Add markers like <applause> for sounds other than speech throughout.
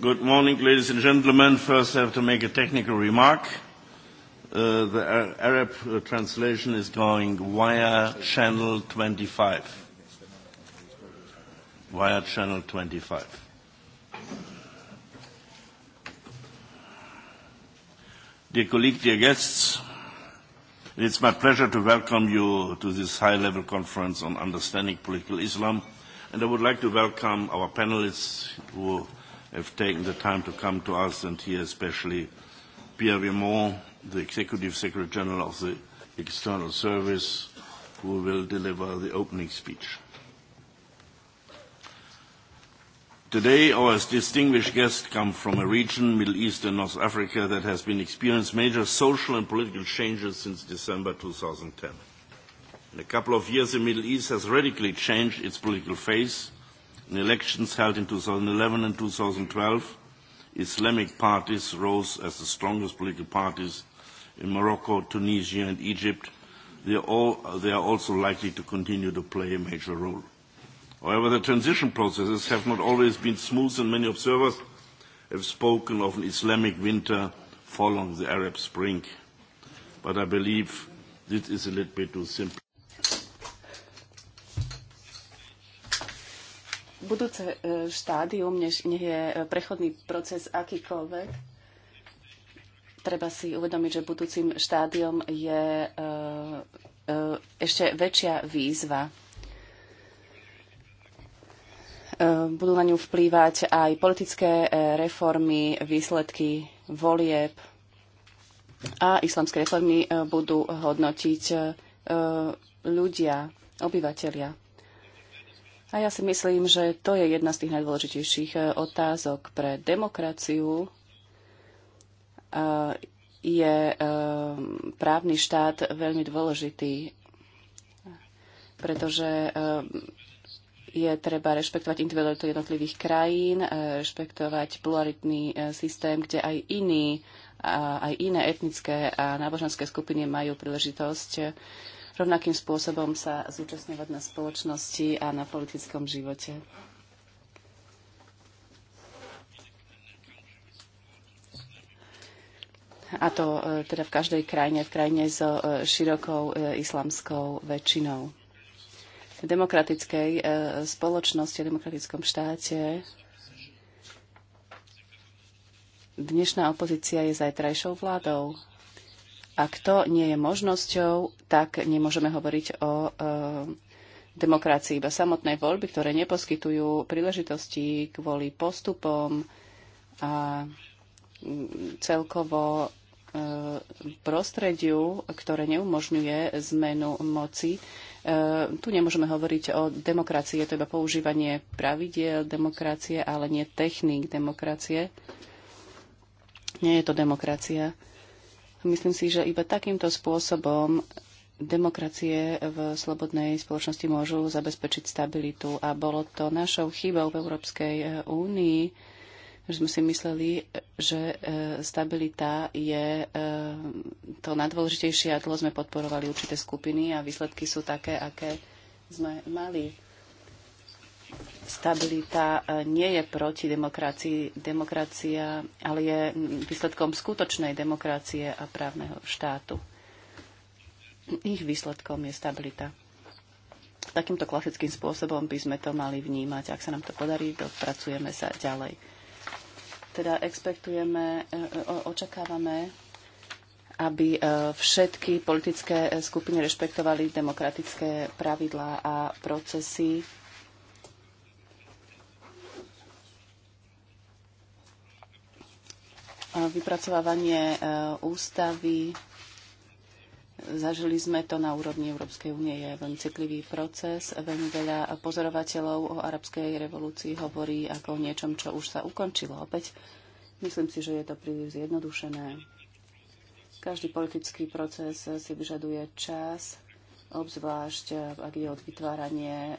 Good morning, ladies and gentlemen. First, I have to make a technical remark. Uh, the Arab uh, translation is going via channel 25. Via channel 25. Dear colleagues, dear guests, it's my pleasure to welcome you to this high-level conference on understanding political Islam, and I would like to welcome our panelists who have taken the time to come to us, and here especially Pierre Vimont, the Executive Secretary General of the External Service, who will deliver the opening speech. Today, our distinguished guests come from a region, Middle East and North Africa, that has been experiencing major social and political changes since December 2010. In a couple of years, the Middle East has radically changed its political face in elections held in 2011 and 2012, Islamic parties rose as the strongest political parties in Morocco, Tunisia and Egypt. They, all, they are also likely to continue to play a major role. However, the transition processes have not always been smooth and many observers have spoken of an Islamic winter following the Arab Spring. But I believe this is a little bit too simple. budúce e, štádium, než nech je e, prechodný proces akýkoľvek, treba si uvedomiť, že budúcim štádiom je e, ešte väčšia výzva. Budú na ňu vplývať aj politické reformy, výsledky volieb a islamské reformy budú hodnotiť ľudia, obyvateľia. A ja si myslím, že to je jedna z tých najdôležitejších eh, otázok pre demokraciu. Eh, je eh, právny štát veľmi dôležitý, pretože je treba rešpektovať individualitu jednotlivých krajín, rešpektovať pluralitný systém, kde aj iní, aj iné etnické a náboženské skupiny majú príležitosť rovnakým spôsobom sa zúčastňovať na spoločnosti a na politickom živote. A to e, teda v každej krajine, v krajine so e, širokou e, islamskou väčšinou. V demokratickej spoločnosti, v demokratickom štáte dnešná opozícia je zajtrajšou vládou ak to nie je možnosťou, tak nemôžeme hovoriť o e, demokracii iba samotnej voľby, ktoré neposkytujú príležitosti kvôli postupom a mm, celkovo e, prostrediu, ktoré neumožňuje zmenu moci. E, tu nemôžeme hovoriť o demokracii, je to iba používanie pravidiel demokracie, ale nie technik demokracie. Nie je to demokracia. Myslím si, že iba takýmto spôsobom demokracie v slobodnej spoločnosti môžu zabezpečiť stabilitu. A bolo to našou chybou v Európskej eh, únii, že sme si mysleli, že eh, stabilita je eh, to najdôležitejšie a dlho sme podporovali určité skupiny a výsledky sú také, aké sme mali stabilita e, nie je proti demokracii, demokracia, ale je výsledkom skutočnej demokracie a právneho štátu. Ich výsledkom je stabilita. Takýmto klasickým spôsobom by sme to mali vnímať. Ak sa nám to podarí, dopracujeme sa ďalej. Teda expektujeme, e, e, očakávame, aby všetky politické skupiny rešpektovali demokratické pravidlá a procesy vypracovávanie e, ústavy. Zažili sme to na úrovni Európskej únie. Je veľmi citlivý proces. Veľmi veľa pozorovateľov o arabskej revolúcii hovorí ako o niečom, čo už sa ukončilo. Opäť myslím si, že je to príliš zjednodušené. Každý politický proces si vyžaduje čas, obzvlášť e, ak je od vytváranie e,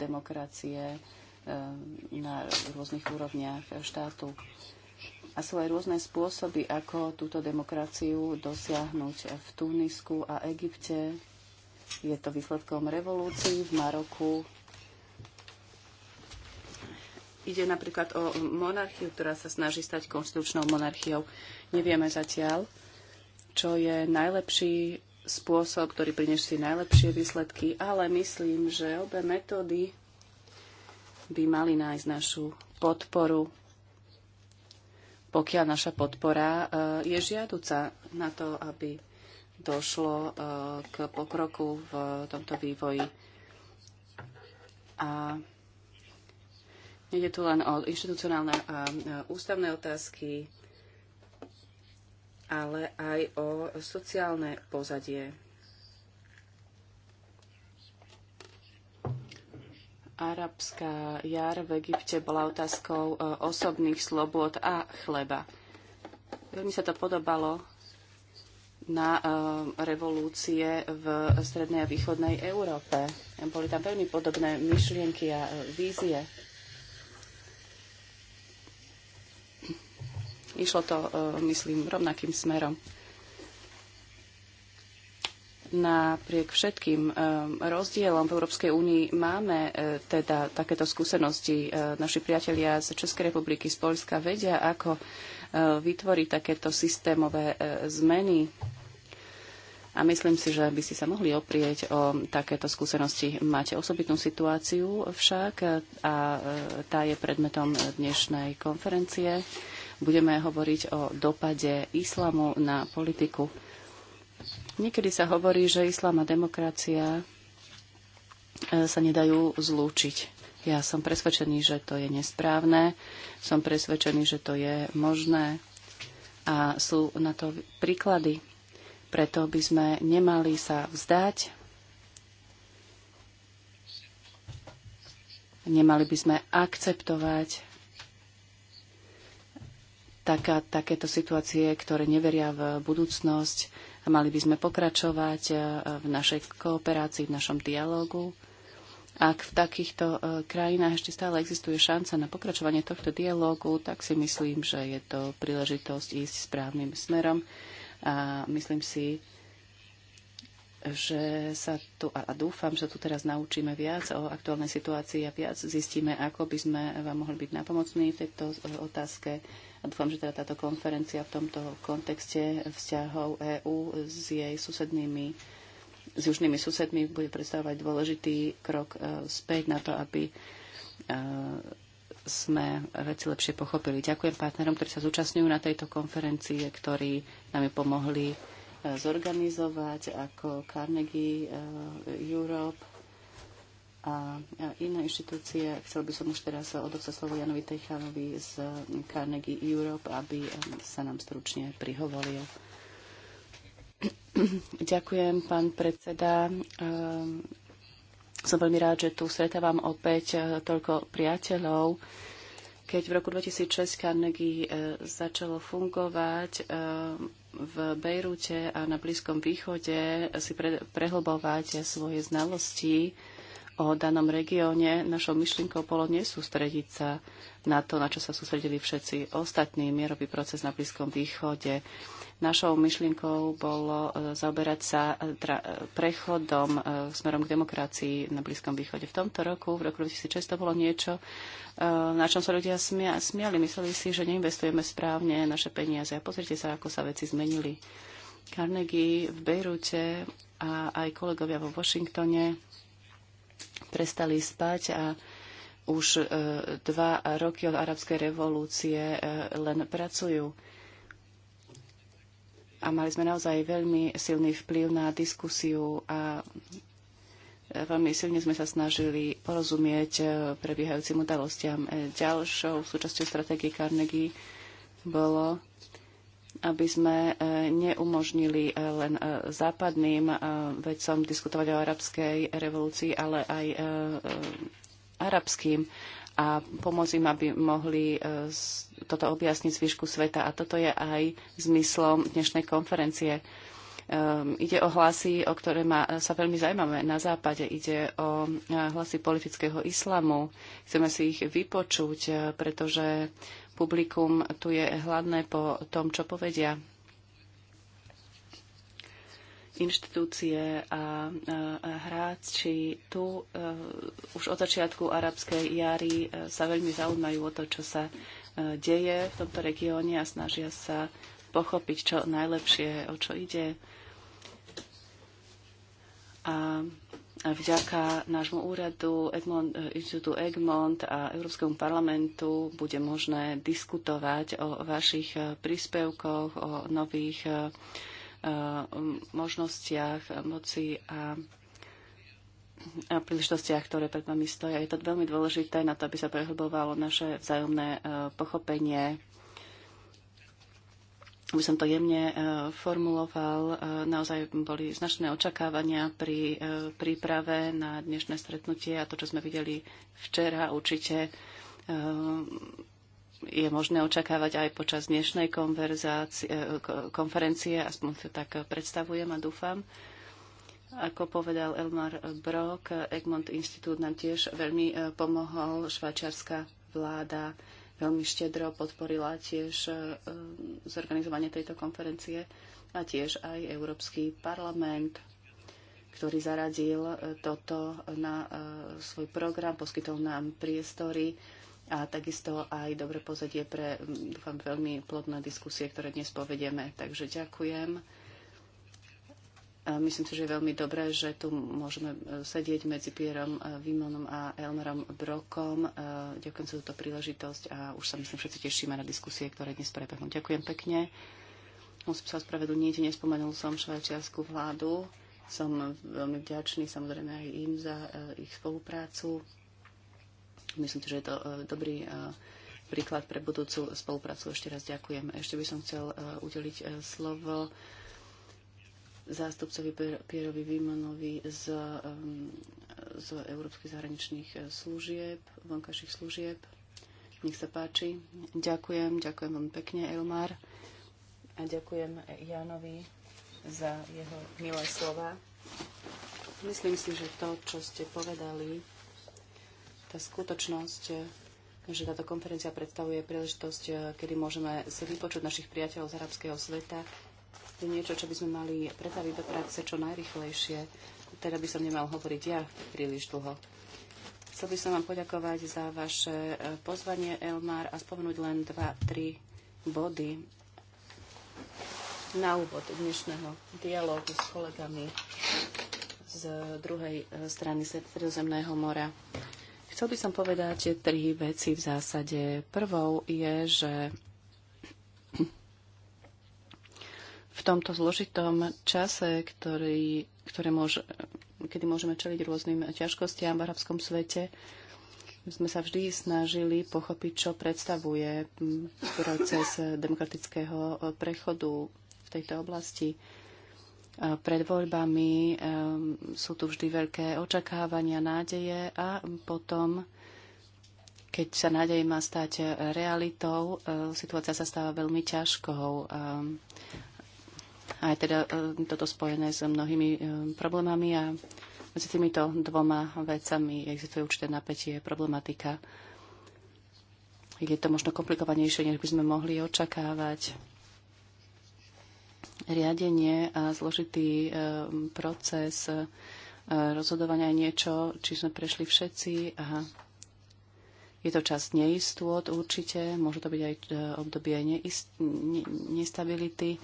demokracie na rôznych úrovniach štátu a sú aj rôzne spôsoby, ako túto demokraciu dosiahnuť v Tunisku a Egypte. Je to výsledkom revolúcií v Maroku. Ide napríklad o monarchiu, ktorá sa snaží stať konštitučnou monarchiou. Nevieme zatiaľ, čo je najlepší spôsob, ktorý prinesie najlepšie výsledky, ale myslím, že obe metódy by mali nájsť našu podporu pokiaľ naša podpora eh, je žiaduca na to, aby došlo eh, k pokroku v tomto vývoji. A nejde tu len o inštitucionálne a eh, ústavné otázky, ale aj o sociálne pozadie Arabská jar v Egypte bola otázkou e, osobných slobod a chleba. Veľmi sa to podobalo na e, revolúcie v strednej a východnej Európe. Boli tam veľmi podobné myšlienky a e, vízie. Išlo to, myslím, rovnakým smerom. Napriek všetkým eh, rozdielom v Európskej únii máme eh, teda takéto skúsenosti. Eh, naši priatelia z Českej republiky, z Polska vedia, ako vytvoriť takéto systémové zmeny. A myslím si, že by si sa mohli oprieť o takéto skúsenosti. Máte osobitnú situáciu však a tá je predmetom dnešnej konferencie. Budeme hovoriť o dopade islamu na politiku. Niekedy sa hovorí, že islám a demokracia e, sa nedajú zlúčiť. Ja som presvedčený, že to je nesprávne, som presvedčený, že to je možné a sú na to príklady. Preto by sme nemali sa vzdať, nemali by sme akceptovať taká, takéto situácie, ktoré neveria v budúcnosť Mali by sme pokračovať e, v našej kooperácii, v našom dialogu. Ak v takýchto e, krajinách ešte stále existuje šanca na pokračovanie tohto dialógu, tak si myslím, že je to príležitosť ísť správnym smerom. A myslím si, že sa tu, a dúfam, že tu teraz naučíme viac o aktuálnej situácii a viac zistíme, ako by sme vám mohli byť napomocní v tejto e, otázke. A dúfam, že teda táto konferencia v tomto kontexte vzťahov EÚ s jej susednými s južnými susedmi bude predstavovať dôležitý krok e, späť na to, aby e, sme veci lepšie pochopili. Ďakujem partnerom, ktorí sa zúčastňujú na tejto konferencii, ktorí nám pomohli zorganizovať ako Carnegie eh, Europe a iné inštitúcie. Chcel by som už teraz odovzdať slovo Janovi Tejchanovi z Carnegie Europe, aby eh, sa nám stručne prihovoril. <clears throat> Ďakujem, pán predseda. Eh, som veľmi rád, že tu stretávam opäť toľko priateľov keď v roku 2006 Carnegie e, začalo fungovať e, v Bejrúte a na Blízkom východe si pre, prehlbovať svoje znalosti, o danom regióne, našou myšlienkou bolo nesústrediť sa na to, na čo sa sústredili všetci ostatní, mierový proces na Blízkom východe. Našou myšlienkou bolo e, zaoberať sa e, prechodom e, smerom k demokracii na Blízkom východe. V tomto roku, v roku 2006, to bolo niečo, na čom sa ľudia smia, smiali. Mysleli si, že neinvestujeme správne naše peniaze. A pozrite sa, ako sa veci zmenili. Carnegie v Bejrúte a aj kolegovia vo Washingtone prestali spať a už e, dva roky od arabskej revolúcie e, len pracujú. A mali sme naozaj veľmi silný vplyv na diskusiu a veľmi silne sme sa snažili porozumieť e, prebiehajúcim udalostiam. Ďalšou súčasťou stratégie Carnegie bolo aby sme e, neumožnili e, len e, západným vedcom diskutovať o arabskej revolúcii, ale aj arabským a pomôcť im, aby mohli toto objasniť zvyšku sveta. A toto je aj zmyslom dnešnej konferencie. Ide o hlasy, o ktoré ma, sa veľmi zaujímame na západe. Ide o hlasy politického islamu. Chceme si ich vypočuť, pretože publikum tu je hladné po tom, čo povedia inštitúcie a, hráči tu e, už od začiatku arabskej jary e, sa veľmi zaujímajú o to, čo sa e, deje v tomto regióne a snažia sa pochopiť čo najlepšie, o čo ide. A vďaka nášmu úradu Egmont, eh, Inštitútu Egmont a Európskemu parlamentu bude možné diskutovať o vašich eh, príspevkoch, o nových eh, možnostiach moci a príležitostiach, ktoré pred nami stoja. Je to veľmi dôležité na to, aby sa prehlbovalo naše vzájomné pochopenie by som to jemne e, formuloval, e, naozaj boli značné očakávania pri e, príprave na dnešné stretnutie a to, čo sme videli včera, určite je možné očakávať aj počas dnešnej konferencie, aspoň to tak predstavujem a dúfam. Ako povedal Elmar Brock, Egmont Institút nám tiež veľmi pomohol, švajčiarska vláda veľmi štedro podporila tiež e, zorganizovanie tejto konferencie a tiež aj Európsky parlament, ktorý zaradil e, toto na e, svoj program, poskytol nám priestory a takisto aj dobre pozadie pre, dúfam, veľmi plodné diskusie, ktoré dnes povedieme. Takže ďakujem Myslím si, že je veľmi dobré, že tu môžeme e, sedieť medzi Pierom e, Vimonom a Elmerom Brokom. E, ďakujem za túto príležitosť a už sa myslím všetci tešíme na diskusie, ktoré dnes prebehnú. Ďakujem pekne. Musím sa ospravedlniť, nespomenul som švajčiarskú vládu. Som veľmi vďačný samozrejme aj im za ich spoluprácu. Myslím si, že je to dobrý príklad pre budúcu spoluprácu. Ešte raz ďakujem. Ešte by som chcel udeliť slovo zástupcovi Pierovi Výmanovi z, z Európskych zahraničných eh, služieb, vonkajších služieb. Nech sa páči. Ďakujem, ďakujem veľmi pekne, Elmar. A ďakujem eh, Janovi za jeho milé slova. Myslím si, že to, čo ste povedali, tá skutočnosť, eh, že táto konferencia predstavuje príležitosť, kedy môžeme si vypočuť našich priateľov z arabského sveta, to je niečo, čo by sme mali pretaviť do praxe čo najrychlejšie. Teda by som nemal hovoriť ja príliš dlho. Chcel by som vám poďakovať za vaše e, pozvanie, Elmar, a spomenúť len dva, tri body na úvod dnešného dialógu s kolegami z druhej e, strany Stredozemného mora. Chcel by som povedať tri veci v zásade. Prvou je, že v tomto zložitom čase, ktorý, ktoré môže, kedy môžeme čeliť rôznym ťažkostiam v arabskom svete, sme sa vždy snažili pochopiť, čo predstavuje proces demokratického prechodu v tejto oblasti. Pred voľbami sú tu vždy veľké očakávania, nádeje a potom, keď sa nádej má stať realitou, e, situácia sa stáva veľmi ťažkou aj teda e, toto spojené s mnohými e, problémami a medzi týmito dvoma vecami existuje určité napätie, problematika. Je to možno komplikovanejšie, než by sme mohli očakávať. Riadenie a zložitý e, proces rozhodovania niečo, či sme prešli všetci. Aha. Je to čas neistôt určite, môže to byť aj obdobie neist- nestability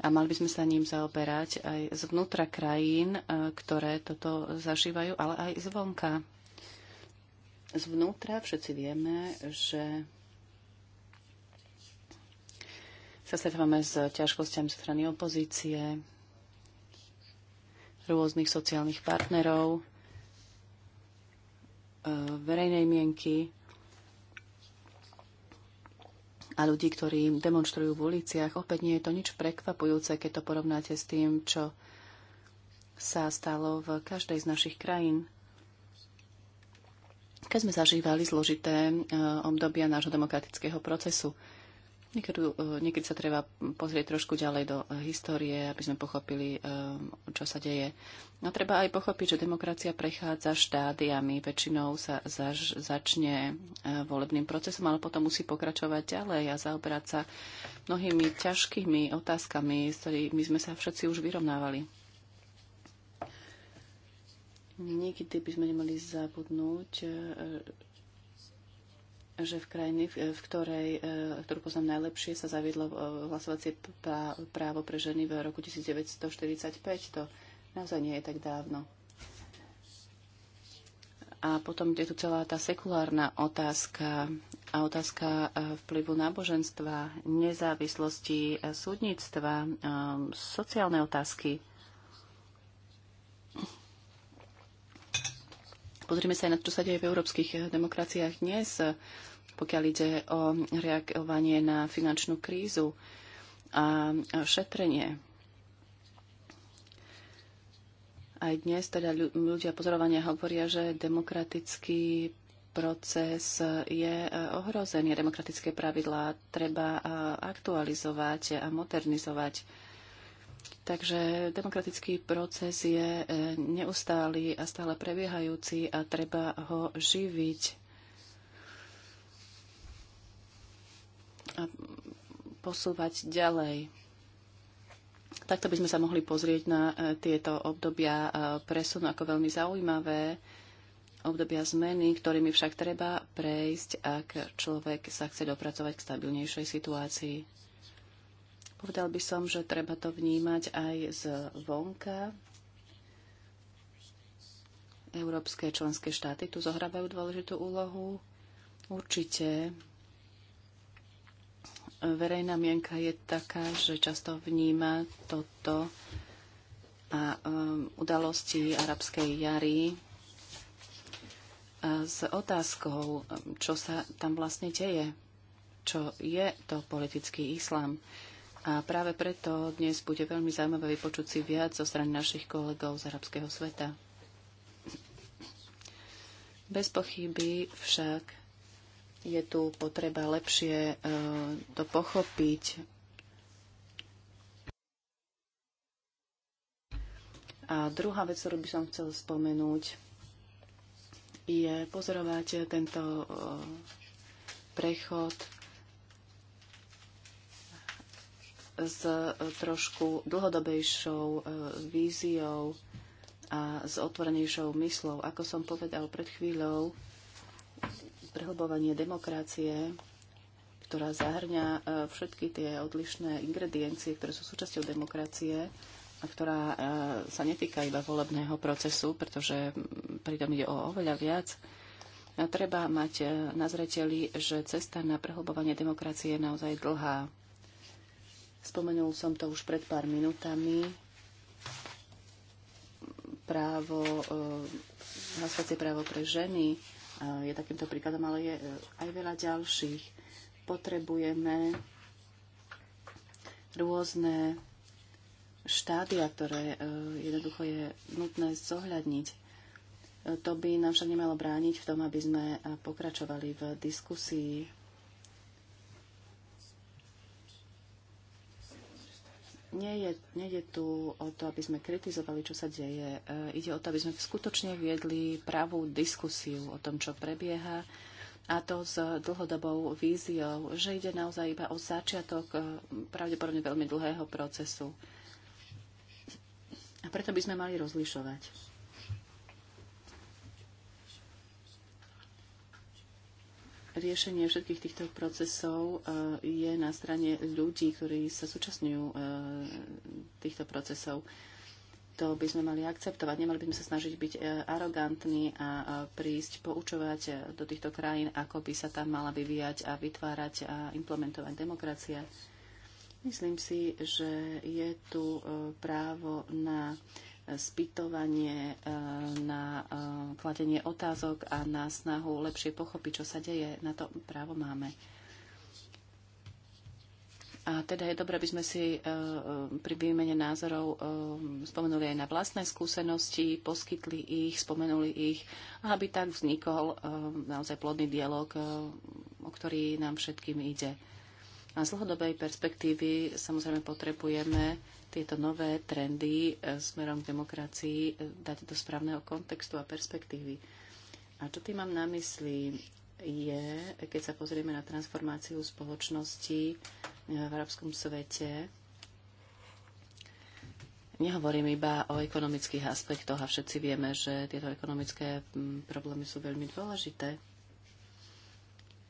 a mali by sme sa ním zaoberať aj zvnútra krajín, e, ktoré toto zažívajú, ale aj zvonka. Zvnútra všetci vieme, že sa stretávame s ťažkosťami zo strany opozície, rôznych sociálnych partnerov, e, verejnej mienky a ľudí, ktorí demonstrujú v uliciach. Opäť nie je to nič prekvapujúce, keď to porovnáte s tým, čo sa stalo v každej z našich krajín. Keď sme zažívali zložité eh, obdobia nášho demokratického procesu, Niekedy, eh, niekedy sa treba pozrieť trošku ďalej do eh, histórie, aby sme pochopili, eh, čo sa deje. No treba aj pochopiť, že demokracia prechádza štádiami. Väčšinou sa zaž, začne volebným procesom, ale potom musí pokračovať ďalej a zaoberať sa mnohými ťažkými otázkami, s ktorými sme sa všetci už vyrovnávali. Nikdy by sme nemali zabudnúť, že v krajine, v ktorej, e, ktorú poznám najlepšie, sa zaviedlo e, hlasovacie právo pre ženy v roku 1945. To naozaj nie je tak dávno. A potom je tu celá tá sekulárna otázka a otázka e, vplyvu náboženstva, nezávislosti súdnictva, sociálne otázky. Pozrime sa aj na to, čo sa deje v európskych demokraciách dnes pokiaľ ide o reagovanie na finančnú krízu a šetrenie. Aj dnes teda ľudia pozorovania hovoria, že demokratický proces je e, ohrozený, demokratické pravidlá treba e, aktualizovať a modernizovať. Takže demokratický proces je e, neustály a stále prebiehajúci a treba ho živiť. posúvať ďalej. Takto by sme sa mohli pozrieť na e, tieto obdobia e, presunu ako veľmi zaujímavé obdobia zmeny, ktorými však treba prejsť, ak človek sa chce dopracovať k stabilnejšej situácii. Povedal by som, že treba to vnímať aj z vonka. Európske členské štáty tu zohrávajú dôležitú úlohu. Určite verejná mienka je taká, že často vníma toto a um, udalosti arabskej jary a s otázkou, um, čo sa tam vlastne deje, čo je to politický islám. A práve preto dnes bude veľmi zaujímavé vypočuť si viac zo strany našich kolegov z arabského sveta. Bez pochyby však je tu potreba lepšie e, to pochopiť A druhá vec, ktorú by som chcel spomenúť, je pozorovať tento e, prechod s e, trošku dlhodobejšou víziou a s otvorenejšou myslou. Ako som povedal pred chvíľou, prehlbovanie demokracie, ktorá zahrňa e, všetky tie odlišné ingrediencie, ktoré sú súčasťou demokracie a ktorá e, sa netýka iba volebného procesu, pretože pritom ide o oveľa viac. A treba mať e, na zreteli, že cesta na prehlbovanie demokracie je naozaj dlhá. Spomenul som to už pred pár minutami. Právo, hlasovacie právo pre ženy, Eh, je takýmto príkladom, ale je eh, aj veľa ďalších. Potrebujeme rôzne štádia, ktoré eh, jednoducho je nutné zohľadniť. To by nám však nemalo brániť v tom, aby sme pokračovali v diskusii Nie je, je tu o to, aby sme kritizovali, čo sa deje. E, ide o to, aby sme skutočne viedli pravú diskusiu o tom, čo prebieha a to s dlhodobou víziou, že ide naozaj iba o začiatok e, pravdepodobne veľmi dlhého procesu. A preto by sme mali rozlišovať. riešenie všetkých týchto procesov e, je na strane ľudí, ktorí sa súčasňujú e, týchto procesov. To by sme mali akceptovať. Nemali by sme sa snažiť byť e, arogantní a prísť poučovať do týchto krajín, ako by sa tam mala vyvíjať a vytvárať a implementovať demokracia. Myslím si, že je tu právo na spýtovanie, eh, na eh, kladenie otázok a na snahu lepšie pochopiť, čo sa deje. Na to právo máme. A teda je dobré, aby sme si eh, pri výmene názorov spomenuli aj na vlastné skúsenosti, poskytli ich, spomenuli ich, aby tak vznikol naozaj plodný dialog, o ktorý nám všetkým ide. A z dlhodobej perspektívy samozrejme potrebujeme tieto nové trendy e, smerom k demokracii e, dať do správneho kontextu a perspektívy. A čo tým mám na mysli je, keď sa pozrieme na transformáciu spoločnosti e, v arabskom svete, nehovorím iba o ekonomických aspektoch a všetci vieme, že tieto ekonomické problémy sú veľmi dôležité.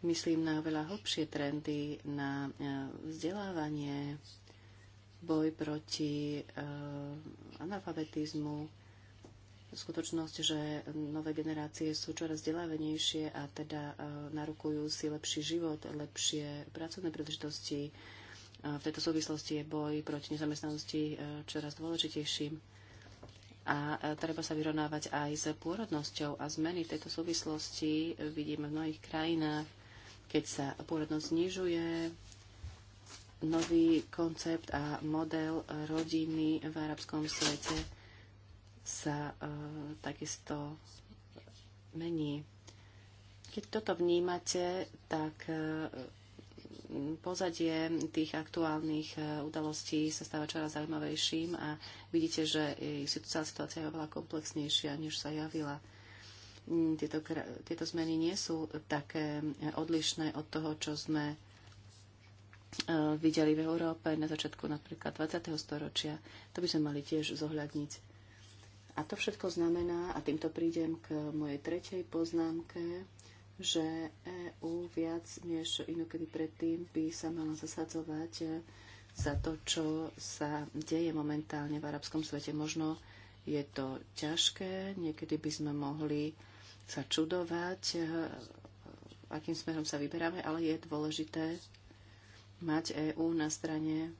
Myslím na veľa hlbšie trendy, na vzdelávanie, boj proti eh, analfabetizmu, skutočnosť, že nové generácie sú čoraz vzdelávenejšie a teda eh, narukujú si lepší život, lepšie pracovné príležitosti. Eh, v tejto súvislosti je boj proti nezamestnanosti čoraz dôležitejším. A treba sa vyrovnávať aj s pôrodnosťou a zmeny v tejto súvislosti vidíme v mnohých krajinách, keď sa pôrodnosť znižuje, nový koncept a model rodiny v arabskom svete sa e, takisto mení. Keď toto vnímate, tak e, pozadie tých aktuálnych e, udalostí sa stáva čoraz zaujímavejším a vidíte, že celá situácia je oveľa komplexnejšia, než sa javila. Mm, tieto, tieto zmeny nie sú také odlišné od toho, čo sme E, videli v Európe na začiatku napríklad 20. storočia. To by sme mali tiež zohľadniť. A to všetko znamená, a týmto prídem k mojej tretej poznámke, že EÚ viac než inokedy predtým by sa mala zasadzovať za to, čo sa deje momentálne v arabskom svete. Možno je to ťažké, niekedy by sme mohli sa čudovať, e, akým smerom sa vyberáme, ale je dôležité mať EÚ na strane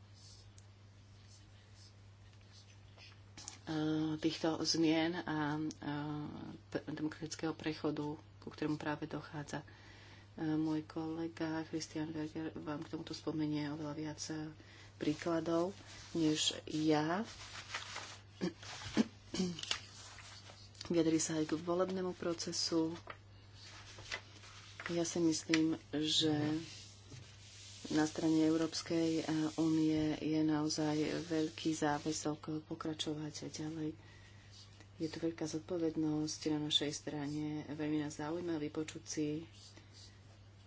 eh, týchto zmien a eh, demokratického prechodu, ku ktorému práve dochádza. Eh, môj kolega Christian Berger vám k tomuto spomenie oveľa viac príkladov než ja. <clears throat> Viedri sa aj k volebnému procesu. Ja si myslím, že na strane Európskej eh, únie je naozaj veľký záväzok pokračovať ďalej. Je tu veľká zodpovednosť na našej strane. Veľmi nás zaujíma vypočuť si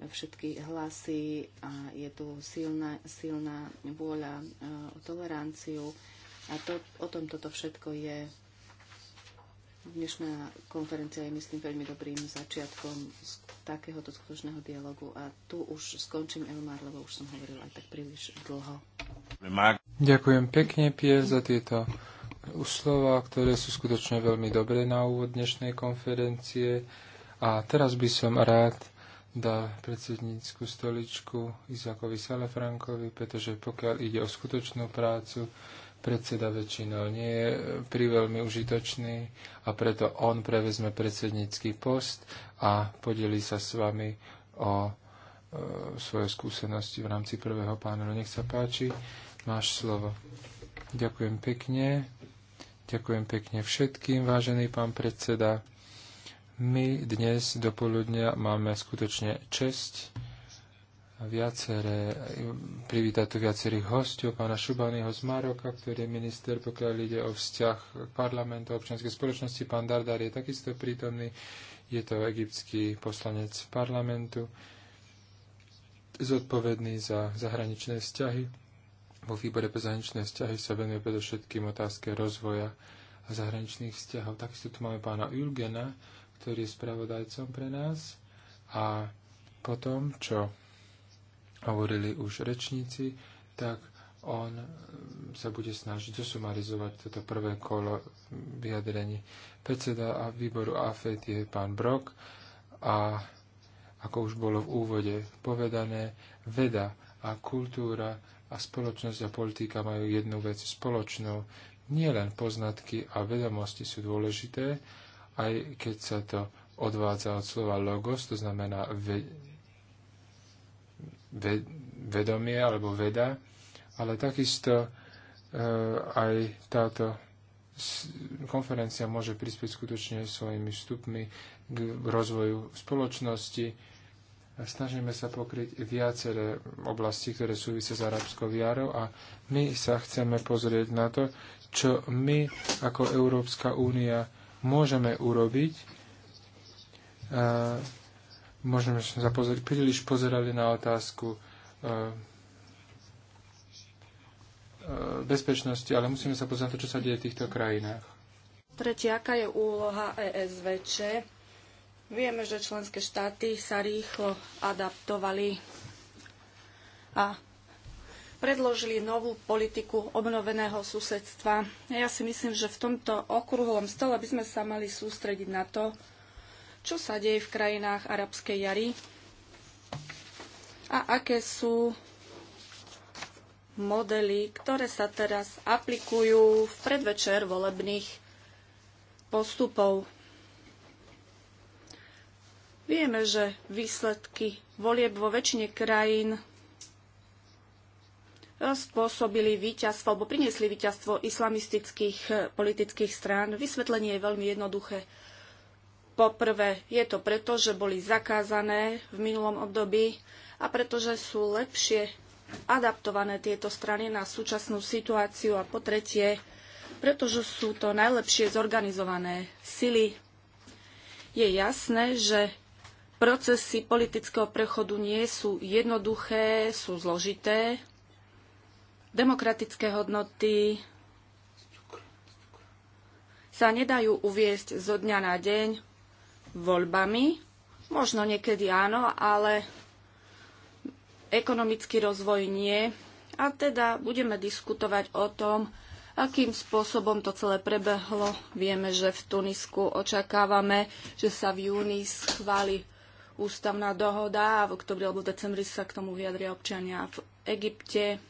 všetky hlasy a je tu silná, silná vôľa eh, o toleranciu. A to, o tom toto všetko je Dnešná konferencia je, myslím, veľmi dobrým začiatkom z takéhoto skutočného dialogu a tu už skončím, Elmar, lebo už som hovorila aj tak príliš dlho. Ďakujem pekne, Pierre, za tieto slova, ktoré sú skutočne veľmi dobré na úvod dnešnej konferencie. A teraz by som rád dal predsednícku stoličku Izakovi Salafrankovi, pretože pokiaľ ide o skutočnú prácu, Predseda väčšinou nie je pri veľmi užitočný a preto on prevezme predsednícky post a podelí sa s vami o e, svoje skúsenosti v rámci prvého panelu. Nech sa páči, máš slovo. Ďakujem pekne. Ďakujem pekne všetkým, vážený pán predseda. My dnes do poludnia máme skutočne česť viaceré, privítať tu viacerých hostov, pána Šubanyho z Maroka, ktorý je minister, pokiaľ ide o vzťah parlamentu občianskej spoločnosti. Pán Dardar je takisto prítomný, je to egyptský poslanec parlamentu, zodpovedný za zahraničné vzťahy. Vo výbore pre zahraničné vzťahy sa venuje predovšetkým otázke rozvoja a zahraničných vzťahov. Takisto tu máme pána Ulgena, ktorý je spravodajcom pre nás. A potom, čo hovorili už rečníci, tak on sa bude snažiť zosumarizovať toto prvé kolo vyjadrení. Predseda a výboru AFET je pán Brok a ako už bolo v úvode povedané, veda a kultúra a spoločnosť a politika majú jednu vec spoločnú. Nie len poznatky a vedomosti sú dôležité, aj keď sa to odvádza od slova logos, to znamená vedomie alebo veda, ale takisto e, aj táto konferencia môže prispieť skutočne svojimi vstupmi k rozvoju spoločnosti. Snažíme sa pokryť viaceré oblasti, ktoré súvisia s arabskou viarou a my sa chceme pozrieť na to, čo my ako Európska únia môžeme urobiť možno sme sa príliš pozerali na otázku e, e, bezpečnosti, ale musíme sa pozrieť na to, čo sa deje v týchto krajinách. Tretia, aká je úloha ESVČ? Vieme, že členské štáty sa rýchlo adaptovali a predložili novú politiku obnoveného susedstva. Ja si myslím, že v tomto okruhlom stole by sme sa mali sústrediť na to, čo sa deje v krajinách arabskej jary a aké sú modely, ktoré sa teraz aplikujú v predvečer volebných postupov. Vieme, že výsledky volieb vo väčšine krajín spôsobili víťazstvo alebo priniesli víťazstvo islamistických politických strán. Vysvetlenie je veľmi jednoduché. Poprvé, je to preto, že boli zakázané v minulom období a pretože sú lepšie adaptované tieto strany na súčasnú situáciu a po tretie, pretože sú to najlepšie zorganizované sily. Je jasné, že procesy politického prechodu nie sú jednoduché, sú zložité. Demokratické hodnoty sa nedajú uviesť zo dňa na deň voľbami. Možno niekedy áno, ale ekonomický rozvoj nie. A teda budeme diskutovať o tom, akým spôsobom to celé prebehlo. Vieme, že v Tunisku očakávame, že sa v júni schváli ústavná dohoda a v oktobri alebo v decembri sa k tomu vyjadria občania v Egypte.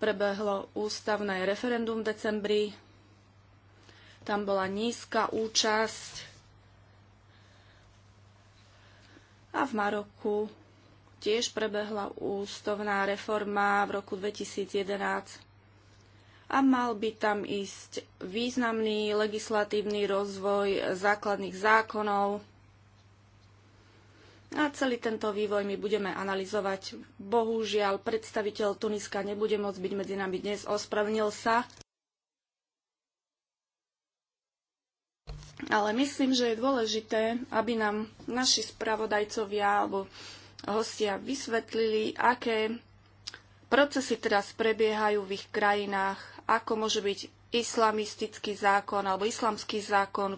Prebehlo ústavné referendum v decembri. Tam bola nízka účasť A v Maroku tiež prebehla ústovná reforma v roku 2011 a mal by tam ísť významný legislatívny rozvoj základných zákonov. A celý tento vývoj my budeme analyzovať. Bohužiaľ, predstaviteľ Tuniska nebude môcť byť medzi nami dnes, Ospravnil sa. Ale myslím, že je dôležité, aby nám naši spravodajcovia alebo hostia vysvetlili, aké procesy teraz prebiehajú v ich krajinách, ako môže byť islamistický zákon alebo islamský zákon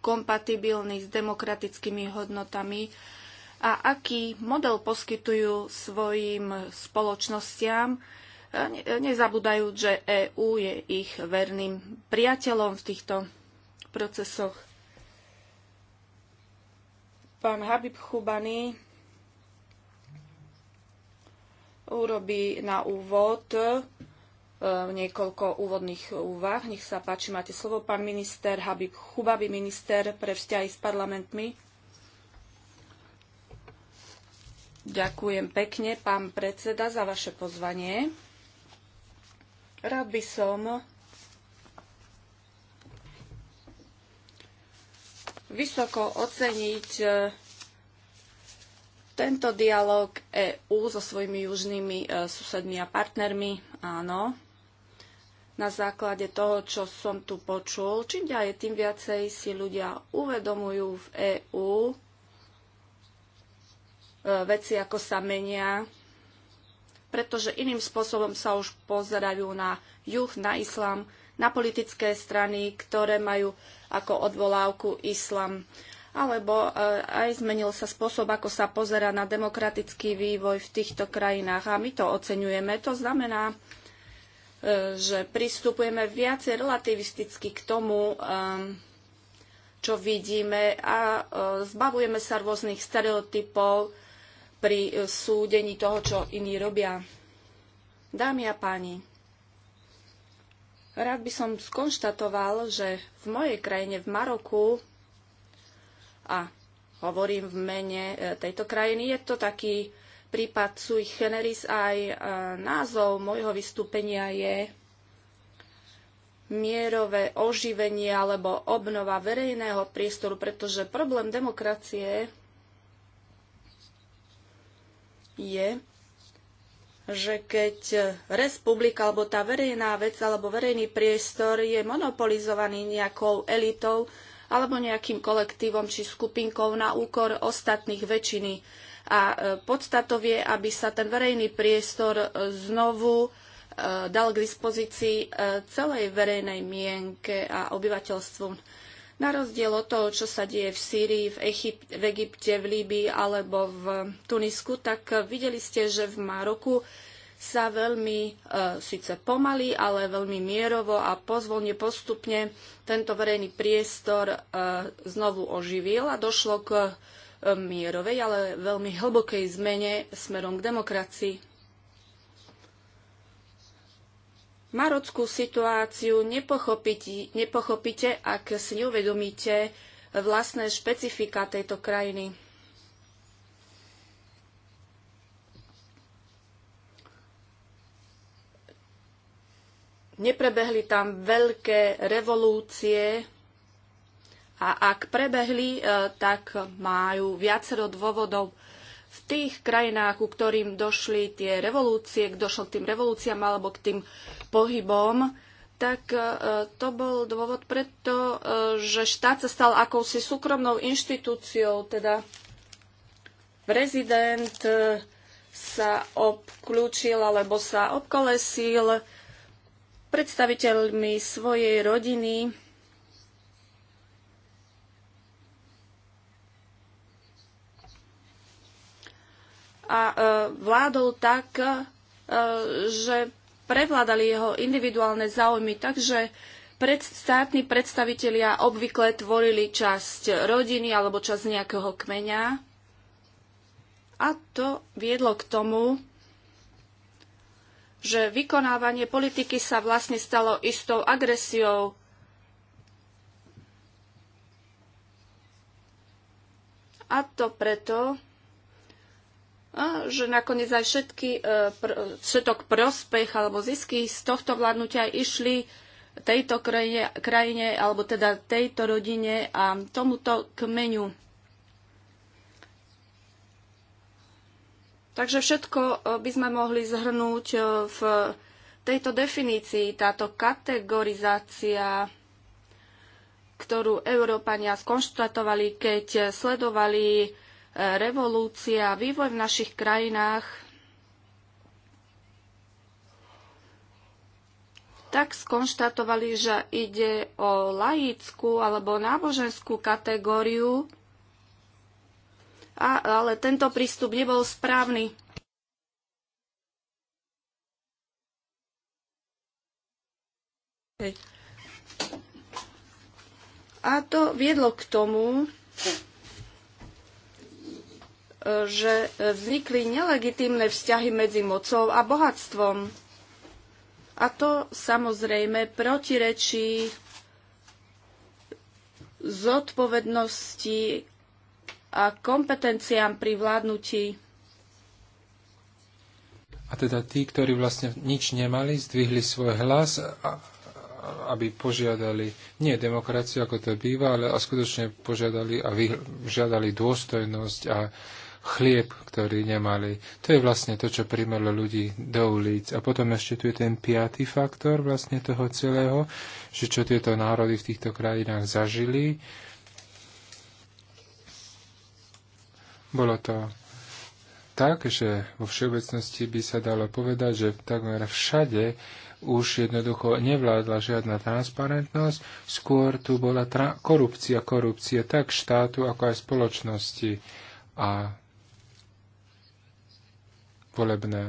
kompatibilný s demokratickými hodnotami a aký model poskytujú svojim spoločnostiam, nezabúdajú, že EÚ je ich verným priateľom v týchto procesoch. Pán Habib Chubany urobí na úvod e, niekoľko úvodných úvah. Nech sa páči, máte slovo, pán minister Habib Chubaby, minister pre vzťahy s parlamentmi. Ďakujem pekne, pán predseda, za vaše pozvanie. Rád by som vysoko oceniť e, tento dialog EÚ so svojimi južnými e, susedmi a partnermi. Áno, na základe toho, čo som tu počul, čím ďalej, tým viacej si ľudia uvedomujú v EÚ e, veci, ako sa menia, pretože iným spôsobom sa už pozerajú na juh, na islám, na politické strany, ktoré majú ako odvolávku islam. Alebo eh, aj zmenil sa spôsob, ako sa pozera na demokratický vývoj v týchto krajinách. A my to oceňujeme. To znamená, eh, že pristupujeme viacej relativisticky k tomu, eh, čo vidíme a zbavujeme sa rôznych stereotypov pri súdení toho, čo iní robia. Dámy a páni, Rád by som skonštatoval, že v mojej krajine, v Maroku, a hovorím v mene e, tejto krajiny, je to taký prípad sui generis aj e, názov môjho vystúpenia je mierové oživenie alebo obnova verejného priestoru, pretože problém demokracie je, že keď republika alebo tá verejná vec alebo verejný priestor je monopolizovaný nejakou elitou alebo nejakým kolektívom či skupinkou na úkor ostatných väčšiny. A e, podstatov je, aby sa ten verejný priestor e, znovu e, dal k dispozícii celej verejnej mienke a obyvateľstvu. Na rozdiel od toho, čo sa deje v Sýrii, v, v Egypte, v Líbii alebo v Tunisku, tak videli ste, že v Maroku sa veľmi e, síce pomaly, ale veľmi mierovo a pozvolne postupne tento verejný priestor e, znovu oživil a došlo k e, mierovej, ale veľmi hlbokej zmene smerom k demokracii. marockú situáciu nepochopíte, ak si neuvedomíte vlastné špecifika tejto krajiny. Neprebehli tam veľké revolúcie a ak prebehli, eh, tak majú viacero dôvodov v tých krajinách, ku ktorým došli tie revolúcie, došlo k tým revolúciám alebo k tým pohybom, tak e, to bol dôvod preto, e, že štát sa stal akousi súkromnou inštitúciou, teda prezident e, sa obklúčil alebo sa obkolesil predstaviteľmi svojej rodiny, a e, vládol tak, e, že prevládali jeho individuálne záujmy, takže pred, státni predstavitelia obvykle tvorili časť rodiny alebo časť nejakého kmeňa. A to viedlo k tomu, že vykonávanie politiky sa vlastne stalo istou agresiou. A to preto, že nakoniec aj všetky, e, všetok prospech alebo zisky z tohto vládnutia išli tejto krajine, krajine alebo teda tejto rodine a tomuto kmeňu. Takže všetko e, by sme mohli zhrnúť e, v tejto definícii, táto kategorizácia ktorú Európania skonštatovali, keď sledovali revolúcia, vývoj v našich krajinách, tak skonštatovali, že ide o laickú alebo náboženskú kategóriu, a, ale tento prístup nebol správny. A to viedlo k tomu, že vznikli nelegitímne vzťahy medzi mocou a bohatstvom. A to samozrejme protirečí zodpovednosti a kompetenciám pri vládnutí. A teda tí, ktorí vlastne nič nemali, zdvihli svoj hlas, a, aby požiadali nie demokraciu, ako to býva, ale a skutočne požiadali a vyžiadali dôstojnosť a chlieb, ktorý nemali. To je vlastne to, čo primelo ľudí do ulic. A potom ešte tu je ten piatý faktor vlastne toho celého, že čo tieto národy v týchto krajinách zažili. Bolo to tak, že vo všeobecnosti by sa dalo povedať, že takmer všade už jednoducho nevládla žiadna transparentnosť, skôr tu bola korupcia, korupcia tak štátu, ako aj spoločnosti. A volebné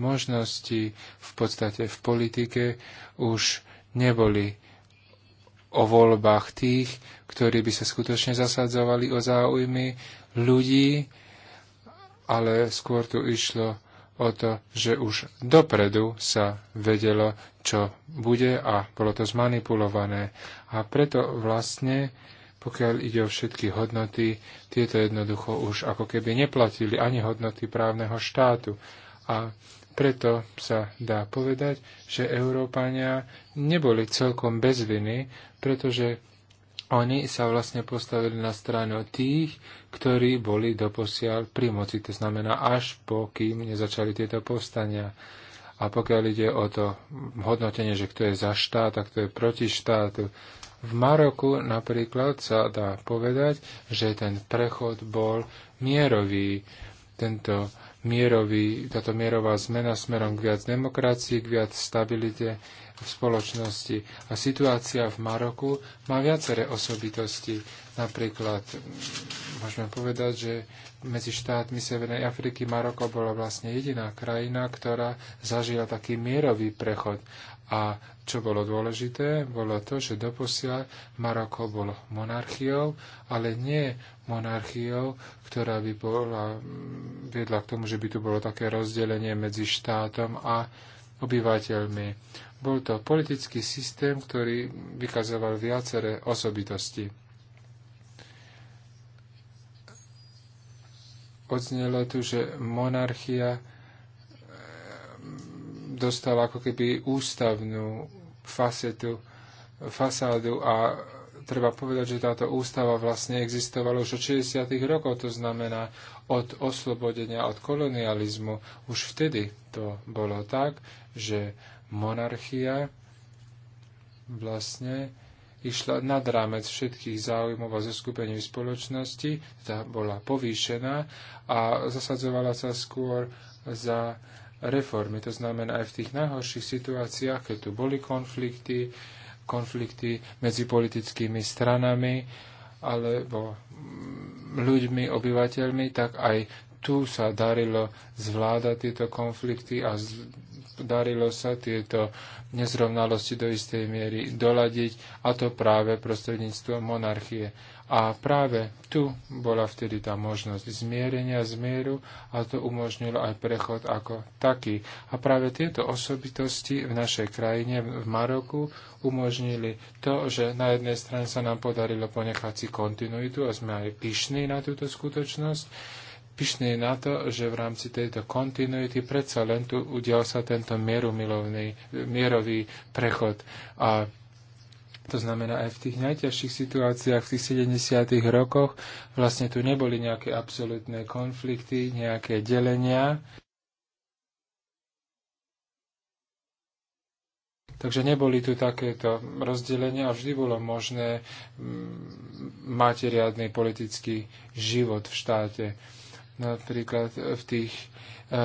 možnosti v podstate v politike už neboli o voľbách tých, ktorí by sa skutočne zasadzovali o záujmy ľudí, ale skôr tu išlo o to, že už dopredu sa vedelo, čo bude a bolo to zmanipulované. A preto vlastne pokiaľ ide o všetky hodnoty, tieto jednoducho už ako keby neplatili ani hodnoty právneho štátu. A preto sa dá povedať, že Európania neboli celkom bez viny, pretože oni sa vlastne postavili na stranu tých, ktorí boli doposiaľ pri moci, to znamená až po kým nezačali tieto povstania. A pokiaľ ide o to hodnotenie, že kto je za štát a kto je proti štátu, v Maroku napríklad sa dá povedať, že ten prechod bol mierový. Tento mierový, táto mierová zmena smerom k viac demokracii, k viac stabilite v spoločnosti. A situácia v Maroku má viaceré osobitosti. Napríklad mm, môžeme povedať, že medzi štátmi Severnej Afriky Maroko bola vlastne jediná krajina, ktorá zažila taký mierový prechod. A čo bolo dôležité, bolo to, že doposiaľ Maroko bolo monarchiou, ale nie monarchiou, ktorá by bola, mm, viedla k tomu, že by tu bolo také rozdelenie medzi štátom a obyvateľmi. Bol to politický systém, ktorý vykazoval viaceré osobitosti. Odznelo tu, že monarchia dostala ako keby ústavnú fasetu, fasádu a treba povedať, že táto ústava vlastne existovala už od 60. rokov, to znamená od oslobodenia od kolonializmu. Už vtedy to bolo tak, že monarchia vlastne išla nad rámec všetkých záujmov a zoskupení spoločnosti, tá bola povýšená a zasadzovala sa skôr za reformy. To znamená, aj v tých najhorších situáciách, keď tu boli konflikty, konflikty medzi politickými stranami alebo ľuďmi, obyvateľmi, tak aj tu sa darilo zvládať tieto konflikty a darilo sa tieto nezrovnalosti do istej miery doladiť, a to práve prostredníctvom monarchie. A práve tu bola vtedy tá možnosť zmierenia, zmieru a to umožnilo aj prechod ako taký. A práve tieto osobitosti v našej krajine, v Maroku, umožnili to, že na jednej strane sa nám podarilo ponechať si kontinuitu a sme aj pyšní na túto skutočnosť, pyšní na to, že v rámci tejto kontinuity predsa len tu udial sa tento mierumilovný, mierový prechod. A to znamená, aj v tých najťažších situáciách, v tých 70. rokoch, vlastne tu neboli nejaké absolútne konflikty, nejaké delenia. Takže neboli tu takéto rozdelenia a vždy bolo možné mm, mať riadny politický život v štáte napríklad v tých e,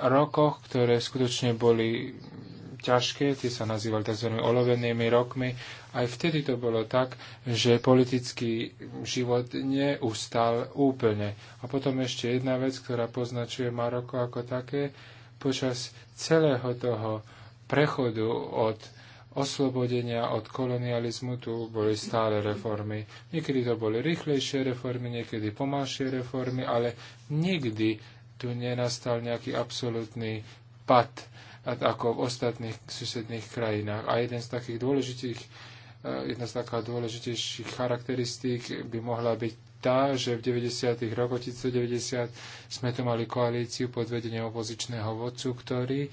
rokoch, ktoré skutočne boli ťažké, tie sa nazývali tzv. olovenými rokmi, aj vtedy to bolo tak, že politický život neustal úplne. A potom ešte jedna vec, ktorá poznačuje Maroko ako také, počas celého toho prechodu od oslobodenia od kolonializmu, tu boli stále reformy. Niekedy to boli rýchlejšie reformy, niekedy pomalšie reformy, ale nikdy tu nenastal nejaký absolútny pad, ako v ostatných susedných krajinách. A jeden z takých dôležitých, eh, jedna z takých dôležitejších charakteristík by mohla byť tá, že v 90. rokoch 1990 sme tu mali koalíciu pod vedením opozičného vodcu, ktorý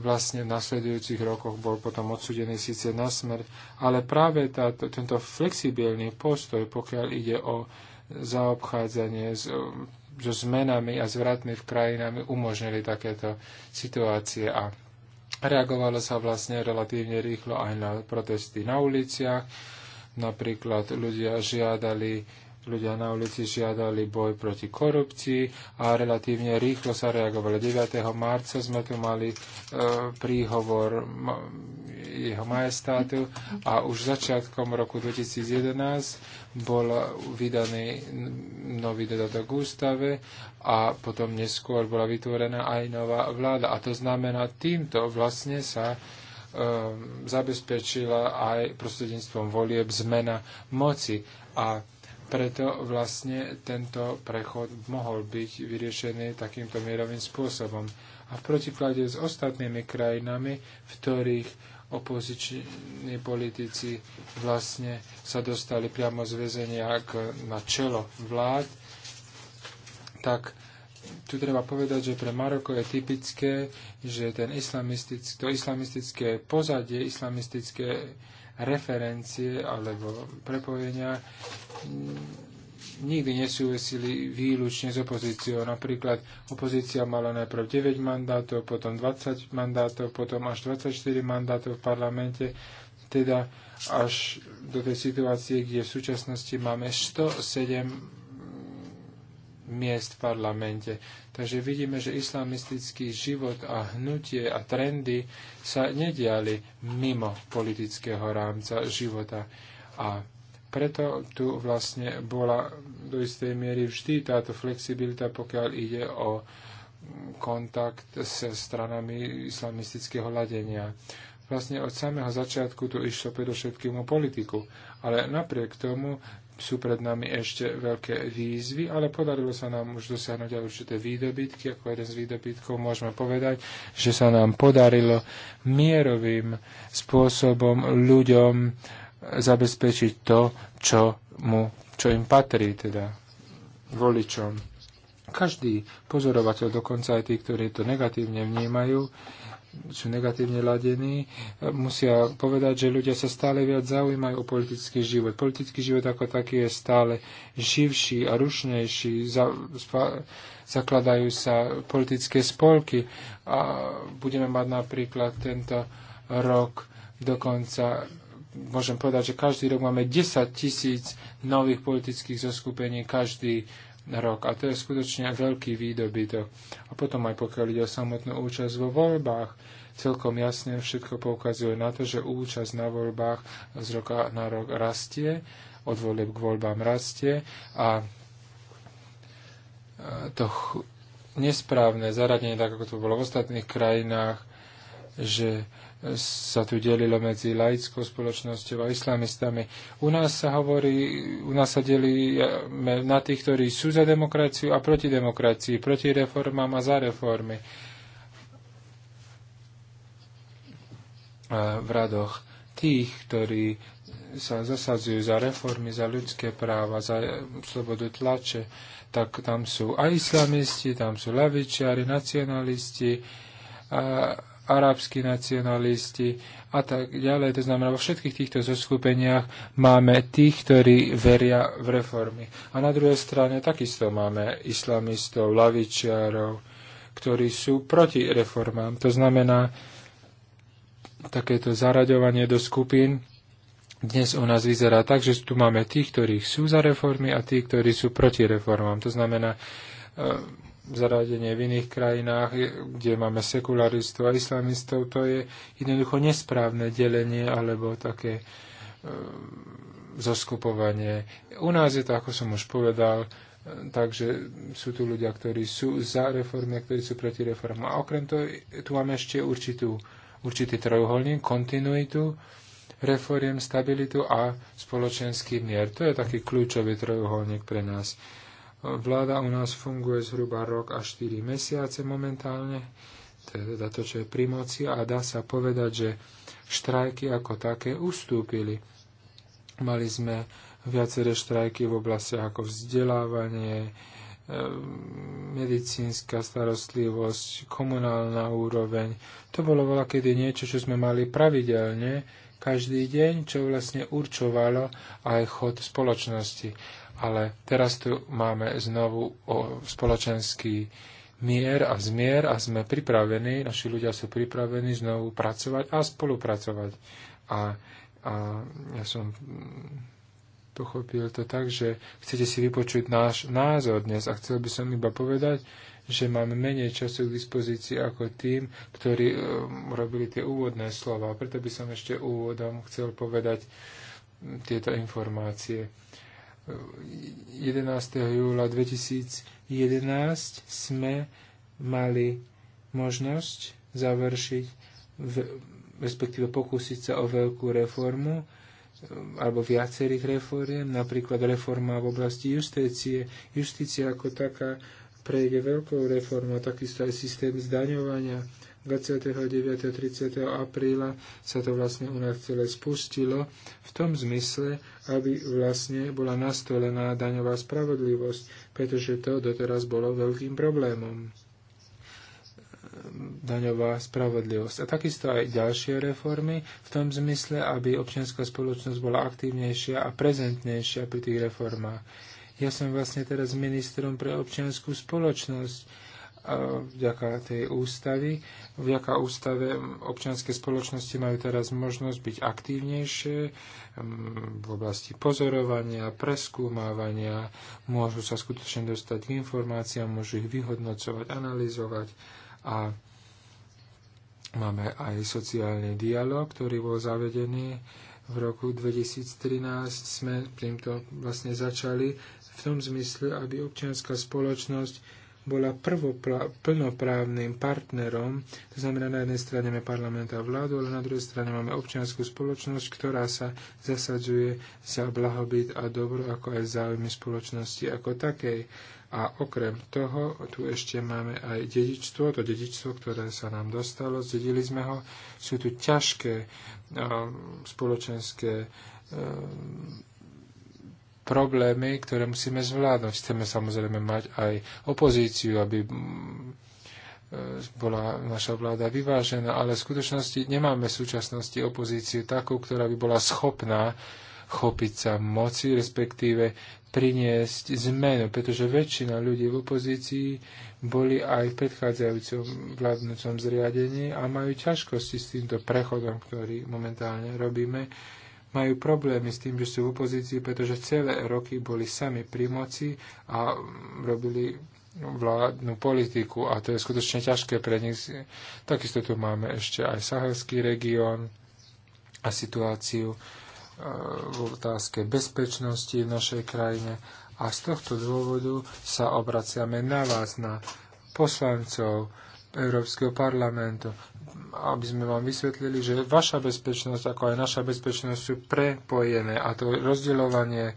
vlastne v nasledujúcich rokoch bol potom odsudený síce na smrť, ale práve táto, tento flexibilný postoj, pokiaľ ide o zaobchádzanie s, so zmenami a zvratmi v krajinami, umožnili takéto situácie a reagovalo sa vlastne relatívne rýchlo aj na protesty na uliciach. Napríklad ľudia žiadali ľudia na ulici žiadali boj proti korupcii a relatívne rýchlo sa reagovali. 9. marca sme tu mali e, príhovor ma, jeho majestátu a už začiatkom roku 2011 bol vydaný nový dodatok ústave a potom neskôr bola vytvorená aj nová vláda. A to znamená, týmto vlastne sa e, zabezpečila aj prostredníctvom volieb zmena moci. A preto vlastne tento prechod mohol byť vyriešený takýmto mierovým spôsobom. A v protiklade s ostatnými krajinami, v ktorých opoziční politici vlastne sa dostali priamo z väzenia na čelo vlád, tak tu treba povedať, že pre Maroko je typické, že ten islamistický, to islamistické pozadie, islamistické referencie alebo prepojenia nikdy nesúvisili výlučne s opozíciou. Napríklad opozícia mala najprv 9 mandátov, potom 20 mandátov, potom až 24 mandátov v parlamente, teda až do tej situácie, kde v súčasnosti máme 107 miest v parlamente. Takže vidíme, že islamistický život a hnutie a trendy sa nediali mimo politického rámca života. A preto tu vlastne bola do istej miery vždy táto flexibilita, pokiaľ ide o kontakt s stranami islamistického ladenia. Vlastne od samého začiatku tu išlo predovšetkým o politiku, ale napriek tomu sú pred nami ešte veľké výzvy, ale podarilo sa nám už dosiahnuť aj určité výdobytky. Ako jeden z výdobytkov môžeme povedať, že sa nám podarilo mierovým spôsobom ľuďom zabezpečiť to, čo, mu, čo im patrí, teda voličom. Každý pozorovateľ, dokonca aj tí, ktorí to negatívne vnímajú, sú negatívne ladení, musia povedať, že ľudia sa stále viac zaujímajú o politický život. Politický život ako taký je stále živší a rušnejší, za, spa, zakladajú sa politické spolky a budeme mať napríklad tento rok dokonca môžem povedať, že každý rok máme 10 tisíc nových politických zoskupení každý rok. A to je skutočne veľký výdobytok. A potom aj pokiaľ ide o samotnú účasť vo voľbách, celkom jasne všetko poukazuje na to, že účasť na voľbách z roka na rok rastie, od voľb k voľbám rastie a e, to nesprávne zaradenie, tak ako to bolo v ostatných krajinách, že sa tu delilo medzi laickou spoločnosťou a islamistami. U nás sa hovorí, u nás sa delí na tých, ktorí sú za demokraciu a proti demokracii, proti reformám a za reformy. V radoch tých, ktorí sa zasadzujú za reformy, za ľudské práva, za slobodu tlače, tak tam sú aj islamisti, tam sú lavičiari, nacionalisti, a arabskí nacionalisti a tak ďalej. To znamená, vo všetkých týchto zoskupeniach máme tých, ktorí veria v reformy. A na druhej strane takisto máme islamistov, lavičiarov, ktorí sú proti reformám. To znamená, takéto zaraďovanie do skupín dnes u nás vyzerá tak, že tu máme tých, ktorí sú za reformy a tých, ktorí sú proti reformám. To znamená, zaradenie v iných krajinách, kde máme sekularistov a islamistov, to je jednoducho nesprávne delenie alebo také e, zoskupovanie. U nás je to, ako som už povedal, e, takže sú tu ľudia, ktorí sú za reformy a ktorí sú proti reformám. A okrem toho, tu máme ešte určitú, určitý trojuholník, kontinuitu, reforiem, stabilitu a spoločenský mier. To je taký kľúčový trojuholník pre nás. Vláda u nás funguje zhruba rok až 4 mesiace momentálne, to je teda to, čo je pri moci, a dá sa povedať, že štrajky ako také ustúpili. Mali sme viaceré štrajky v oblasti ako vzdelávanie, e, medicínska starostlivosť, komunálna úroveň. To bolo veľa kedy niečo, čo sme mali pravidelne, každý deň, čo vlastne určovalo aj chod spoločnosti ale teraz tu máme znovu o spoločenský mier a zmier a sme pripravení, naši ľudia sú pripravení znovu pracovať a spolupracovať. A, a ja som pochopil to tak, že chcete si vypočuť náš názor dnes a chcel by som iba povedať, že máme menej času k dispozícii ako tým, ktorí um, robili tie úvodné slova. Preto by som ešte úvodom chcel povedať tieto informácie. 11. júla 2011 sme mali možnosť završiť, v, respektíve pokúsiť sa o veľkú reformu, eh, alebo viacerých reforiem, napríklad reforma v oblasti justície. Justícia ako taká prejde veľkou reformou, takisto aj systém zdaňovania, 29. a 30. apríla sa to vlastne u nás celé spustilo v tom zmysle, aby vlastne bola nastolená daňová spravodlivosť, pretože to doteraz bolo veľkým problémom daňová spravodlivosť. A takisto aj ďalšie reformy v tom zmysle, aby občianská spoločnosť bola aktívnejšia a prezentnejšia pri tých reformách. Ja som vlastne teraz ministrom pre občianskú spoločnosť vďaka tej ústavy. Vďaka ústave občianske spoločnosti majú teraz možnosť byť aktívnejšie mm, v oblasti pozorovania, preskúmávania, môžu sa skutočne dostať k informáciám, môžu ich vyhodnocovať, analyzovať a máme aj sociálny dialog, ktorý bol zavedený v roku 2013 sme týmto vlastne začali v tom zmysle, aby občianská spoločnosť bola plnoprávnym partnerom, to znamená na jednej strane máme parlament a vládu, ale na druhej strane máme občianskú spoločnosť, ktorá sa zasadzuje za blahobyt a dobro, ako aj záujmy spoločnosti ako takej. A okrem toho, tu ešte máme aj dedičstvo, to dedičstvo, ktoré sa nám dostalo, zdedili sme ho. Sú tu ťažké spoločenské problémy, ktoré musíme zvládnuť. Chceme samozrejme mať aj opozíciu, aby mm, e, bola naša vláda vyvážená, ale v skutočnosti nemáme v súčasnosti opozíciu takú, ktorá by bola schopná chopiť sa moci, respektíve priniesť zmenu, pretože väčšina ľudí v opozícii boli aj v predchádzajúcom vládnúcom zriadení a majú ťažkosti s týmto prechodom, ktorý momentálne robíme majú problémy s tým, že sú v opozícii, pretože celé roky boli sami pri moci a robili vládnu politiku a to je skutočne ťažké pre nich. Takisto tu máme ešte aj sahelský región a situáciu e, v otázke bezpečnosti v našej krajine a z tohto dôvodu sa obraciame na vás, na poslancov Európskeho parlamentu aby sme vám vysvetlili, že vaša bezpečnosť ako aj naša bezpečnosť sú prepojené a to rozdielovanie e,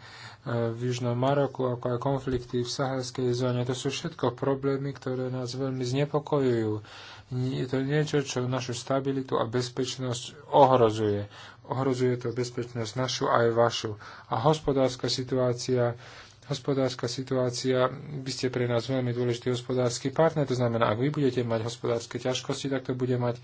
v Južnom Maroku, ako aj konflikty v sahelskej zóne, to sú všetko problémy, ktoré nás veľmi znepokojujú. Je to niečo, čo našu stabilitu a bezpečnosť ohrozuje. Ohrozuje to bezpečnosť našu aj vašu. A hospodárska situácia hospodárska situácia, by ste pre nás veľmi dôležitý hospodársky partner, to znamená, ak vy budete mať hospodárske ťažkosti, tak to bude mať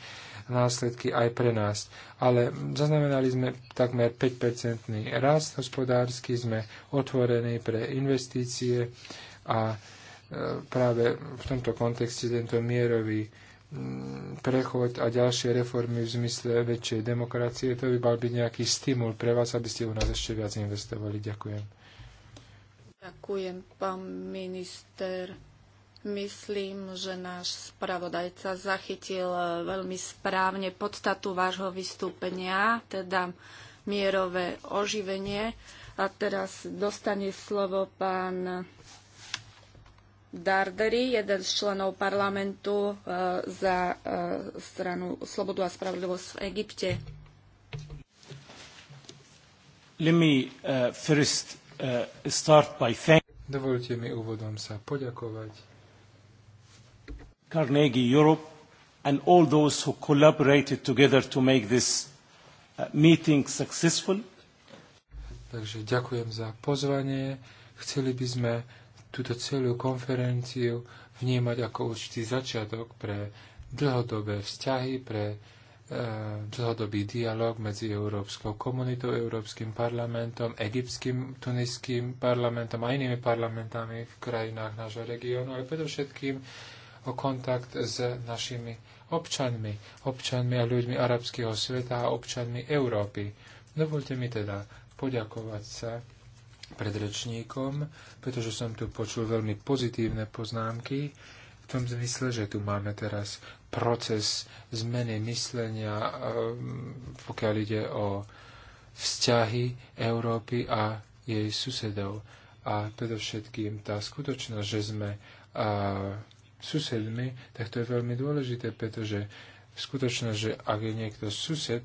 následky aj pre nás. Ale zaznamenali sme takmer 5-percentný rast hospodársky, sme otvorení pre investície a e, práve v tomto kontexte tento mierový mm, prechod a ďalšie reformy v zmysle väčšej demokracie, to by mal byť nejaký stimul pre vás, aby ste u nás ešte viac investovali. Ďakujem. Ďakujem, pán minister. Myslím, že náš spravodajca zachytil veľmi správne podstatu vášho vystúpenia, teda mierové oživenie. A teraz dostane slovo pán Dardery, jeden z členov parlamentu e, za e, stranu Slobodu a spravodlivosť v Egypte. Let me uh, first Uh, Dovolte mi úvodom sa poďakovať Carnegie Europe and all those who collaborated together to make this uh, meeting successful. Takže ďakujem za pozvanie. Chceli by sme túto celú konferenciu vnímať ako určitý začiatok pre dlhodobé vzťahy, pre Eh, dlhodobý dialog medzi Európskou komunitou, Európskym parlamentom, egyptským, tuniským parlamentom a inými parlamentami v krajinách nášho regiónu, ale predovšetkým o kontakt s našimi občanmi, občanmi a ľuďmi arabského sveta a občanmi Európy. Dovolte mi teda poďakovať sa predrečníkom, pretože som tu počul veľmi pozitívne poznámky v tom zmysle, že tu máme teraz proces zmeny myslenia, e, pokiaľ ide o vzťahy Európy a jej susedov. A predovšetkým tá skutočnosť, že sme e, susedmi, tak to je veľmi dôležité, pretože skutočnosť, že ak je niekto sused,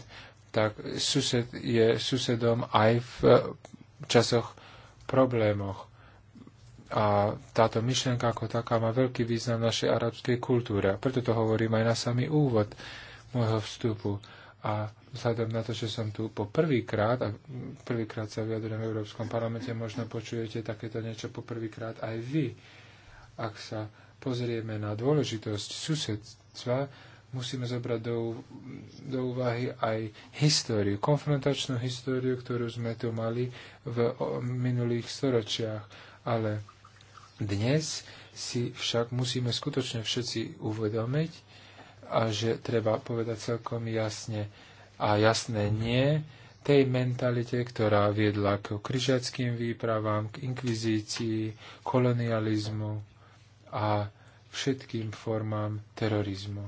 tak sused je susedom aj v časoch problémoch. A táto myšlienka ako taká má veľký význam v našej arabskej kultúre. A preto to hovorím aj na samý úvod môjho vstupu. A vzhľadom na to, že som tu po prvýkrát, a prvýkrát sa vyjadrujem v Európskom parlamente, možno počujete takéto niečo po prvýkrát aj vy. Ak sa pozrieme na dôležitosť susedstva, musíme zobrať do, do úvahy aj históriu, konfrontačnú históriu, ktorú sme tu mali v minulých storočiach. Ale dnes si však musíme skutočne všetci uvedomiť, a že treba povedať celkom jasne a jasné nie tej mentalite, ktorá viedla k križackým výpravám, k inkvizícii, kolonializmu a všetkým formám terorizmu.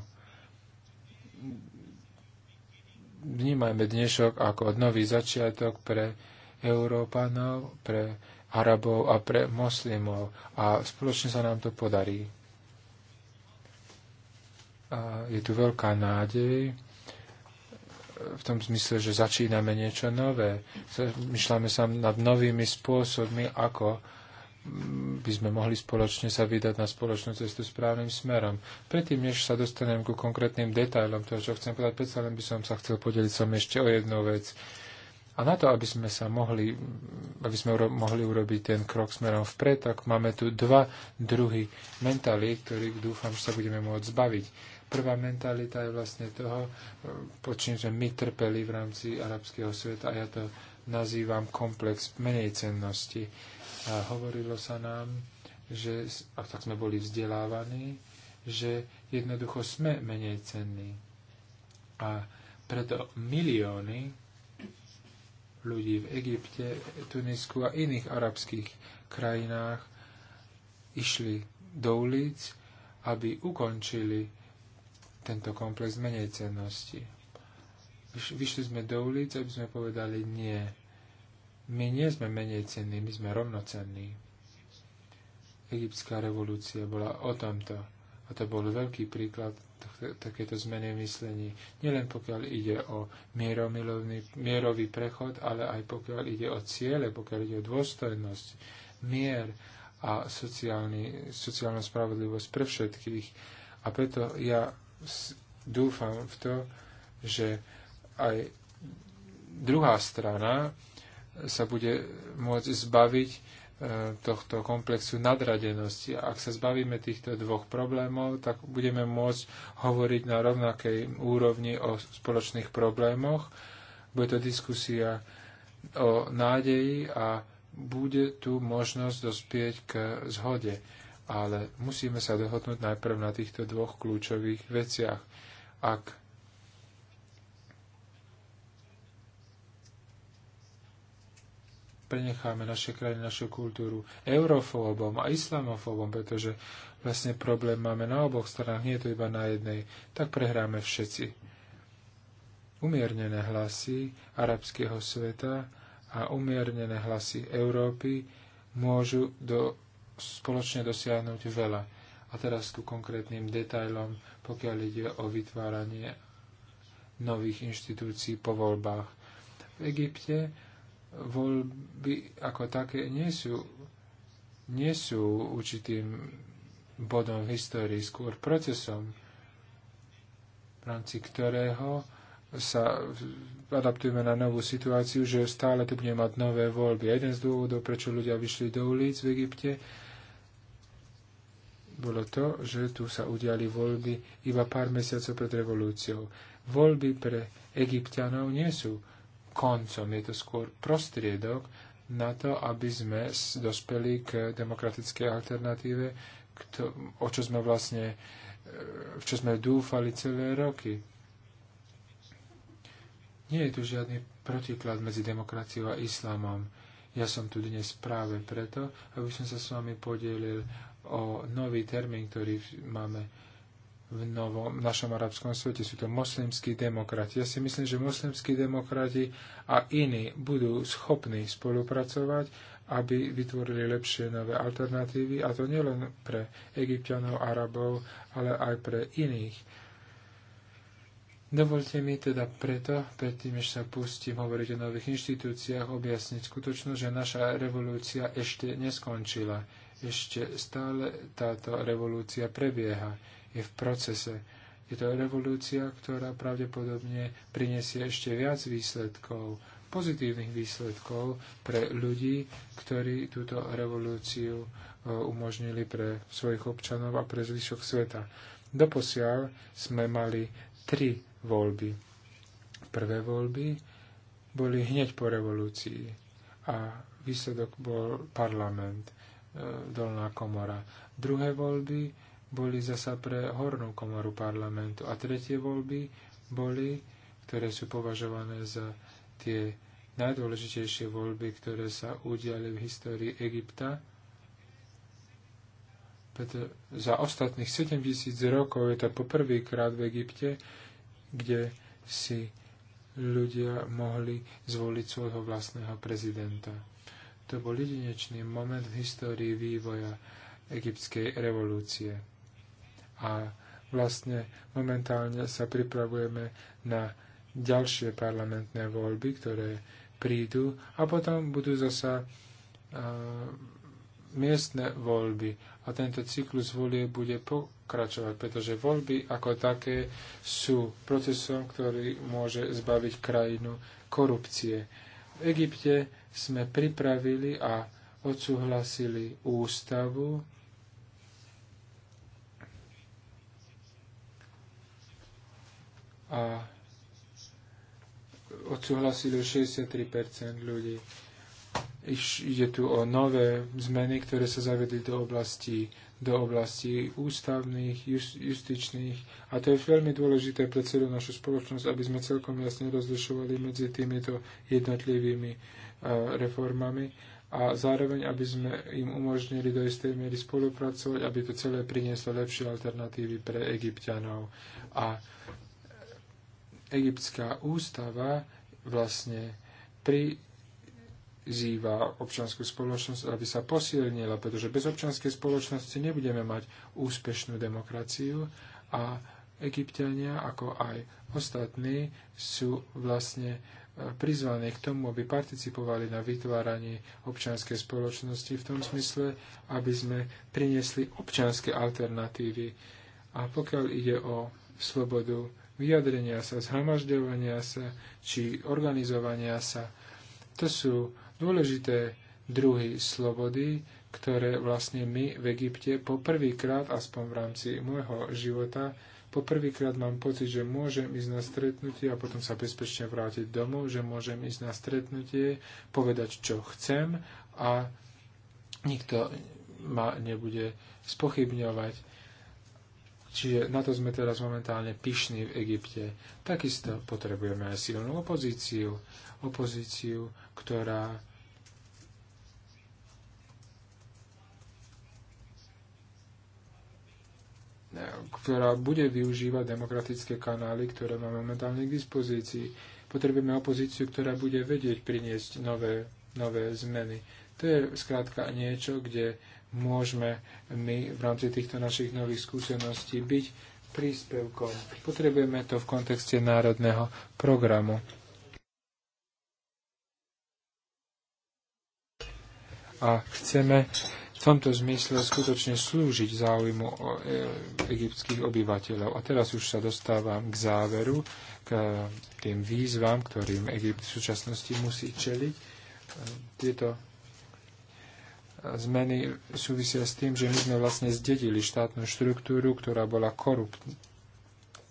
Vnímajme dnešok ako nový začiatok pre Európanov, pre Arabov a pre moslimov a spoločne sa nám to podarí. A je tu veľká nádej e, v tom zmysle, že začíname niečo nové. Myšľame sa nad novými spôsobmi, ako by sme mohli spoločne sa vydať na spoločnú cestu správnym smerom. Predtým, než sa dostanem ku konkrétnym detailom toho, čo chcem povedať, predsa len by som sa chcel podeliť som ešte o jednu vec. Uh, a na to, aby sme sa mohli, aby sme uro- mohli urobiť ten krok smerom vpred, tak máme tu dva druhy mentalít, ktorých dúfam, že sa budeme môcť zbaviť. Prvá mentalita je vlastne toho, po čím sme my trpeli v rámci arabského sveta a ja to nazývam komplex menej cennosti. A hovorilo sa nám, že, a tak sme boli vzdelávaní, že jednoducho sme menej cenní. A preto milióny ľudí v Egypte, Tunisku a iných arabských krajinách išli do ulic, aby ukončili tento komplex menej cennosti. Vyšli sme do ulic, aby sme povedali nie. My nie sme menej cenní, my sme rovnocenní. Egyptská revolúcia bola o tomto. A to bol veľký príklad takéto v myslení. Nielen pokiaľ ide o mierový prechod, ale aj pokiaľ ide o ciele, pokiaľ ide o dôstojnosť, mier a sociálny, sociálna spravodlivosť pre všetkých. A preto ja dúfam v to, že aj druhá strana sa bude môcť zbaviť tohto komplexu nadradenosti. ak sa zbavíme týchto dvoch problémov, tak budeme môcť hovoriť na rovnakej úrovni o spoločných problémoch. Bude to diskusia o nádeji a bude tu možnosť dospieť k zhode. Ale musíme sa dohodnúť najprv na týchto dvoch kľúčových veciach. Ak prenecháme naše krajiny, našu kultúru eurofóbom a islamofóbom, pretože vlastne problém máme na oboch stranách, nie je to iba na jednej, tak prehráme všetci. Umiernené hlasy arabského sveta a umiernené hlasy Európy môžu do, spoločne dosiahnuť veľa. A teraz ku konkrétnym detailom, pokiaľ ide o vytváranie nových inštitúcií po voľbách. V Egypte voľby ako také nie sú, nie sú určitým bodom v histórii, skôr procesom, v rámci ktorého sa adaptujeme na novú situáciu, že stále tu budeme mať nové voľby. A jeden z dôvodov, prečo ľudia vyšli do ulic v Egypte, bolo to, že tu sa udiali voľby iba pár mesiacov pred revolúciou. Voľby pre egyptianov nie sú koncom, je to skôr prostriedok na to, aby sme dospeli k demokratickej alternatíve, kto, o čo sme vlastne, e, v čo sme dúfali celé roky. Nie je tu žiadny protiklad medzi demokraciou a islámom. Ja som tu dnes práve preto, aby som sa s vami podielil o nový termín, ktorý máme v novom, našom arabskom svete. Sú to moslimskí demokrati. Ja si myslím, že moslimskí demokrati a iní budú schopní spolupracovať, aby vytvorili lepšie nové alternatívy, a to nielen pre egyptianov, arabov, ale aj pre iných. Dovolte mi teda preto, predtým, než sa pustím hovoriť o nových inštitúciách, objasniť skutočnosť, že naša revolúcia ešte neskončila. Ešte stále táto revolúcia prebieha je v procese. Je to revolúcia, ktorá pravdepodobne prinesie ešte viac výsledkov, pozitívnych výsledkov pre ľudí, ktorí túto revolúciu e, umožnili pre svojich občanov a pre zvyšok sveta. Doposiaľ sme mali tri voľby. Prvé voľby boli hneď po revolúcii a výsledok bol parlament, e, dolná komora. Druhé voľby boli zasa pre hornú komoru parlamentu. A tretie voľby boli, ktoré sú považované za tie najdôležitejšie voľby, ktoré sa udiali v histórii Egypta. Preto za ostatných 7000 rokov je to poprvýkrát v Egypte, kde si ľudia mohli zvoliť svojho vlastného prezidenta. To bol jedinečný moment v histórii vývoja egyptskej revolúcie a vlastne momentálne sa pripravujeme na ďalšie parlamentné voľby, ktoré prídu a potom budú zasa miestne voľby a tento cyklus volie bude pokračovať, pretože voľby ako také sú procesom, ktorý môže zbaviť krajinu korupcie. V Egypte sme pripravili a odsúhlasili ústavu, a odsúhlasili 63% ľudí. Iš, ide tu o nové zmeny, ktoré sa zavedli do oblasti, do oblasti ústavných, just, justičných. A to je veľmi dôležité pre celú našu spoločnosť, aby sme celkom jasne rozlišovali medzi týmito jednotlivými uh, reformami a zároveň, aby sme im umožnili do istej miery spolupracovať, aby to celé prinieslo lepšie alternatívy pre egyptianov. A egyptská ústava vlastne prizýva občanskú spoločnosť, aby sa posilnila, pretože bez občanskej spoločnosti nebudeme mať úspešnú demokraciu a egyptiania, ako aj ostatní, sú vlastne e, prizvaní k tomu, aby participovali na vytváraní občianskej spoločnosti v tom smysle, aby sme priniesli občianske alternatívy. A pokiaľ ide o slobodu vyjadrenia sa, zhromažďovania sa či organizovania sa. To sú dôležité druhy slobody, ktoré vlastne my v Egypte poprvýkrát, aspoň v rámci môjho života, poprvýkrát mám pocit, že môžem ísť na stretnutie a potom sa bezpečne vrátiť domov, že môžem ísť na stretnutie, povedať, čo chcem a nikto ma nebude spochybňovať. Čiže na to sme teraz momentálne pyšní v Egypte. Takisto potrebujeme aj silnú opozíciu. Opozíciu, ktorá ktorá bude využívať demokratické kanály, ktoré máme momentálne k dispozícii. Potrebujeme opozíciu, ktorá bude vedieť priniesť nové, nové zmeny. To je skrátka niečo, kde môžeme my v rámci týchto našich nových skúseností byť príspevkom. Potrebujeme to v kontexte národného programu. A chceme v tomto zmysle skutočne slúžiť záujmu e, egyptských obyvateľov. A teraz už sa dostávam k záveru, k tým výzvam, ktorým Egypt v súčasnosti musí čeliť. E, tieto zmeny súvisia s tým, že my sme vlastne zdedili štátnu štruktúru, ktorá bola korup-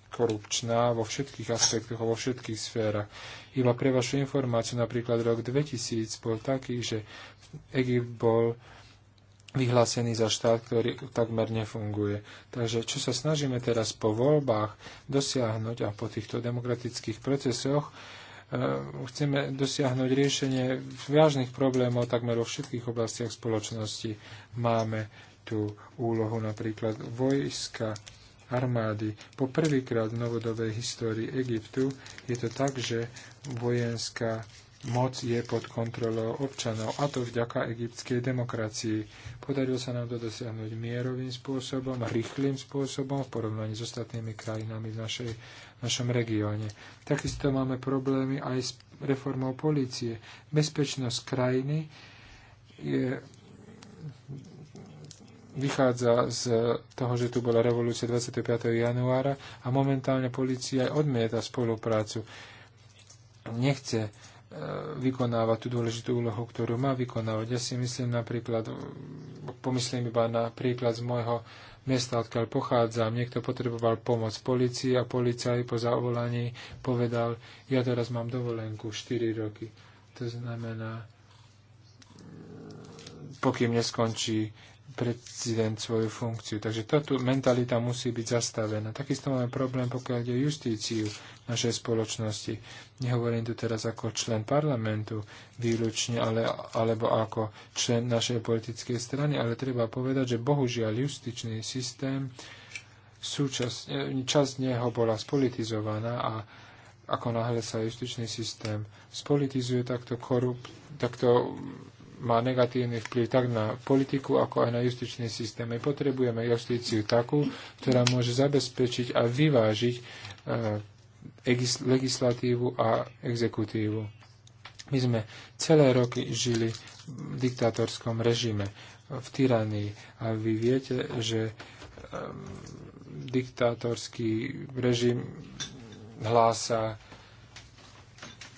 korupčná vo všetkých aspektoch a vo všetkých sférach. Iba pre vašu informáciu, napríklad rok 2000 bol taký, že Egypt bol vyhlásený za štát, ktorý takmer nefunguje. Takže čo sa snažíme teraz po voľbách dosiahnuť a po týchto demokratických procesoch, Eh, chceme dosiahnuť riešenie vážnych problémov takmer vo všetkých oblastiach spoločnosti. Máme tú úlohu napríklad vojska, armády. Po prvýkrát v novodobej histórii Egyptu je to tak, že vojenská moc je pod kontrolou občanov, a to vďaka egyptskej demokracii. Podarilo sa nám to dosiahnuť mierovým spôsobom, rýchlým spôsobom v porovnaní s ostatnými krajinami v našej našom regióne. Takisto máme problémy aj s reformou policie. Bezpečnosť krajiny je vychádza z toho, že tu bola revolúcia 25. januára a momentálne policia aj odmieta spoluprácu. Nechce E, vykonáva tú dôležitú úlohu, ktorú má vykonávať. Ja si myslím napríklad, e, pomyslím iba na príklad z môjho mesta, odkiaľ pochádzam. Niekto potreboval pomoc policii a policaj po zavolaní povedal, ja teraz mám dovolenku 4 roky. To znamená, e, pokým neskončí prezident svoju funkciu. Takže táto mentalita musí byť zastavená. Takisto máme problém, pokiaľ ide justíciu našej spoločnosti. Nehovorím tu teraz ako člen parlamentu výlučne, ale, alebo ako člen našej politickej strany, ale treba povedať, že bohužiaľ justičný systém časť neho bola spolitizovaná a ako náhle sa justičný systém spolitizuje, takto korup, takto má negatívny vplyv tak na politiku, ako aj na justičný systém. My potrebujeme justíciu takú, ktorá môže zabezpečiť a vyvážiť e, legislatívu a exekutívu. My sme celé roky žili v diktátorskom režime, v tyranii. A vy viete, že e, diktátorský režim hlása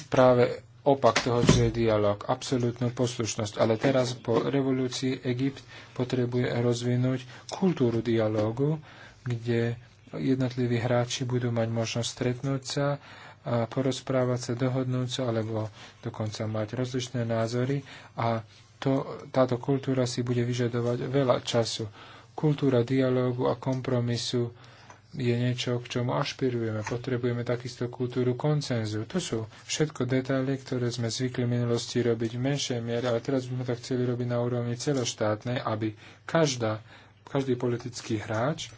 práve opak toho, čo je dialog, absolútnu poslušnosť. Ale teraz po revolúcii Egypt potrebuje rozvinúť kultúru dialógu, kde jednotliví hráči budú mať možnosť stretnúť sa, a porozprávať sa, dohodnúť sa, alebo dokonca mať rozličné názory a to, táto kultúra si bude vyžadovať veľa času. Kultúra dialógu a kompromisu je niečo, k čomu ašpirujeme. Potrebujeme takisto kultúru koncenzu. To sú všetko detaily, ktoré sme zvykli v minulosti robiť v menšej miere, ale teraz by sme to chceli robiť na úrovni celoštátnej, aby každá, každý politický hráč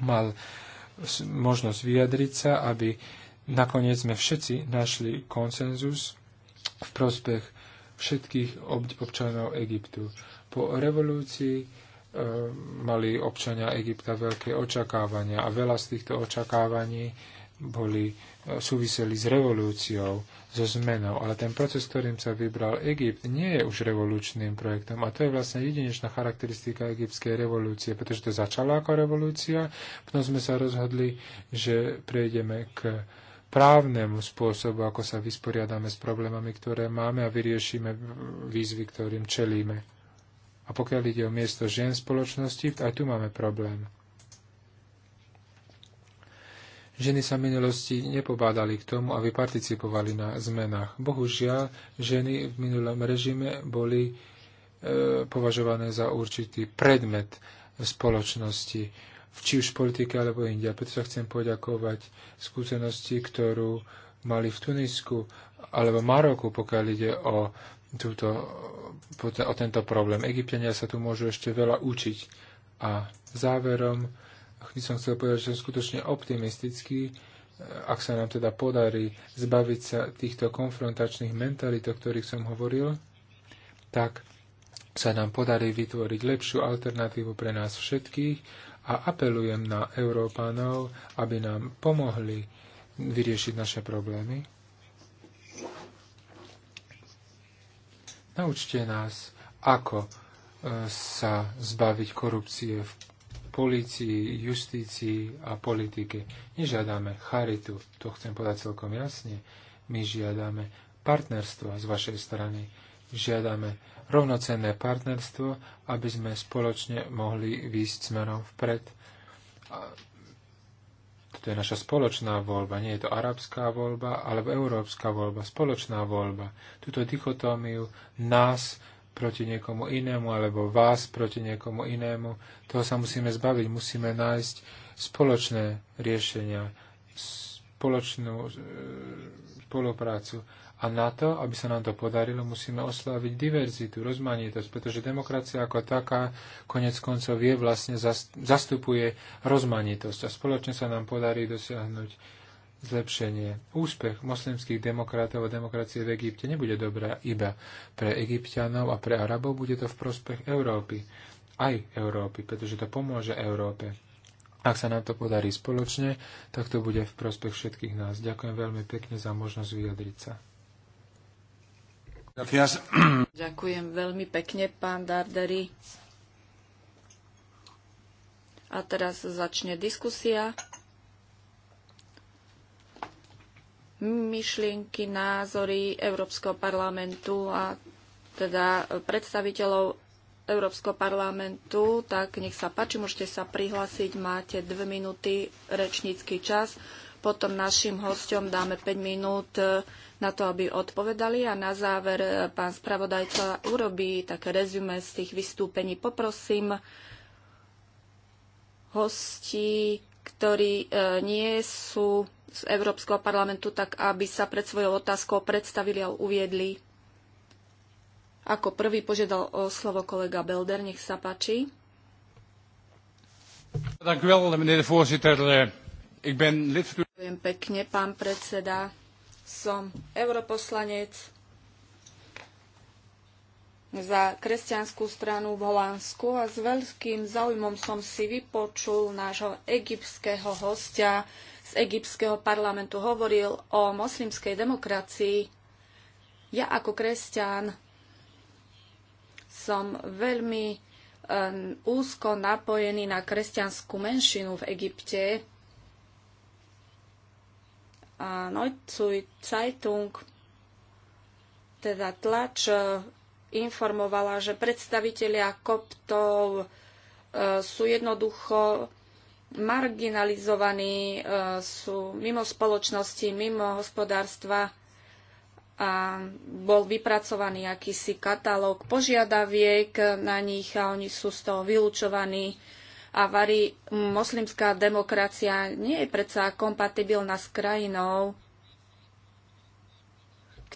mal možnosť vyjadriť sa, aby nakoniec sme všetci našli konsenzus v prospech všetkých občanov Egyptu. Po revolúcii E, mali občania Egypta veľké očakávania a veľa z týchto očakávaní boli, e, súviseli s revolúciou, so zmenou. Ale ten proces, ktorým sa vybral Egypt, nie je už revolučným projektom. A to je vlastne jedinečná charakteristika egyptskej revolúcie, pretože to začala ako revolúcia, potom sme sa rozhodli, že prejdeme k právnemu spôsobu, ako sa vysporiadame s problémami, ktoré máme a vyriešime výzvy, ktorým čelíme. A pokiaľ ide o miesto žien v spoločnosti, aj tu máme problém. Ženy sa v minulosti nepobádali k tomu, aby participovali na zmenách. Bohužiaľ, ženy v minulom režime boli e, považované za určitý predmet spoločnosti, či už v politike alebo india. Preto sa chcem poďakovať skúsenosti, ktorú mali v Tunisku alebo Maroku, pokiaľ ide o túto, o tento problém. Egyptiania sa tu môžu ešte veľa učiť. A záverom by som chcel povedať, že som skutočne optimistický, e, ak sa nám teda podarí zbaviť sa týchto konfrontačných mentalít, o ktorých som hovoril, tak sa nám podarí vytvoriť lepšiu alternatívu pre nás všetkých a apelujem na Európanov, aby nám pomohli vyriešiť naše problémy Naučte nás, ako e, sa zbaviť korupcie v polícii, justícii a politike. Nežiadame charitu, to chcem povedať celkom jasne. My žiadame partnerstvo z vašej strany. Žiadame rovnocenné partnerstvo, aby sme spoločne mohli výjsť smerom vpred. To je naša spoločná voľba. Nie je to arabská voľba alebo európska voľba. Spoločná voľba. Tuto dichotómiu nás proti niekomu inému alebo vás proti niekomu inému. Toho sa musíme zbaviť. Musíme nájsť spoločné riešenia, spoločnú e, spoluprácu a na to, aby sa nám to podarilo, musíme osláviť diverzitu, rozmanitosť, pretože demokracia ako taká konec koncov je vlastne zastupuje rozmanitosť a spoločne sa nám podarí dosiahnuť zlepšenie. Úspech moslimských demokratov a demokracie v Egypte nebude dobrá iba pre egyptianov a pre Arabov, bude to v prospech Európy. Aj Európy, pretože to pomôže Európe. Ak sa nám to podarí spoločne, tak to bude v prospech všetkých nás. Ďakujem veľmi pekne za možnosť vyjadriť sa. <clears throat> Ďakujem veľmi pekne, pán Dardery. A teraz začne diskusia. myšlienky, názory Európskeho parlamentu a teda predstaviteľov Európskeho parlamentu, tak nech sa páči, môžete sa prihlásiť, máte dve minúty rečnícky čas. Potom našim hostom dáme 5 minút e, na to, aby odpovedali a na záver e, pán spravodajca urobí také rezume z tých vystúpení. Poprosím hosti, ktorí e, nie sú z Európskeho parlamentu, tak aby sa pred svojou otázkou predstavili a uviedli. Ako prvý požiadal o slovo kolega Belder, nech sa páči. Dank u wel, meneer de voorzitter. Eh, ik ben lid Ďakujem pekne, pán predseda. Som europoslanec za kresťanskú stranu v Holandsku a s veľkým záujmom som si vypočul nášho egyptského hostia z egyptského parlamentu. Hovoril o moslimskej demokracii. Ja ako kresťan som veľmi úzko napojený na kresťanskú menšinu v Egypte a Neuzeit Zeitung, teda tlač, e, informovala, že predstavitelia koptov e, sú jednoducho marginalizovaní, e, sú mimo spoločnosti, mimo hospodárstva a bol vypracovaný akýsi katalóg požiadaviek na nich a oni sú z toho vylúčovaní a varí moslimská demokracia nie je predsa kompatibilná s krajinou,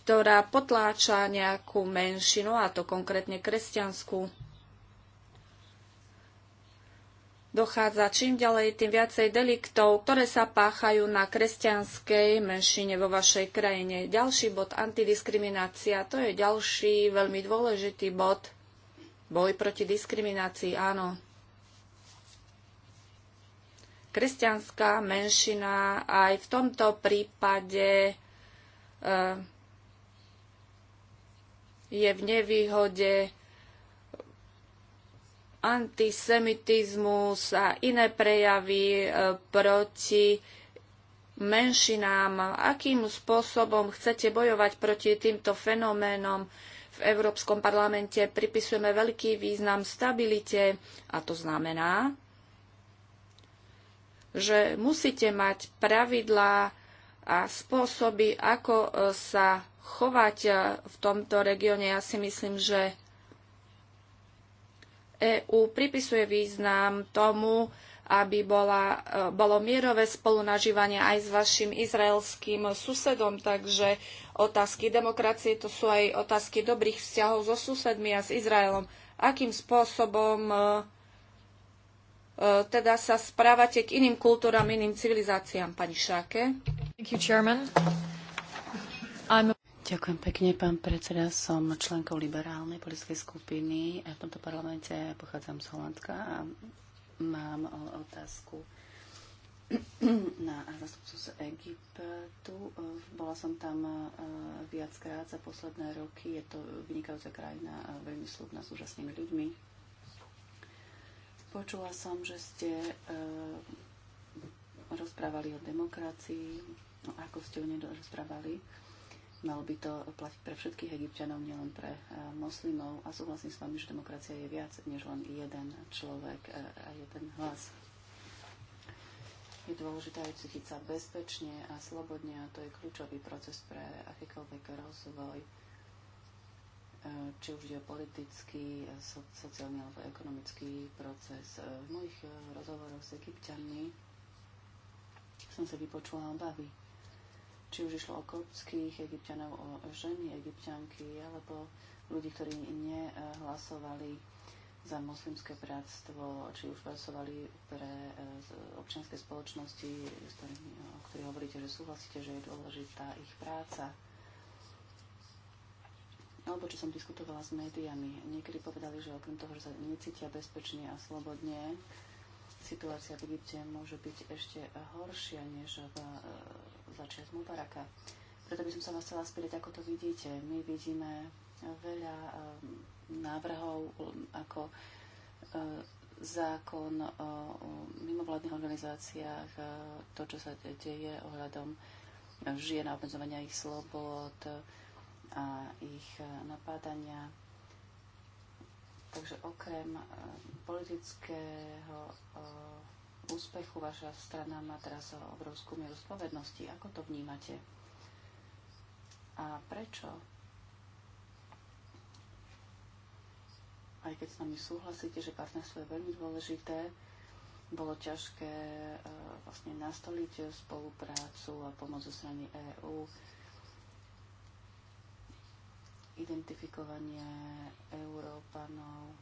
ktorá potláča nejakú menšinu, a to konkrétne kresťanskú. Dochádza čím ďalej, tým viacej deliktov, ktoré sa páchajú na kresťanskej menšine vo vašej krajine. Ďalší bod, antidiskriminácia, to je ďalší veľmi dôležitý bod. Boj proti diskriminácii, áno kresťanská menšina aj v tomto prípade eh, je v nevýhode antisemitizmus a iné prejavy eh, proti menšinám. Akým spôsobom chcete bojovať proti týmto fenoménom? V Európskom parlamente pripisujeme veľký význam stabilite a to znamená, že musíte mať pravidlá a spôsoby, ako e, sa chovať e, v tomto regióne. Ja si myslím, že EÚ pripisuje význam tomu, aby bola, e, bolo mierové spolunažívanie aj s vašim izraelským susedom. Takže otázky demokracie to sú aj otázky dobrých vzťahov so susedmi a s Izraelom. Akým spôsobom E, teda sa správate k iným kultúram, iným civilizáciám, pani Šáke. Thank you, Chairman. I'm... Ďakujem pekne, pán predseda. Som členkou liberálnej politickej skupiny a v tomto parlamente. Pochádzam z Holandska a mám otázku <clears throat> na zastupcu z Egyptu. Bola som tam e, viackrát za posledné roky. Je to vynikajúca krajina, veľmi slúbna s úžasnými ľuďmi Počula som, že ste e, rozprávali o demokracii, no, ako ste o nej rozprávali. Malo by to platiť pre všetkých egyptianov, nielen pre e, moslimov. A súhlasím s vami, že demokracia je viac než len jeden človek e, a jeden hlas. Je dôležité aj cítiť sa bezpečne a slobodne a to je kľúčový proces pre akýkoľvek rozvoj Eh, či už ide o politický, eh, sociálny alebo ekonomický proces. Eh, v mojich rozhovoroch s egyptianmi som sa vypočula obavy. Či už išlo o kopských egyptianov, o ženy egyptianky, alebo ľudí, ktorí nehlasovali za moslimské bratstvo, či už hlasovali pre občianske spoločnosti, o ktorých hovoríte, že súhlasíte, že je dôležitá ich práca alebo čo som diskutovala s médiami. Niekedy povedali, že okrem toho, že sa necítia bezpečne a slobodne, situácia v Egypte môže byť ešte horšia než v e, začiatku Baraka. Preto by som sa vás chcela spýtať, ako to vidíte. My vidíme veľa e, návrhov um, ako e, zákon o mimovládnych organizáciách, to, čo sa deje ohľadom žien a obmedzovania ich slobod, a ich e, napádania. Takže okrem e, politického e, úspechu vaša strana má teraz obrovskú mieru spovednosti. Ako to vnímate? A prečo? Aj keď s nami súhlasíte, že partnerstvo je veľmi dôležité, bolo ťažké vlastne nastoliť spoluprácu a pomoc zo strany EÚ identifikovanie Európanov,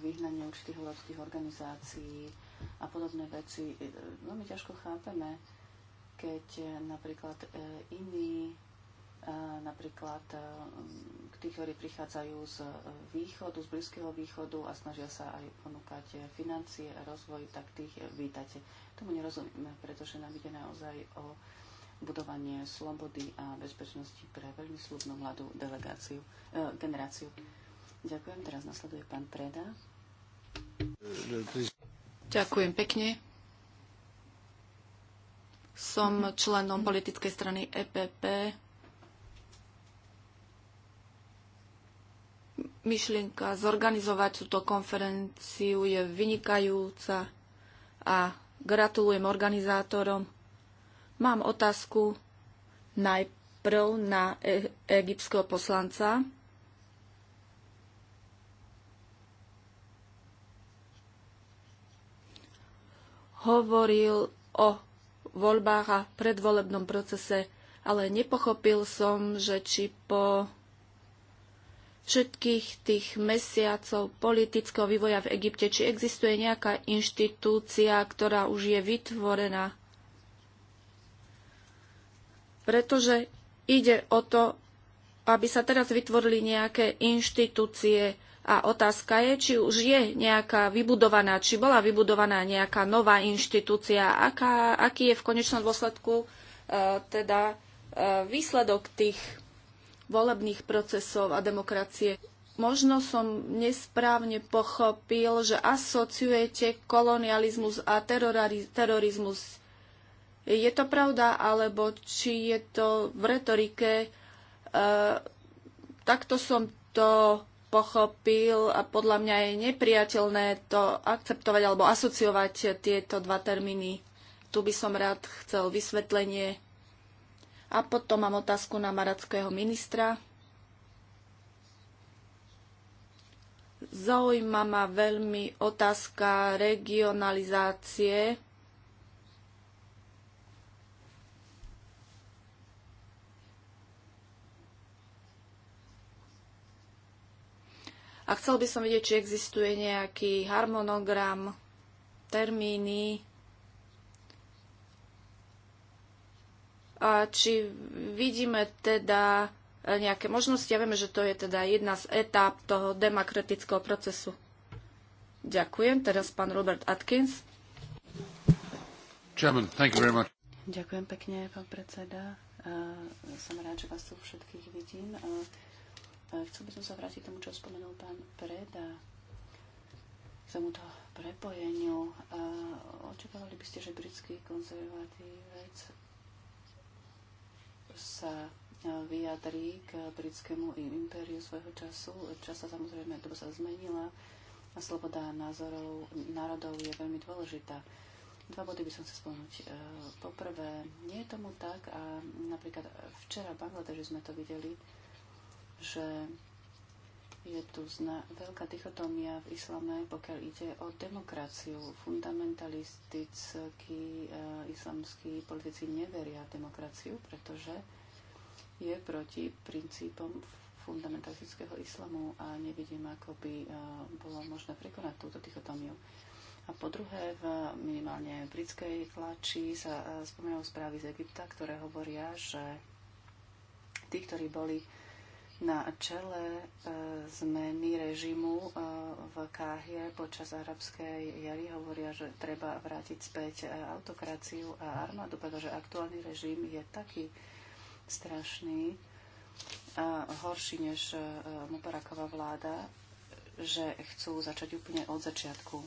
vyhnanie určitých európskych organizácií a podobné veci e, veľmi ťažko chápeme, keď e, napríklad e, iní, napríklad tí, ktorí prichádzajú z východu, z Blízkeho východu a snažia sa aj ponúkať financie a rozvoj, tak tých vítate. Tomu nerozumieme, pretože nám ide naozaj o budovanie slobody a bezpečnosti pre veľmi slubnú mladú delegáciu, e, generáciu. Ďakujem. Teraz nasleduje pán Preda. Ďakujem pekne. Som členom politickej strany EPP. Myšlienka zorganizovať túto konferenciu je vynikajúca a gratulujem organizátorom Mám otázku najprv na e- egyptského poslanca. Hovoril o voľbách a predvolebnom procese, ale nepochopil som, že či po všetkých tých mesiacov politického vývoja v Egypte, či existuje nejaká inštitúcia, ktorá už je vytvorená pretože ide o to, aby sa teraz vytvorili nejaké inštitúcie a otázka je, či už je nejaká vybudovaná, či bola vybudovaná nejaká nová inštitúcia, aká, aký je v konečnom dôsledku e, teda e, výsledok tých volebných procesov a demokracie. Možno som nesprávne pochopil, že asociujete kolonializmus a terorizmus je to pravda, alebo či je to v retorike. E, takto som to pochopil a podľa mňa je nepriateľné to akceptovať alebo asociovať tieto dva termíny. Tu by som rád chcel vysvetlenie. A potom mám otázku na maradského ministra. Zaujíma ma veľmi otázka regionalizácie A chcel by som vidieť, či existuje nejaký harmonogram, termíny, a či vidíme teda nejaké možnosti. Ja vieme, že to je teda jedna z etáp toho demokratického procesu. Ďakujem. Teraz pán Robert Atkins. Chairman, thank you very much. Ďakujem pekne, pán predseda. E, som rád, že vás tu všetkých vidím. E, Chcel by som sa vrátiť tomu, čo spomenul pán Preda, k tomuto prepojeniu. Očakávali by ste, že britský konzervatívec sa vyjadrí k britskému impériu svojho času. sa samozrejme to sa zmenila a sloboda názorov národov je veľmi dôležitá. Dva body by som chcel spomenúť. E, poprvé, nie je tomu tak a napríklad včera v Bangladeži sme to videli, že je tu zna- veľká dichotómia v islame, pokiaľ ide o demokraciu. Fundamentalistickí e, islamskí politici neveria v demokraciu, pretože je proti princípom fundamentalistického islamu a nevidím, ako by e, bolo možné prekonať túto dichotómiu. A po druhé, v minimálne britskej tlači sa e, spomínajú správy z Egypta, ktoré hovoria, že tí, ktorí boli na čele e, zmeny režimu e, v Káhire počas arabskej jary hovoria, že treba vrátiť späť e, autokraciu a armádu, pretože aktuálny režim je taký strašný, a horší než Mubaraková vláda, že chcú začať úplne od začiatku.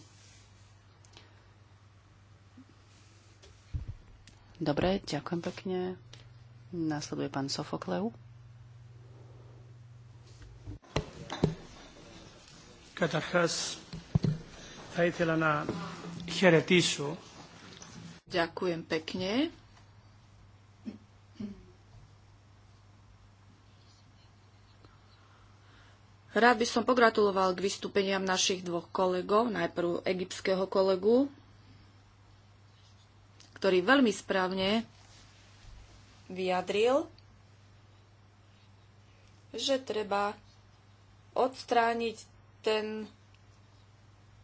Dobre, ďakujem pekne. Nasleduje pán Sofokleu. Καταρχάς, θα ήθελα να χαιρετήσω. Ďakujem pekne. Rád by som pogratuloval k vystúpeniam našich dvoch kolegov, najprv egyptského kolegu, ktorý veľmi správne vyjadril, že treba odstrániť ten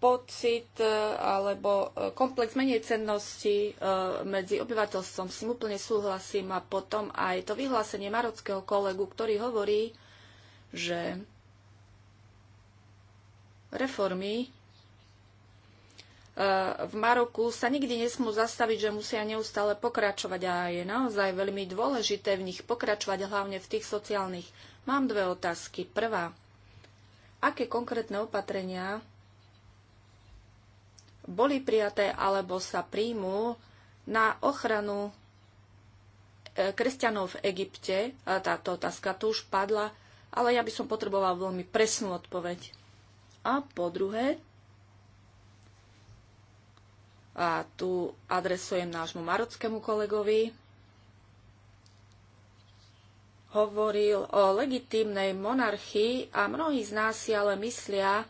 pocit e, alebo e, komplex menej cennosti e, medzi obyvateľstvom s tým úplne súhlasím a potom aj to vyhlásenie marockého kolegu, ktorý hovorí, že reformy v Maroku sa nikdy nesmú zastaviť, že musia neustále pokračovať a je naozaj veľmi dôležité v nich pokračovať, hlavne v tých sociálnych. Mám dve otázky. Prvá, aké konkrétne opatrenia boli prijaté alebo sa príjmú na ochranu e, kresťanov v Egypte. Táto otázka tu už padla, ale ja by som potreboval veľmi presnú odpoveď. A po druhé, a tu adresujem nášmu marockému kolegovi, hovoril o legitímnej monarchii a mnohí z nás si ale myslia,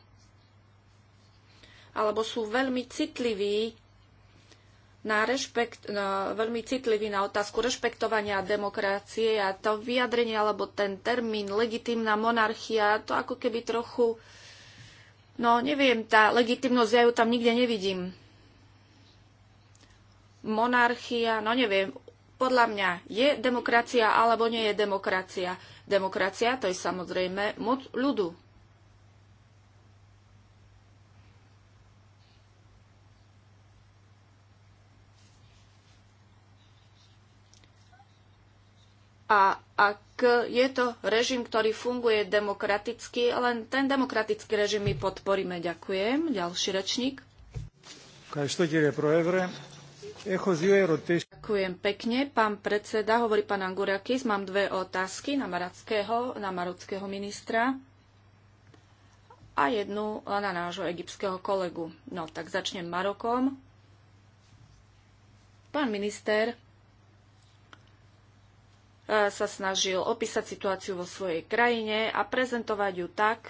alebo sú veľmi citliví na, rešpekt, na, veľmi citlivý na otázku rešpektovania demokracie a to vyjadrenie alebo ten termín legitímna monarchia, to ako keby trochu, no neviem, tá legitimnosť ja ju tam nikde nevidím. Monarchia, no neviem, podľa mňa je demokracia alebo nie je demokracia. Demokracia to je samozrejme moc ľudu. A ak je to režim, ktorý funguje demokraticky, len ten demokratický režim my podporíme. Ďakujem. Ďalší rečník. Každý, Ďakujem pekne. Pán predseda, hovorí pán Anguriakis, mám dve otázky na marockého, na marockého ministra a jednu na nášho egyptského kolegu. No, tak začnem Marokom. Pán minister e, sa snažil opísať situáciu vo svojej krajine a prezentovať ju tak,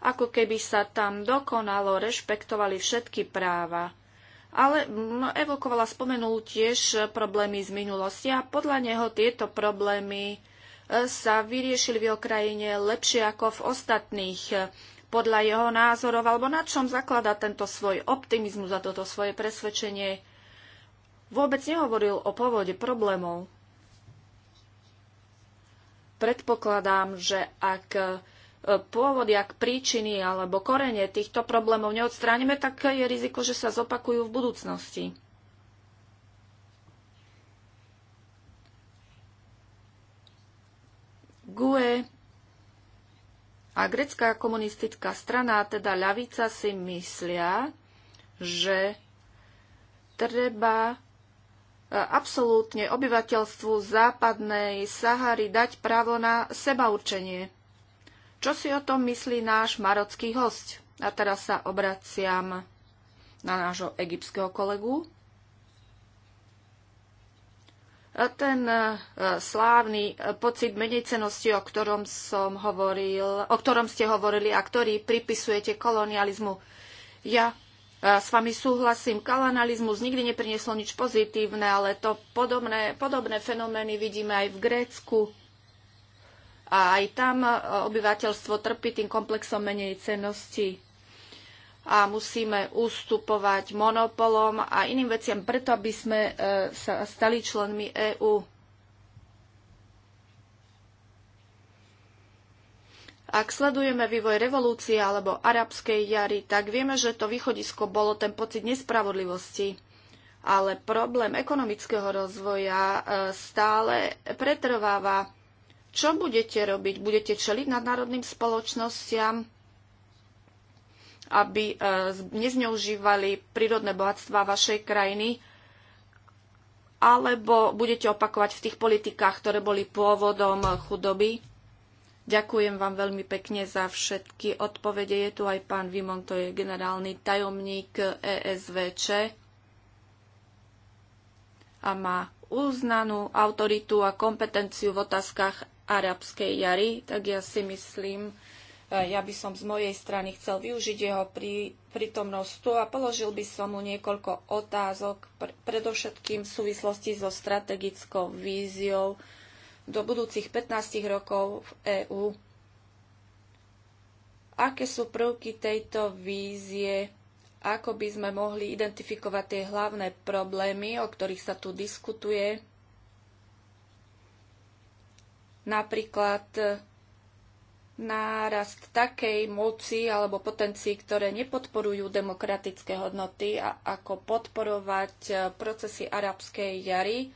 ako keby sa tam dokonalo rešpektovali všetky práva ale evokovala, spomenul tiež problémy z minulosti a podľa neho tieto problémy e, sa vyriešili v jeho krajine lepšie ako v ostatných. Podľa jeho názorov, alebo na čom zaklada tento svoj optimizmus a toto svoje presvedčenie, vôbec nehovoril o pôvode problémov. Predpokladám, že ak E, pôvody, ak príčiny alebo korene týchto problémov neodstránime, tak je riziko, že sa zopakujú v budúcnosti. GUE a grecká komunistická strana, teda ľavica, si myslia, že treba e, absolútne obyvateľstvu západnej Sahary dať právo na sebaurčenie. Čo si o tom myslí náš marocký host? A teraz sa obraciam na nášho egyptského kolegu. A ten e, slávny e, pocit menejcenosti, o ktorom, som hovoril, o ktorom ste hovorili a ktorý pripisujete kolonializmu. Ja e, s vami súhlasím, kolonializmus nikdy neprinieslo nič pozitívne, ale to podobné, podobné fenomény vidíme aj v Grécku a aj tam e, obyvateľstvo trpí tým komplexom menej cenosti a musíme ustupovať monopolom a iným veciam preto, aby sme e, sa stali členmi EÚ. Ak sledujeme vývoj revolúcie alebo arabskej jary, tak vieme, že to východisko bolo ten pocit nespravodlivosti. Ale problém ekonomického rozvoja e, stále pretrváva čo budete robiť? Budete čeliť nadnárodným spoločnostiam, aby e, nezneužívali prírodné bohatstva vašej krajiny? Alebo budete opakovať v tých politikách, ktoré boli pôvodom chudoby? Ďakujem vám veľmi pekne za všetky odpovede. Je tu aj pán Vimon, to je generálny tajomník ESVČ a má uznanú autoritu a kompetenciu v otázkach arabskej jary, tak ja si myslím, eh, ja by som z mojej strany chcel využiť jeho prí, prítomnosť tu a položil by som mu niekoľko otázok, pr- predovšetkým v súvislosti so strategickou víziou do budúcich 15 rokov v EÚ. Aké sú prvky tejto vízie? Ako by sme mohli identifikovať tie hlavné problémy, o ktorých sa tu diskutuje? napríklad e, nárast takej moci alebo potencií, ktoré nepodporujú demokratické hodnoty a ako podporovať e, procesy arabskej jary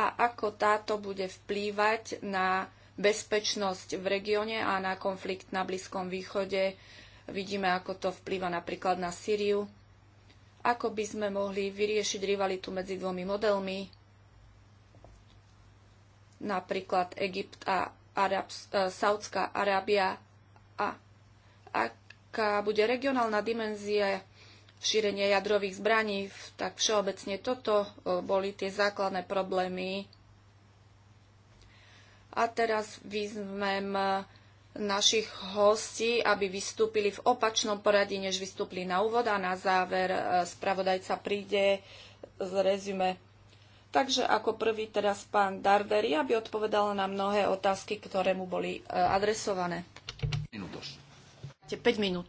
a ako táto bude vplývať na bezpečnosť v regióne a na konflikt na Blízkom východe. Vidíme, ako to vplýva napríklad na Sýriu. Ako by sme mohli vyriešiť rivalitu medzi dvomi modelmi napríklad Egypt a Arabs, e, Saudská Arábia a aká bude regionálna dimenzia šírenie jadrových zbraní, tak všeobecne toto e, boli tie základné problémy. A teraz vyzvem e, našich hostí, aby vystúpili v opačnom poradí, než vystúpili na úvod a na záver e, spravodajca príde z rezume Takže ako prvý teraz pán Darderi, aby odpovedal na mnohé otázky, ktoré mu boli e, adresované. Minútos. 5 minút.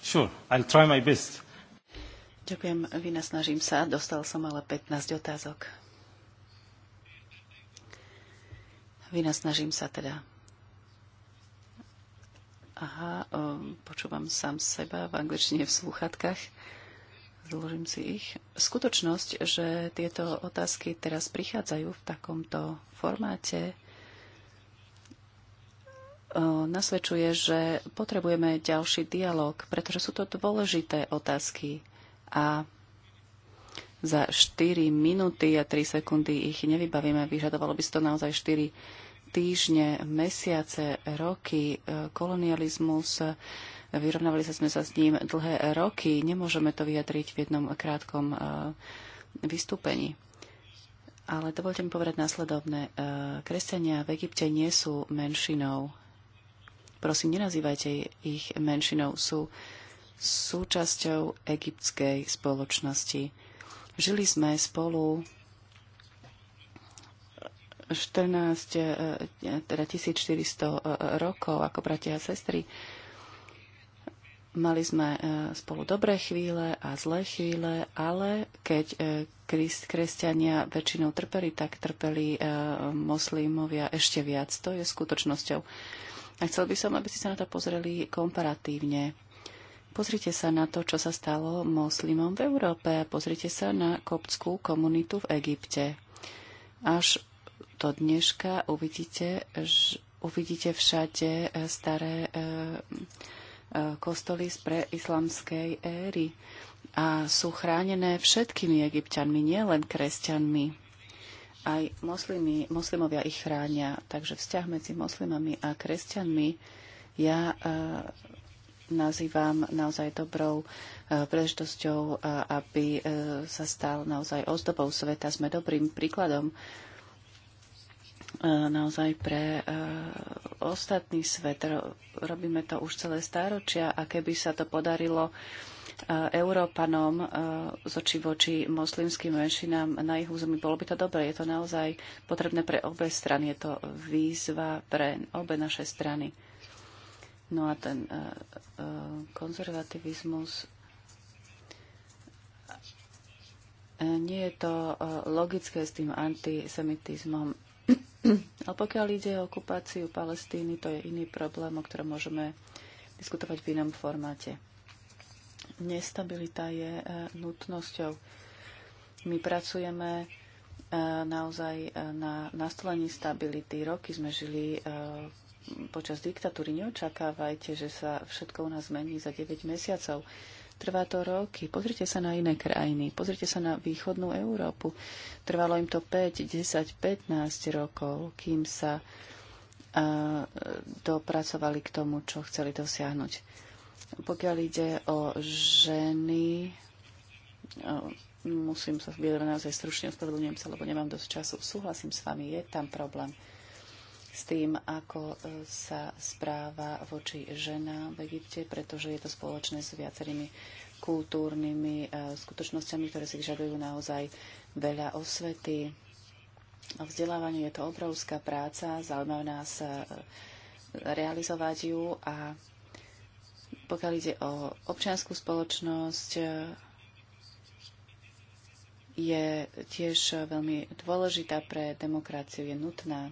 Sure, I'll try my best. Ďakujem, vynasnažím sa. Dostal som ale 15 otázok. Vynasnažím sa teda. Aha, počúvam sám seba v angličtine v slúchatkách. Zložím si ich. Skutočnosť, že tieto otázky teraz prichádzajú v takomto formáte, e, nasvedčuje, že potrebujeme ďalší dialog, pretože sú to dôležité otázky a za 4 minúty a 3 sekundy ich nevybavíme. Vyžadovalo by si to naozaj 4 týždne, mesiace, roky, e, kolonializmus, Vyrovnávali sa sme sa s ním dlhé roky. Nemôžeme to vyjadriť v jednom krátkom e, vystúpení. Ale dovolte mi povedať následovné. E, kresťania v Egypte nie sú menšinou. Prosím, nenazývajte ich menšinou. Sú súčasťou egyptskej spoločnosti. Žili sme spolu 14, e, teda 1400 rokov ako bratia a sestry. Mali sme e, spolu dobré chvíle a zlé chvíle, ale keď e, kresťania väčšinou trpeli, tak trpeli e, moslimovia ešte viac. To je skutočnosťou. A chcel by som, aby ste sa na to pozreli komparatívne. Pozrite sa na to, čo sa stalo moslimom v Európe a pozrite sa na koptskú komunitu v Egypte. Až do dneška uvidíte, uvidíte všade staré e, kostoly z preislamskej éry a sú chránené všetkými egyptianmi, nielen kresťanmi. Aj moslimi, moslimovia ich chránia, takže vzťah medzi moslimami a kresťanmi ja e, nazývam naozaj dobrou e, príležitosťou, e, aby e, sa stal naozaj ozdobou sveta. Sme dobrým príkladom E, naozaj pre e, ostatný svet. Robíme to už celé stáročia a keby sa to podarilo e, Európanom z oči voči moslimským menšinám na ich území, bolo by to dobre. Je to naozaj potrebné pre obe strany. Je to výzva pre obe naše strany. No a ten konzervativizmus nie je to logické s tým antisemitizmom a pokiaľ ide o okupáciu Palestíny, to je iný problém, o ktorom môžeme diskutovať v inom formáte. Nestabilita je e, nutnosťou. My pracujeme e, naozaj e, na nastolení stability. Roky sme žili počas diktatúry. Neočakávajte, že sa všetko u nás zmení za 9 mesiacov. Trvá to roky. Pozrite sa na iné krajiny. Pozrite sa na východnú Európu. Trvalo im to 5, 10, 15 rokov, kým sa dopracovali k tomu, čo chceli dosiahnuť. Pokiaľ ide o ženy, musím sa vyjadrať naozaj stručne, ospravedlňujem sa, lebo nemám dosť času. Súhlasím s vami, je tam problém s tým, ako e, sa správa voči žena v Egypte, pretože je to spoločné s viacerými kultúrnymi e, skutočnosťami, ktoré si vyžadujú naozaj veľa osvety. a vzdelávanie, je to obrovská práca, zaujímavé nás e, realizovať ju a pokiaľ ide o občianskú spoločnosť, je tiež veľmi dôležitá pre demokraciu, je nutná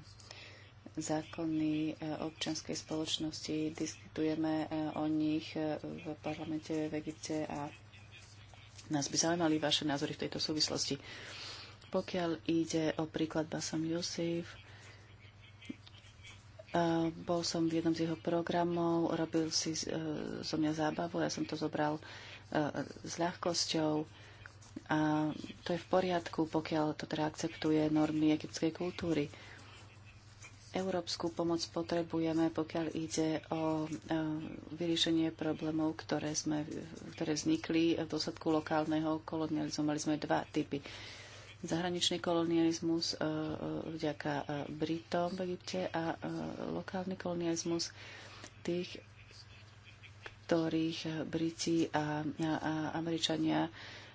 zákony e, občianskej spoločnosti, diskutujeme e, o nich e, v parlamente v Egypte a nás by zaujímali vaše názory v tejto súvislosti. Pokiaľ ide o príklad Basam Yusif, bol som v jednom z jeho programov, robil si zo mňa zábavu, ja som to zobral s ľahkosťou. A to je v poriadku, pokiaľ to teda akceptuje normy egyptskej kultúry. Európsku pomoc potrebujeme, pokiaľ ide o e, vyriešenie problémov, ktoré, sme, ktoré vznikli v dôsledku lokálneho kolonializmu. Mali sme dva typy. Zahraničný kolonializmus e, vďaka e, Britom v Egypte a lokálny kolonializmus tých, ktorých Briti a, a, a Američania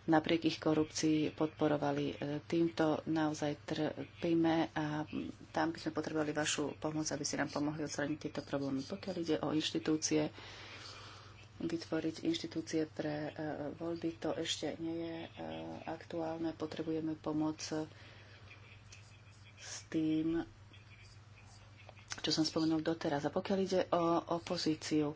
napriek ich korupcii podporovali. E, týmto naozaj trpíme a tam by sme potrebovali vašu pomoc, aby ste nám pomohli odstrániť tieto problémy. Pokiaľ ide o inštitúcie, vytvoriť inštitúcie pre e, voľby, to ešte nie je e, aktuálne. Potrebujeme pomoc s tým, čo som spomenul doteraz. A pokiaľ ide o opozíciu,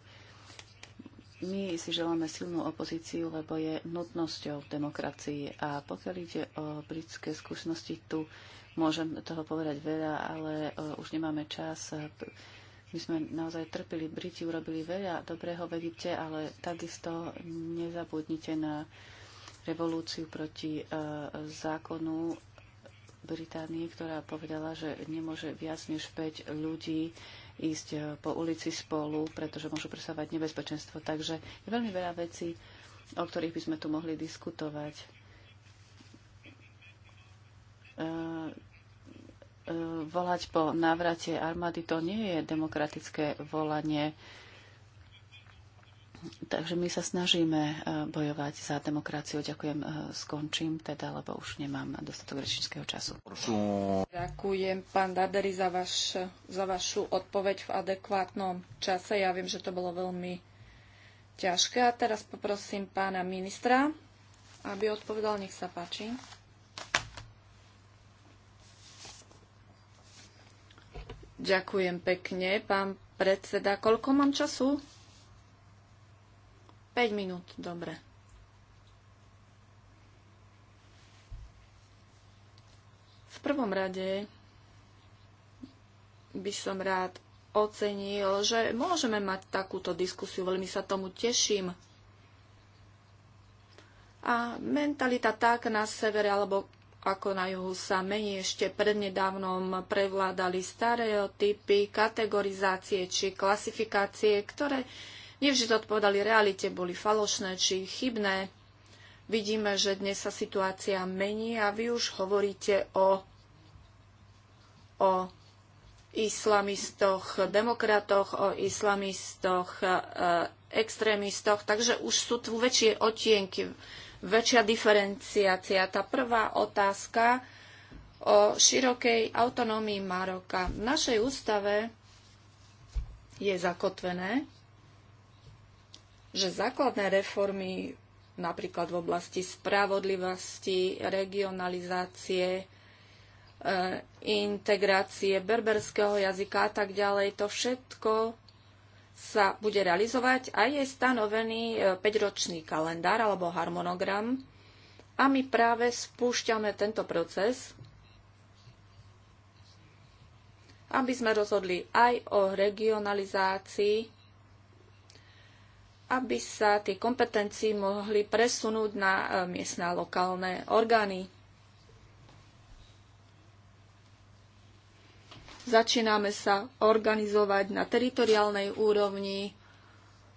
my si želáme silnú opozíciu, lebo je nutnosťou v demokracii. A pokiaľ ide o britské skúsenosti, tu môžem toho povedať veľa, ale e, už nemáme čas. My sme naozaj trpili. Briti urobili veľa dobrého, vedíte, ale takisto nezabudnite na revolúciu proti e, zákonu Británie, ktorá povedala, že nemôže viac než 5 ľudí ísť eh, po ulici spolu, pretože môžu presávať nebezpečenstvo. Takže je veľmi veľa vecí, o ktorých by sme tu mohli diskutovať. Eh, eh, volať po návrate armády to nie je demokratické volanie Takže my sa snažíme e, bojovať za demokraciu. Ďakujem, e, skončím teda, lebo už nemám dostatok rečníckého času. Ďakujem, pán Dardery, za, vaš, za vašu odpoveď v adekvátnom čase. Ja viem, že to bolo veľmi ťažké. A teraz poprosím pána ministra, aby odpovedal. Nech sa páči. Ďakujem pekne, pán predseda. Koľko mám času? 5 minút, dobre. V prvom rade by som rád ocenil, že môžeme mať takúto diskusiu, veľmi sa tomu teším. A mentalita tak na severe alebo ako na juhu sa mení. Ešte prednedávnom prevládali stereotypy, kategorizácie či klasifikácie, ktoré nevždy odpovedali realite, boli falošné či chybné. Vidíme, že dnes sa situácia mení a vy už hovoríte o, o islamistoch, demokratoch, o islamistoch, e, extrémistoch, takže už sú tu väčšie otienky, väčšia diferenciácia. Tá prvá otázka o širokej autonómii Maroka. V našej ústave je zakotvené, že základné reformy napríklad v oblasti spravodlivosti, regionalizácie, e, integrácie berberského jazyka a tak ďalej, to všetko sa bude realizovať a je stanovený 5-ročný e, kalendár alebo harmonogram a my práve spúšťame tento proces, aby sme rozhodli aj o regionalizácii aby sa tie kompetencie mohli presunúť na e, miestne a lokálne orgány. Začíname sa organizovať na teritoriálnej úrovni,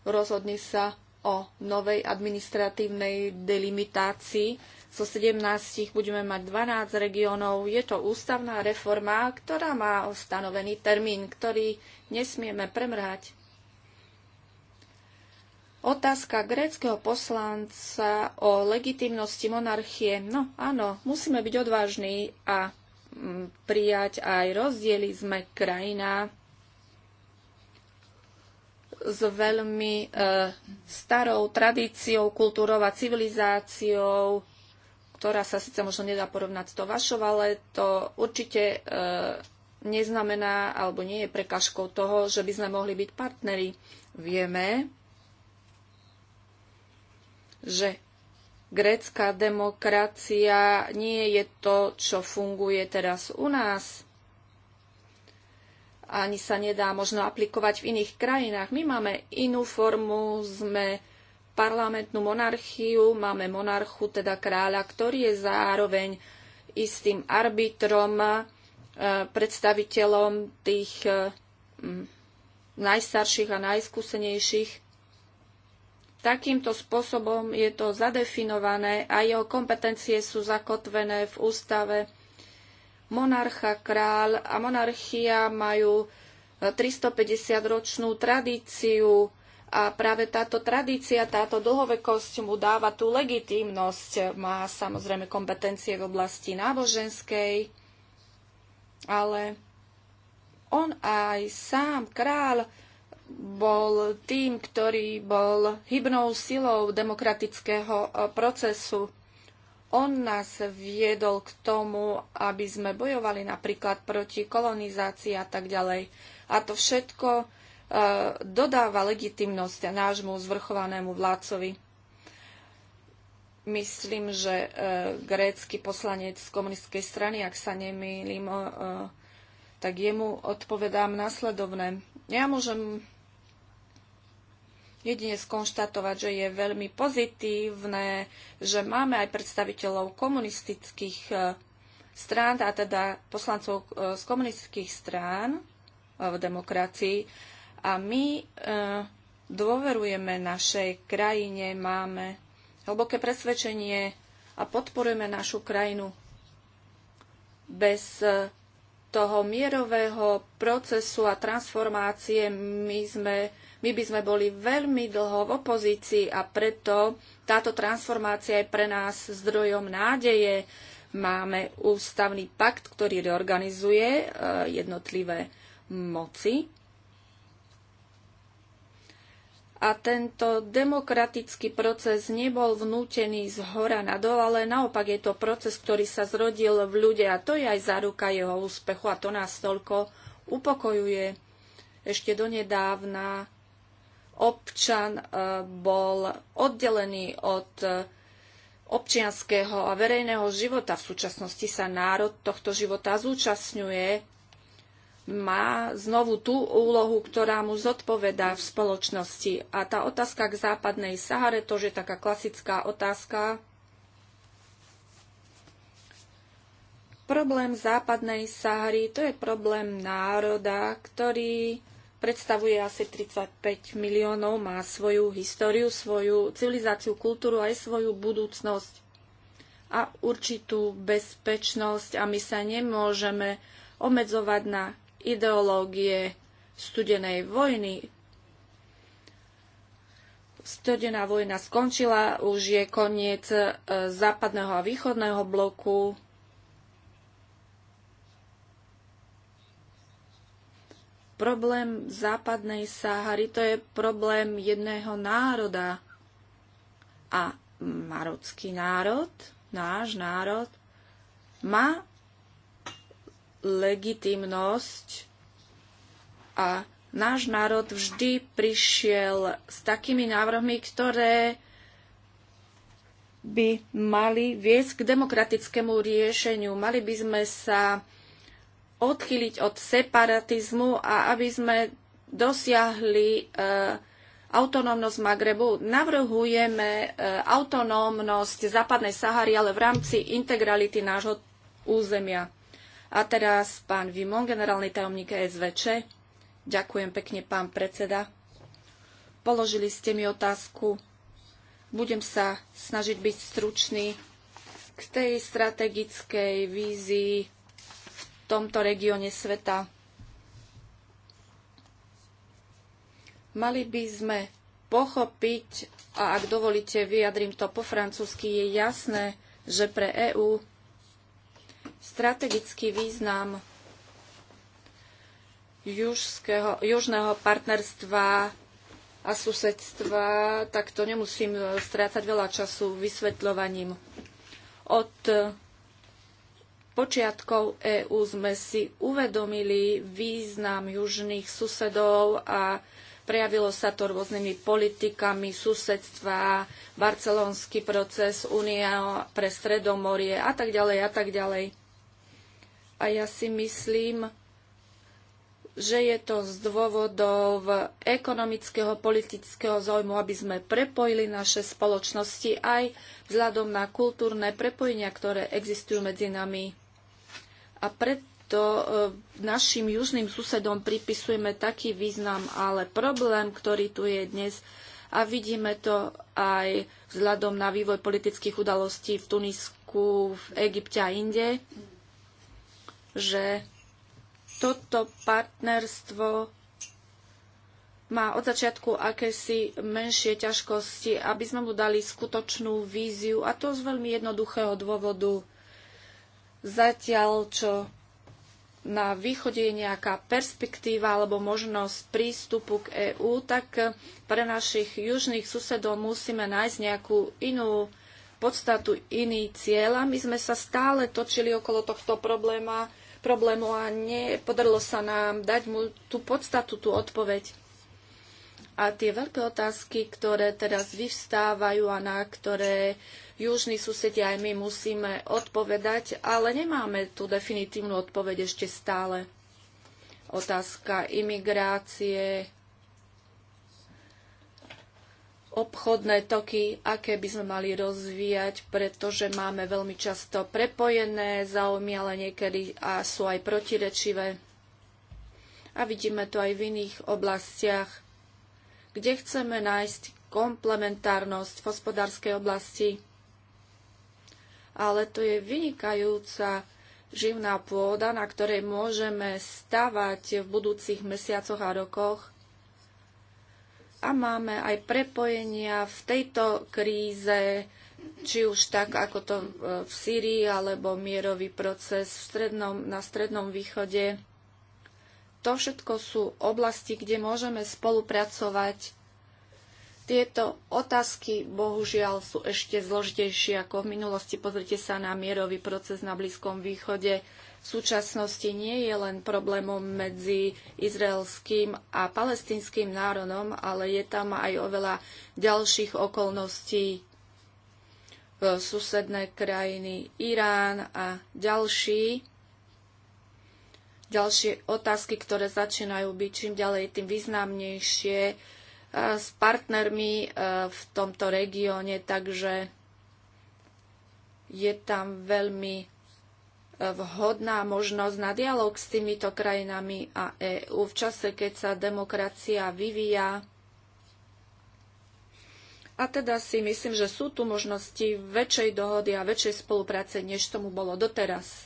rozhodne sa o novej administratívnej delimitácii. Zo so 17 budeme mať 12 regiónov. Je to ústavná reforma, ktorá má stanovený termín, ktorý nesmieme premrhať. Otázka gréckého poslanca o legitimnosti monarchie. No áno, musíme byť odvážni a mm, prijať aj rozdiely. Sme krajina s veľmi e, starou tradíciou, kultúrou a civilizáciou, ktorá sa síce možno nedá porovnať s to vašou, ale to určite e, neznamená alebo nie je prekažkou toho, že by sme mohli byť partneri. Vieme, že grécka demokracia nie je to, čo funguje teraz u nás. Ani sa nedá možno aplikovať v iných krajinách. My máme inú formu, sme parlamentnú monarchiu, máme monarchu, teda kráľa, ktorý je zároveň istým arbitrom, e, predstaviteľom tých e, najstarších a najskúsenejších Takýmto spôsobom je to zadefinované a jeho kompetencie sú zakotvené v ústave. Monarcha, král a monarchia majú 350-ročnú e, tradíciu a práve táto tradícia, táto dlhovekosť mu dáva tú legitímnosť. Má samozrejme kompetencie v oblasti náboženskej, ale on aj sám král bol tým, ktorý bol hybnou silou demokratického eh, procesu. On nás viedol k tomu, aby sme bojovali napríklad proti kolonizácii a tak ďalej. A to všetko eh, dodáva legitimnosť nášmu zvrchovanému vládcovi. Myslím, že eh, grécky poslanec z komunistickej strany, ak sa nemýlim, tak jemu odpovedám nasledovné. Ja môžem jedine skonštatovať, že je veľmi pozitívne, že máme aj predstaviteľov komunistických e, strán, a teda poslancov e, z komunistických strán e, v demokracii. A my dôverujeme našej krajine, máme hlboké presvedčenie a podporujeme našu krajinu bez toho mierového procesu a transformácie my sme my by sme boli veľmi dlho v opozícii a preto táto transformácia je pre nás zdrojom nádeje. Máme ústavný pakt, ktorý reorganizuje e, jednotlivé moci. A tento demokratický proces nebol vnútený z hora na dol, ale naopak je to proces, ktorý sa zrodil v ľude a to je aj záruka jeho úspechu a to nás toľko upokojuje. Ešte donedávna občan eh, bol oddelený od eh, občianského a verejného života. V súčasnosti sa národ tohto života zúčastňuje, má znovu tú úlohu, ktorá mu zodpovedá v spoločnosti. A tá otázka k západnej Sahare, to je taká klasická otázka. Problém západnej Sahary, to je problém národa, ktorý predstavuje asi 35 miliónov, má svoju históriu, svoju civilizáciu, kultúru aj svoju budúcnosť a určitú bezpečnosť a my sa nemôžeme obmedzovať na ideológie studenej vojny. Studená vojna skončila, už je koniec e, západného a východného bloku, Problém západnej Sahary to je problém jedného národa. A marocký národ, náš národ, má legitimnosť a náš národ vždy prišiel s takými návrhmi, ktoré by mali viesť k demokratickému riešeniu. Mali by sme sa odchyliť od separatizmu a aby sme dosiahli eh, autonómnosť Magrebu. Navrhujeme eh, autonómnosť západnej Sahary, ale v rámci integrality nášho územia. A teraz pán Vimon, generálny tajomník SVČ. Ďakujem pekne, pán predseda. Položili ste mi otázku. Budem sa snažiť byť stručný k tej strategickej vízii tomto regióne sveta. Mali by sme pochopiť, a ak dovolíte, vyjadrím to po francúzsky, je jasné, že pre EÚ strategický význam južského, južného partnerstva a susedstva, tak to nemusím strácať veľa času vysvetľovaním. Od počiatkov EÚ sme si uvedomili význam južných susedov a prejavilo sa to rôznymi politikami susedstva, barcelonský proces, Únia pre Stredomorie a tak ďalej a tak ďalej. A ja si myslím, že je to z dôvodov ekonomického, politického záujmu, aby sme prepojili naše spoločnosti aj vzhľadom na kultúrne prepojenia, ktoré existujú medzi nami. A preto e, našim južným susedom pripisujeme taký význam, ale problém, ktorý tu je dnes, a vidíme to aj vzhľadom na vývoj politických udalostí v Tunisku, v Egypte a inde, že toto partnerstvo má od začiatku akési menšie ťažkosti, aby sme mu dali skutočnú víziu a to z veľmi jednoduchého dôvodu. Zatiaľ, čo na východe je nejaká perspektíva alebo možnosť prístupu k EÚ, tak pre našich južných susedov musíme nájsť nejakú inú podstatu, iný cieľ. A my sme sa stále točili okolo tohto probléma, problému a nepodarilo sa nám dať mu tú podstatu, tú odpoveď. A tie veľké otázky, ktoré teraz vyvstávajú a na ktoré južní susedia aj my musíme odpovedať, ale nemáme tú definitívnu odpoveď ešte stále. Otázka imigrácie, obchodné toky, aké by sme mali rozvíjať, pretože máme veľmi často prepojené záujmy, ale niekedy a sú aj protirečivé. A vidíme to aj v iných oblastiach, kde chceme nájsť komplementárnosť v hospodárskej oblasti ale to je vynikajúca živná pôda, na ktorej môžeme stavať v budúcich mesiacoch a rokoch. A máme aj prepojenia v tejto kríze, či už tak, ako to e, v Syrii, alebo mierový proces v strednom, na Strednom východe. To všetko sú oblasti, kde môžeme spolupracovať tieto otázky bohužiaľ sú ešte zložitejšie ako v minulosti. Pozrite sa na mierový proces na Blízkom východe. V súčasnosti nie je len problémom medzi izraelským a palestinským národom, ale je tam aj oveľa ďalších okolností e, susedné krajiny Irán a ďalší. Ďalšie otázky, ktoré začínajú byť čím ďalej tým významnejšie, s partnermi e, v tomto regióne, takže je tam veľmi e, vhodná možnosť na dialog s týmito krajinami a EÚ v čase, keď sa demokracia vyvíja. A teda si myslím, že sú tu možnosti väčšej dohody a väčšej spolupráce, než tomu bolo doteraz.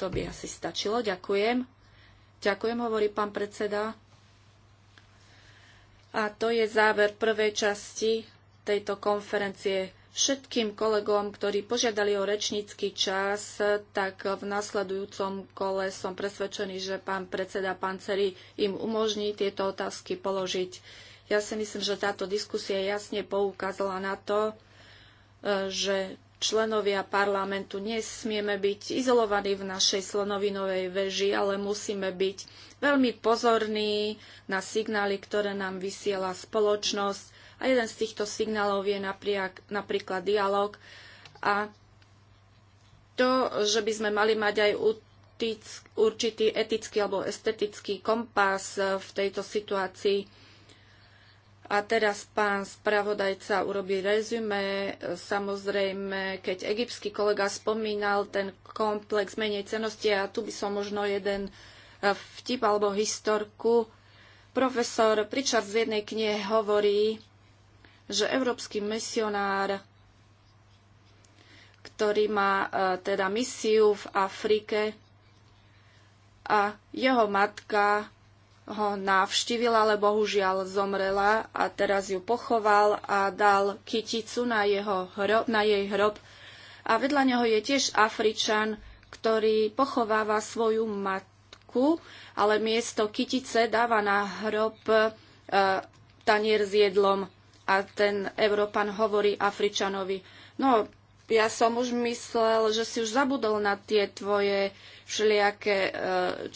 To by asi stačilo. Ďakujem. Ďakujem, hovorí pán predseda. A to je záver prvej časti tejto konferencie. Všetkým kolegom, ktorí požiadali o rečnícky čas, tak v nasledujúcom kole som presvedčený, že pán predseda Panceri im umožní tieto otázky položiť. Ja si myslím, že táto diskusia jasne poukázala na to, e, že členovia parlamentu. Nesmieme byť izolovaní v našej slonovinovej veži, ale musíme byť veľmi pozorní na signály, ktoré nám vysiela spoločnosť. A jeden z týchto signálov je napriak, napríklad dialog a to, že by sme mali mať aj určitý etický alebo estetický kompas v tejto situácii a teraz pán spravodajca urobí rezume. Samozrejme, keď egyptský kolega spomínal ten komplex menej cenosti, a tu by som možno jeden e, vtip alebo historku. Profesor Pričard z jednej knihe hovorí, že európsky misionár, ktorý má e, teda misiu v Afrike a jeho matka ho navštívila, ale bohužiaľ zomrela a teraz ju pochoval a dal kyticu na, jeho hrob, na jej hrob. A vedľa neho je tiež Afričan, ktorý pochováva svoju matku, ale miesto kytice dáva na hrob e, tanier s jedlom. A ten Európan hovorí Afričanovi, no ja som už myslel, že si už zabudol na tie tvoje všelijaké e,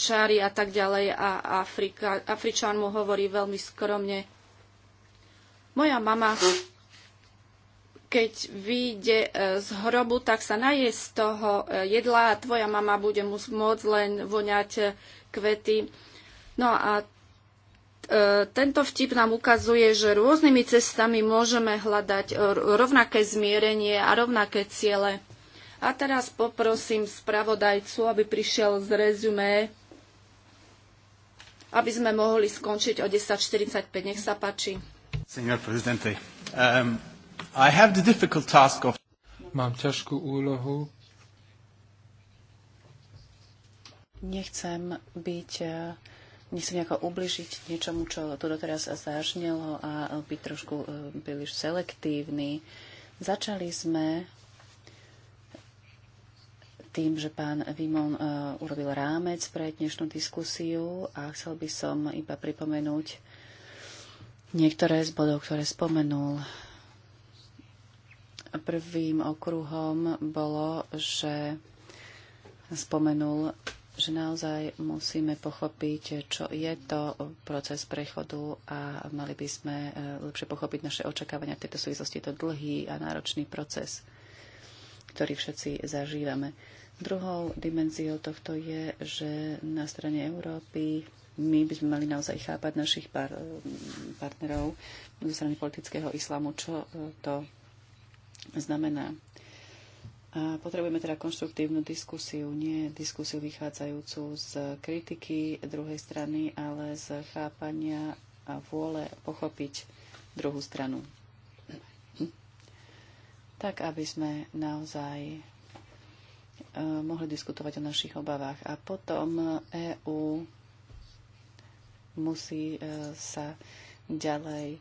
čary a tak ďalej a Afrika, Afričan mu hovorí veľmi skromne. Moja mama, keď vyjde e, z hrobu, tak sa naje z toho e, jedla a tvoja mama bude mu môcť len voňať kvety. No a tento vtip nám ukazuje, že rôznymi cestami môžeme hľadať rovnaké zmierenie a rovnaké ciele. A teraz poprosím spravodajcu, aby prišiel z rezumé, aby sme mohli skončiť o 10.45. Nech sa páči. Um, of... Mám ťažkú úlohu nechcem byť, eh, nechcem nejako ubližiť niečomu, čo tu doteraz zažnelo a byť trošku eh, príliš selektívny. Začali sme tým, že pán Vimon e, urobil rámec pre dnešnú diskusiu a chcel by som iba pripomenúť niektoré z bodov, ktoré spomenul. Prvým okruhom bolo, že spomenul, že naozaj musíme pochopiť, čo je to proces prechodu a mali by sme e, lepšie pochopiť naše očakávania v tejto súvislosti. Je to dlhý a náročný proces, ktorý všetci zažívame. Druhou dimenziou tohto je, že na strane Európy my by sme mali naozaj chápať našich par- partnerov zo strany politického islamu, čo e, to znamená. A potrebujeme teda konštruktívnu diskusiu, nie diskusiu vychádzajúcu z kritiky druhej strany, ale z chápania a vôle pochopiť druhú stranu. Tak, aby sme naozaj mohli diskutovať o našich obavách. A potom EÚ musí e, sa ďalej e,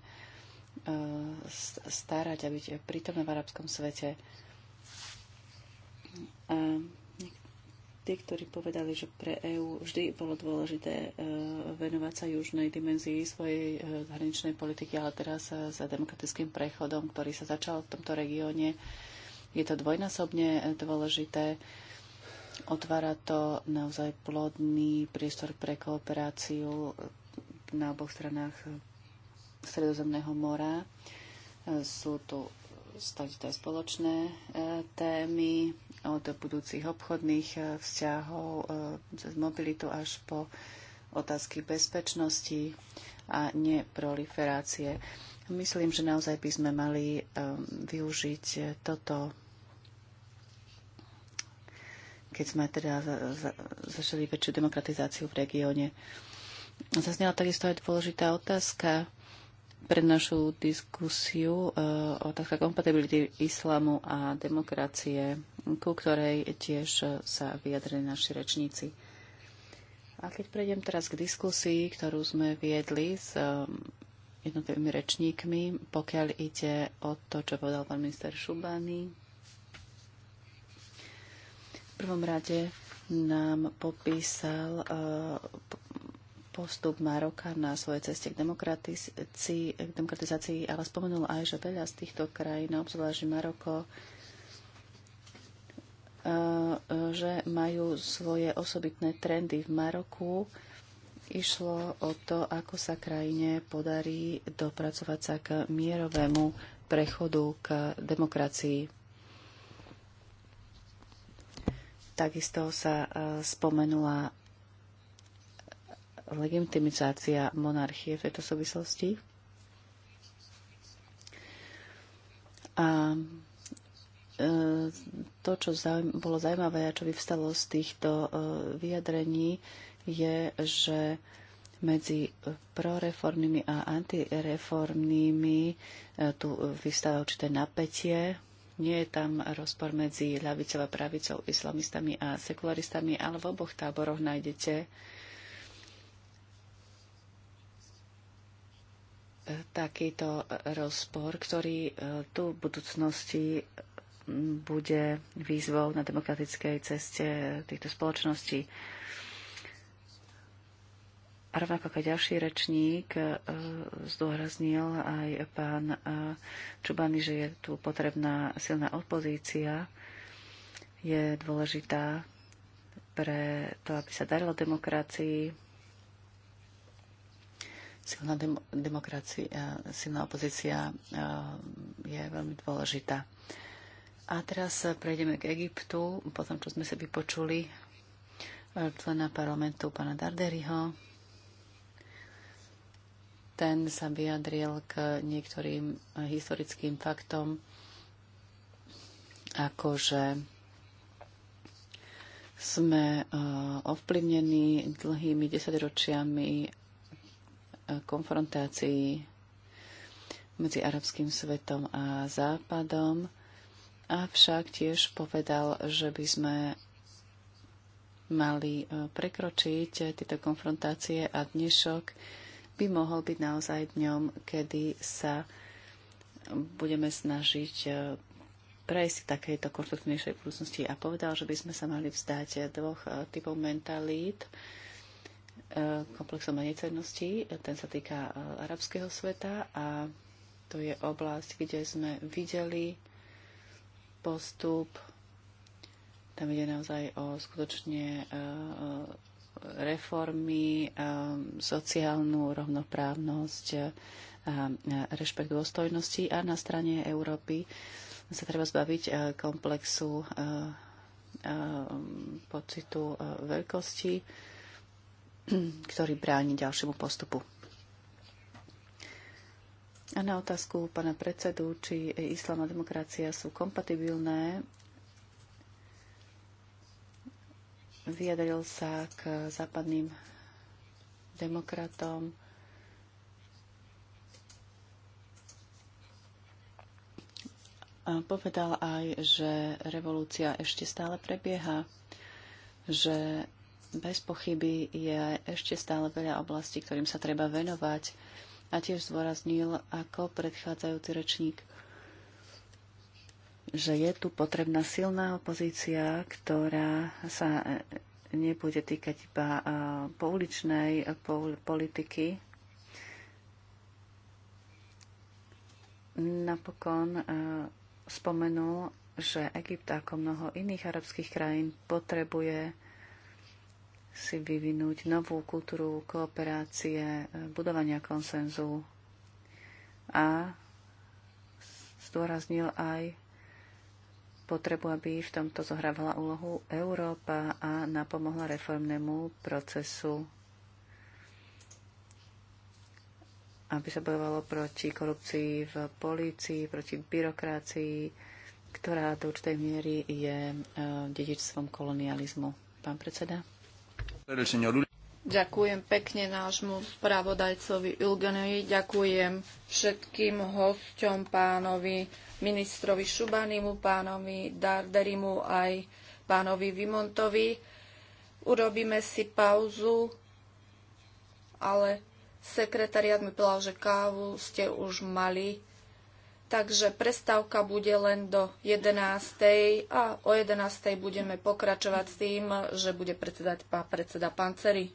starať a byť prítomné v arabskom svete. A tí, ktorí povedali, že pre EÚ vždy bolo dôležité e, venovať sa južnej dimenzii svojej zahraničnej politiky, ale teraz za demokratickým prechodom, ktorý sa začal v tomto regióne, je to dvojnásobne dôležité Otvára to naozaj plodný priestor pre kooperáciu na oboch stranách Stredozemného mora. Sú tu stať spoločné e, témy od budúcich obchodných e, vzťahov e, cez mobilitu až po otázky bezpečnosti a neproliferácie. Myslím, že naozaj by sme mali využiť toto keď sme teda za, za, zašli väčšiu demokratizáciu v regióne. Zaznela takisto aj dôležitá otázka pre našu diskusiu, e, otázka kompatibility islamu a demokracie, ku ktorej tiež sa vyjadrili naši rečníci. A keď prejdem teraz k diskusii, ktorú sme viedli s e, jednotlivými rečníkmi, pokiaľ ide o to, čo povedal pán minister Šubany, prvom rade nám popísal e, postup Maroka na svojej ceste k, demokratizácii, k demokratizácii, ale spomenul aj, že veľa z týchto krajín, obzvlášť Maroko, e, že majú svoje osobitné trendy v Maroku. Išlo o to, ako sa krajine podarí dopracovať sa k mierovému prechodu k demokracii. Takisto sa e, spomenula legitimizácia monarchie v tejto súvislosti. A e, to, čo bolo zaujímavé a čo vyvstalo z týchto e, vyjadrení, je, že medzi proreformnými a antireformnými tu vystáva určité napätie nie je tam rozpor medzi ľavicou a pravicou, islamistami a sekularistami, ale v oboch táboroch nájdete eh, takýto rozpor, ktorý eh, tu v budúcnosti mm, bude výzvou na demokratickej ceste eh, týchto spoločností. A rovnako ako ďalší rečník e, zdôraznil aj pán e, Čubany, že je tu potrebná silná opozícia. Je dôležitá pre to, aby sa darilo demokracii. Silná dem- demokracia, e, silná opozícia je veľmi dôležitá. A teraz prejdeme k Egyptu, po tom, čo sme si vypočuli člena parlamentu pána Darderiho. Ten sa vyjadril k niektorým historickým faktom, ako že sme e, ovplyvnení dlhými desaťročiami e, konfrontácií medzi arabským svetom a západom, avšak tiež povedal, že by sme mali e, prekročiť tieto konfrontácie a dnešok by mohol byť naozaj dňom, kedy sa budeme snažiť e, prejsť k takejto konštruktívnejšej budúcnosti a povedal, že by sme sa mali vzdať dvoch e, typov mentalít e, komplexom necennosti. Ten sa týka arabského sveta a to je oblasť, kde sme videli postup. Tam ide naozaj o skutočne reformy, um, sociálnu rovnoprávnosť a um, rešpekt dôstojnosti a na strane Európy sa treba zbaviť uh, komplexu uh, um, pocitu uh, veľkosti, <clears throat> ktorý bráni ďalšiemu postupu. A na otázku pána predsedu, či islám a demokracia sú kompatibilné, Vyjadril sa k západným demokratom. A povedal aj, že revolúcia ešte stále prebieha, že bez pochyby je ešte stále veľa oblastí, ktorým sa treba venovať. A tiež zdôraznil, ako predchádzajúci rečník, že je tu potrebná silná opozícia, ktorá sa nebude týkať iba pouličnej politiky. Napokon spomenul, že Egypt ako mnoho iných arabských krajín potrebuje si vyvinúť novú kultúru kooperácie, budovania konsenzu a zdôraznil aj potrebu, aby v tomto zohrávala úlohu Európa a napomohla reformnému procesu, aby sa bojovalo proti korupcii v polícii, proti byrokracii, ktorá do určitej miery je e, dedičstvom kolonializmu. Pán predseda. Ďakujem pekne nášmu spravodajcovi Ilgenovi, ďakujem všetkým hosťom, pánovi ministrovi Šubanimu, pánovi Darderimu aj pánovi Vimontovi. Urobíme si pauzu, ale sekretariat mi povedal, že kávu ste už mali. Takže prestávka bude len do 11. a o 11. budeme pokračovať s tým, že bude predsedať pán predseda pancery.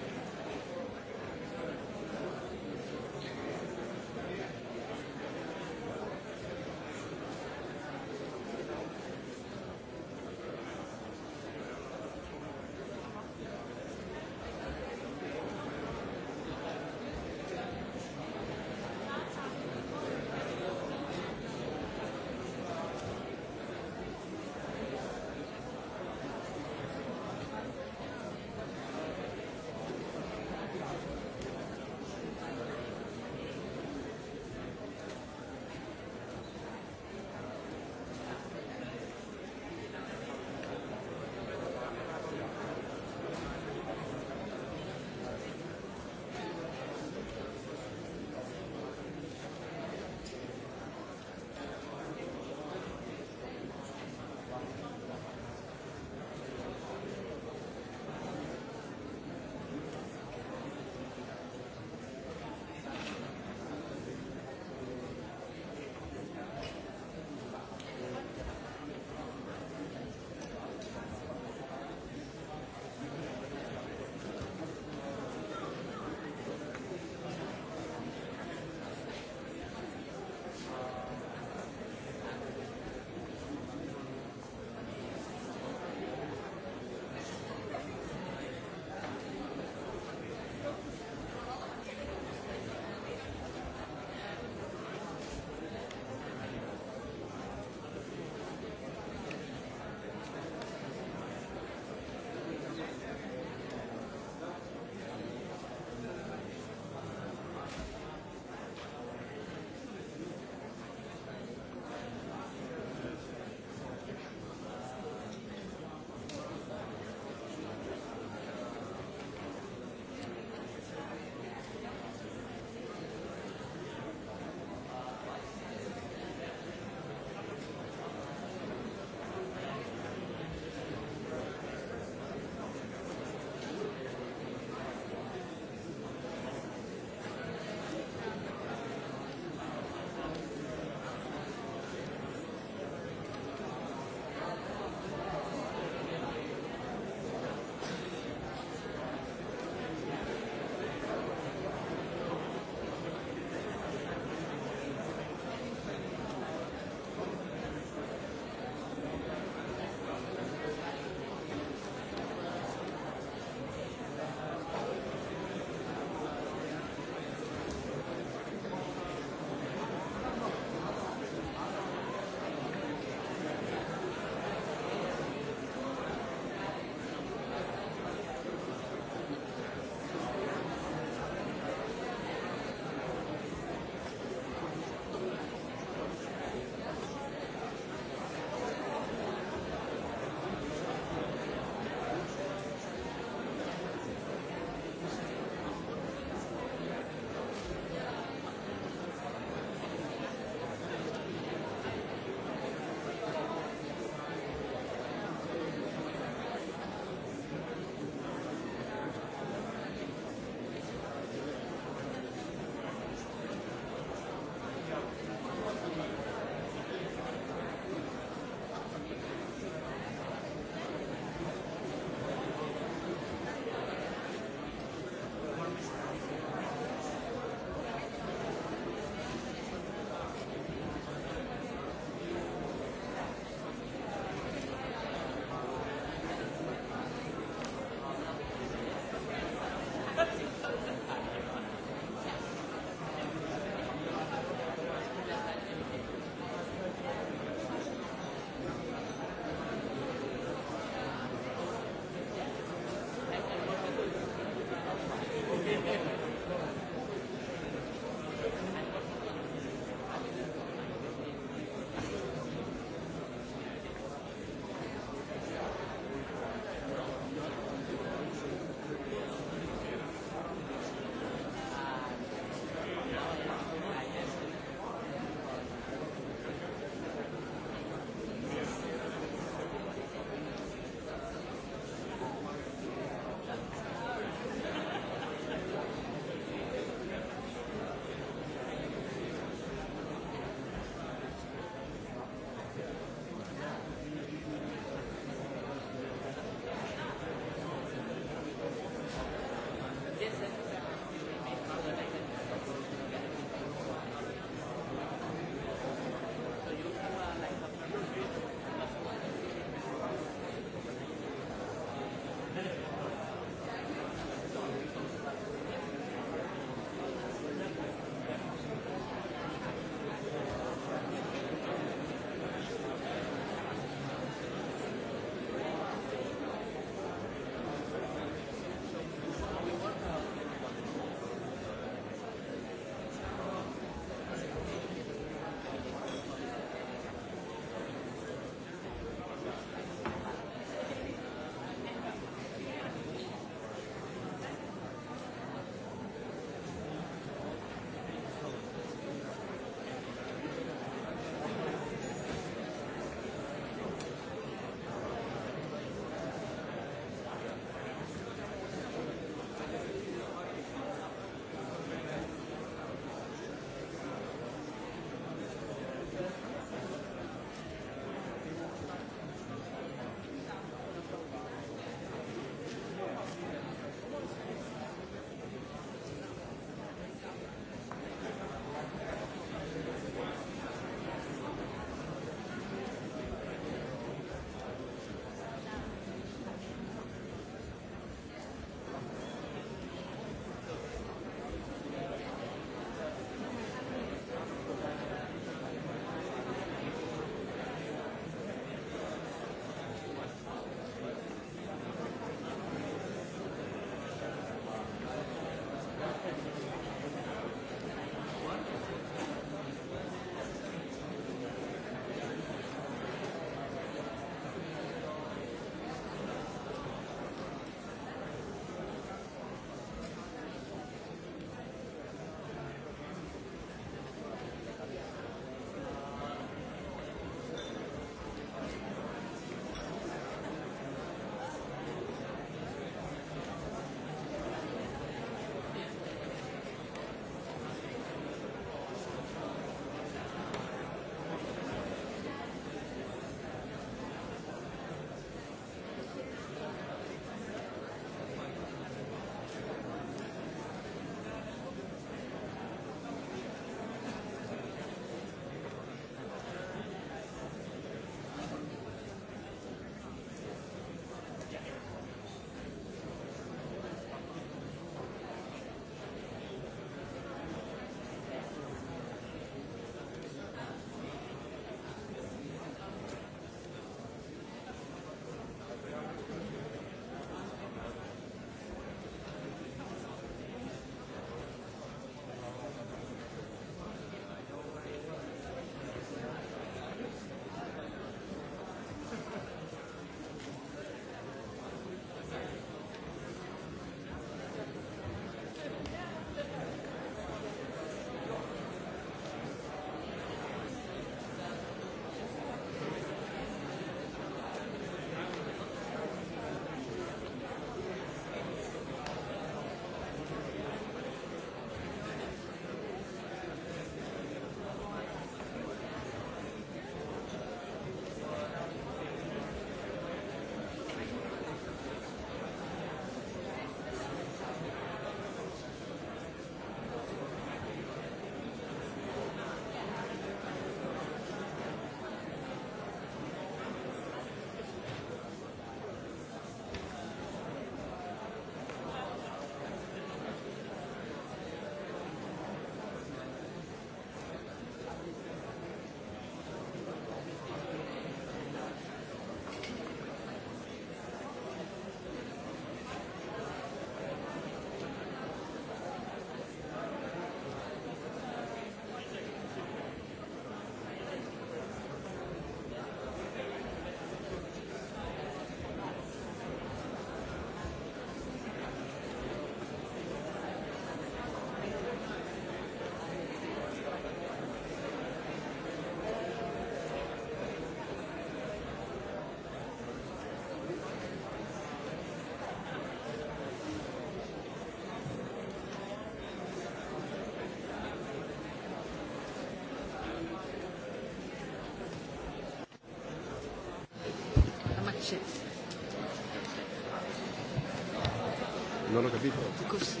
Non ho capito. Così.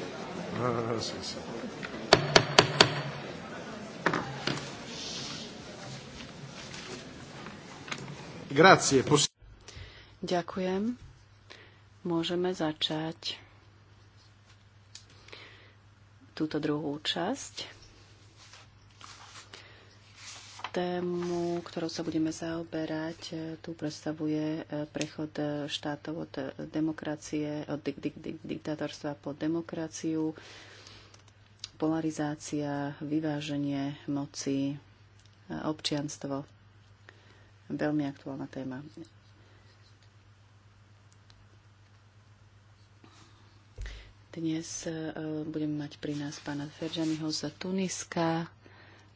Ah, sì, sì. Grazie. Poss- Ďakujem. Môžeme začať túto druhú časť tému, ktorou sa budeme zaoberať, e, tu predstavuje e, prechod e, štátov od demokracie, od dik- dik- dik- diktátorstva po demokraciu, polarizácia, vyváženie moci, občianstvo. Veľmi aktuálna téma. Dnes budeme mať pri nás pána Feržaniho z Tuniska,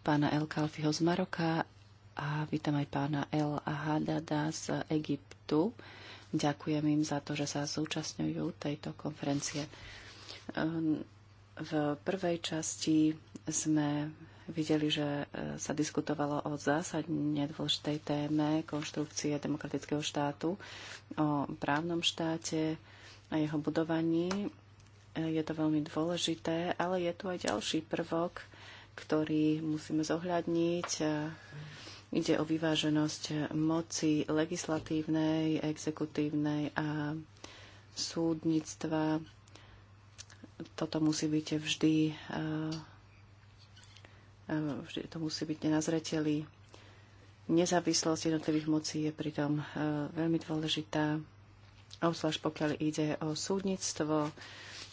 pána El Kalfiho z Maroka a vítam aj pána El Ahadada z Egyptu. Ďakujem im za to, že sa zúčastňujú tejto konferencie. Ehm, v prvej časti sme videli, že e, sa diskutovalo o zásadne dôležitej téme konštrukcie demokratického štátu, o právnom štáte a jeho budovaní. E, je to veľmi dôležité, ale je tu aj ďalší prvok, ktorý musíme zohľadniť. E, ide o vyváženosť moci legislatívnej, exekutívnej a súdnictva. Toto musí byť vždy, e, e, vždy to musí byť nenazreteli. Nezávislosť jednotlivých mocí je pritom veľmi dôležitá, obzvlášť pokiaľ ide o súdnictvo,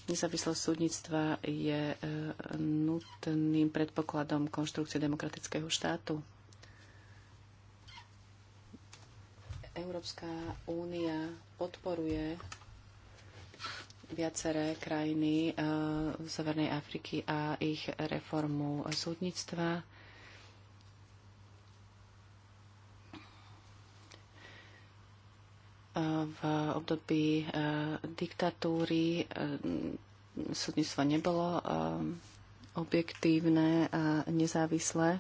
Nezávislosť súdnictva je e, nutným predpokladom konštrukcie demokratického štátu. Európska únia podporuje viaceré krajiny e, Severnej Afriky a ich reformu súdnictva v období eh, diktatúry eh, súdnictvo nebolo eh, objektívne a nezávislé.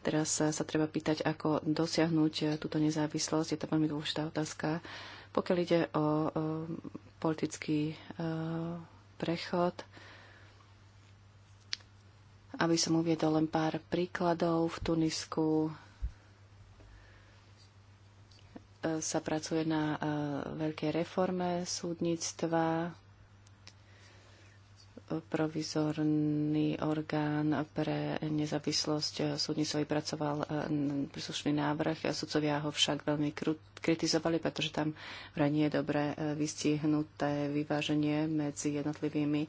Teraz sa treba pýtať, ako dosiahnuť túto nezávislosť. Je to veľmi dôležitá otázka. Pokiaľ ide o politický prechod, aby som uviedol len pár príkladov v Tunisku sa pracuje na e, veľkej reforme súdnictva. Provizorný orgán pre nezávislosť súdnictva vypracoval e, príslušný návrh. Sudcovia ho však veľmi kritizovali, pretože tam vraj nie je dobre e, vystihnuté vyváženie medzi jednotlivými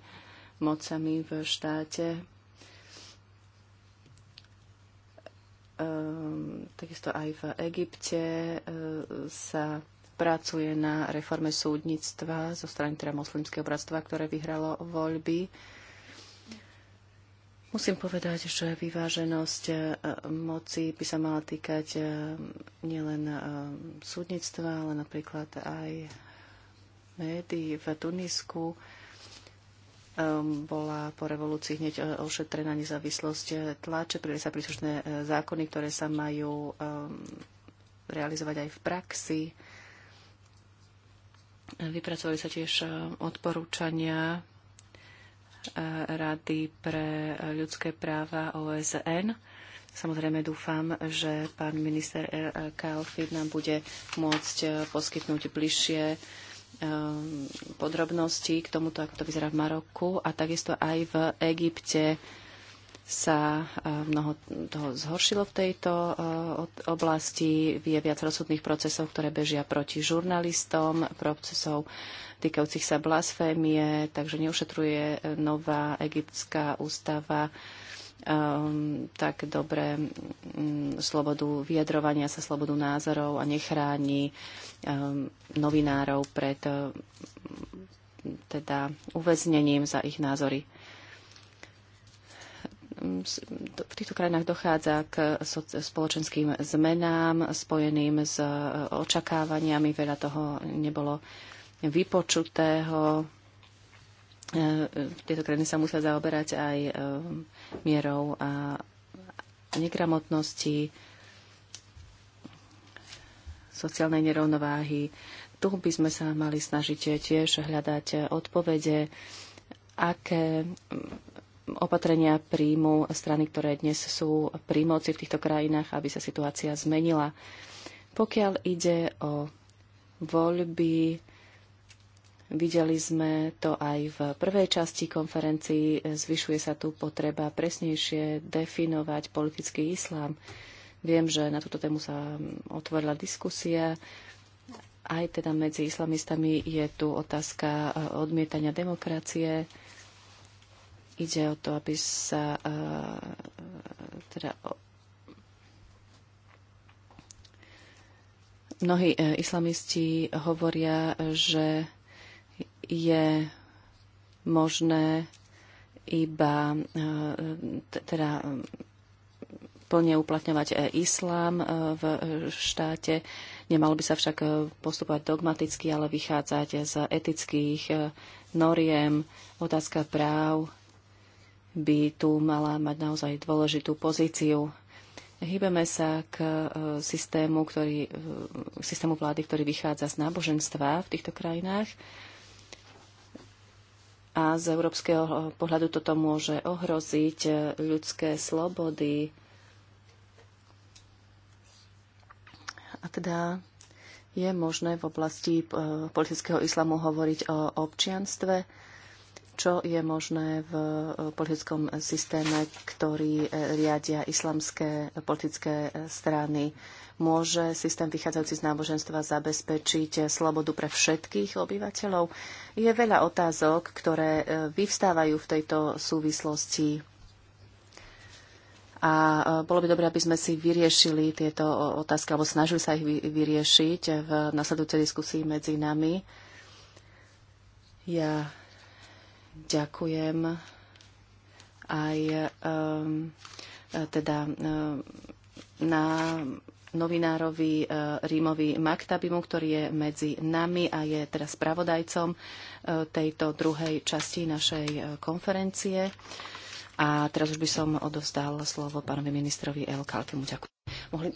mocami v štáte Ehm, takisto aj v Egypte eh, sa pracuje na reforme súdnictva zo strany teda moslimského bratstva, ktoré vyhralo voľby. Musím povedať, že vyváženosť eh, moci by sa mala týkať eh, nielen súdnictva, ale napríklad aj médií v Tunisku Ehm, bola po revolúcii hneď e, ošetrená nezávislosť e, tlače, prijeli sa príslušné e, zákony, ktoré sa majú ehm, realizovať aj v praxi. Vypracovali sa tiež odporúčania Rady pre ľudské práva OSN. Samozrejme dúfam, že pán minister Kalfin nám bude môcť poskytnúť bližšie Ehm, podrobnosti k tomuto, ako to vyzerá v Maroku a takisto aj v Egypte sa e, mnoho toho zhoršilo v tejto e, oblasti. Je viac rozsudných procesov, ktoré bežia proti žurnalistom, procesov týkajúcich sa blasfémie, takže neušetruje nová egyptská ústava um, tak dobre um, slobodu vyjadrovania sa, slobodu názorov a nechráni um, novinárov pred um, teda uväznením za ich názory. V týchto krajinách dochádza k spoločenským zmenám spojeným s e, očakávaniami. Veľa toho nebolo vypočutého E, e, tieto krajiny sa musia zaoberať aj e, mierou a negramotnosti, sociálnej nerovnováhy. Tu by sme sa mali snažiť tiež hľadať odpovede, aké mm, opatrenia príjmu strany, ktoré dnes sú pri moci v týchto krajinách, aby sa situácia zmenila. Pokiaľ ide o voľby, Videli sme to aj v prvej časti konferencii. Zvyšuje sa tu potreba presnejšie definovať politický islám. Viem, že na túto tému sa otvorila diskusia. Aj teda medzi islamistami je tu otázka e, odmietania demokracie. Ide o to, aby sa e, teda mnohí e, islamisti hovoria, že je možné iba e, teda plne uplatňovať e, islám e, v štáte. Nemalo by sa však postupovať dogmaticky, ale vychádzať z etických noriem. Otázka práv by tu mala mať naozaj dôležitú pozíciu. Hýbeme sa k systému, ktorý, systému vlády, ktorý vychádza z náboženstva v týchto krajinách a z európskeho eh, pohľadu toto môže ohroziť eh, ľudské slobody. A teda je možné v oblasti eh, politického islamu hovoriť o občianstve čo je možné v eh, politickom systéme, ktorý eh, riadia islamské politické eh, strany. Môže systém vychádzajúci z náboženstva zabezpečiť slobodu pre všetkých obyvateľov? Je veľa otázok, ktoré vyvstávajú v tejto súvislosti. A bolo by dobré, aby sme si vyriešili tieto otázky, alebo snažili sa ich vyriešiť v nasledujúcej diskusii medzi nami. Ja Ďakujem aj um, teda um, na novinárovi uh, Rímovi Maktabimu, ktorý je medzi nami a je teraz spravodajcom uh, tejto druhej časti našej uh, konferencie. A teraz už by som odovzdal slovo pánovi ministrovi El Kalkemu. Ďakujem. Mohli...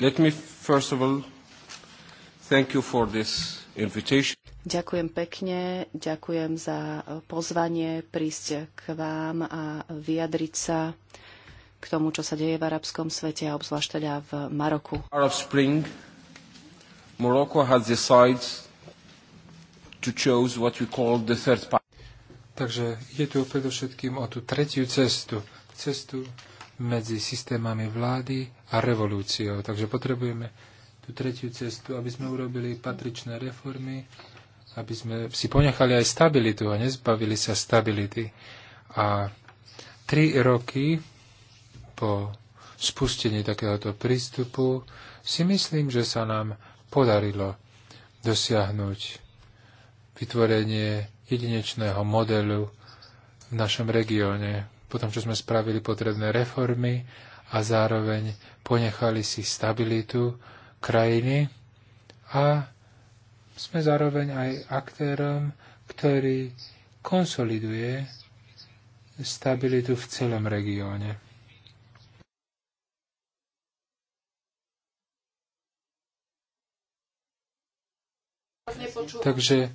Let me first of all Thank you for this invitation. Ďakujem pekne, ďakujem za pozvanie prísť k vám a vyjadriť sa k tomu, čo sa deje v arabskom svete a obzvlášť teda v Maroku. Arab Spring. Morocco has decided to choose what we call the third path. Takže je tu predovšetkým o tú tretiu cestu. Cestu medzi systémami vlády a revolúciou. Takže potrebujeme tú tretiu cestu, aby sme urobili patričné reformy, aby sme si ponechali aj stabilitu a nezbavili sa stability. A tri roky po spustení takéhoto prístupu si myslím, že sa nám podarilo dosiahnuť vytvorenie jedinečného modelu v našom regióne, potom čo sme spravili potrebné reformy a zároveň ponechali si stabilitu krajiny a sme zároveň aj aktérom, ktorý konsoliduje stabilitu v celom regióne. Takže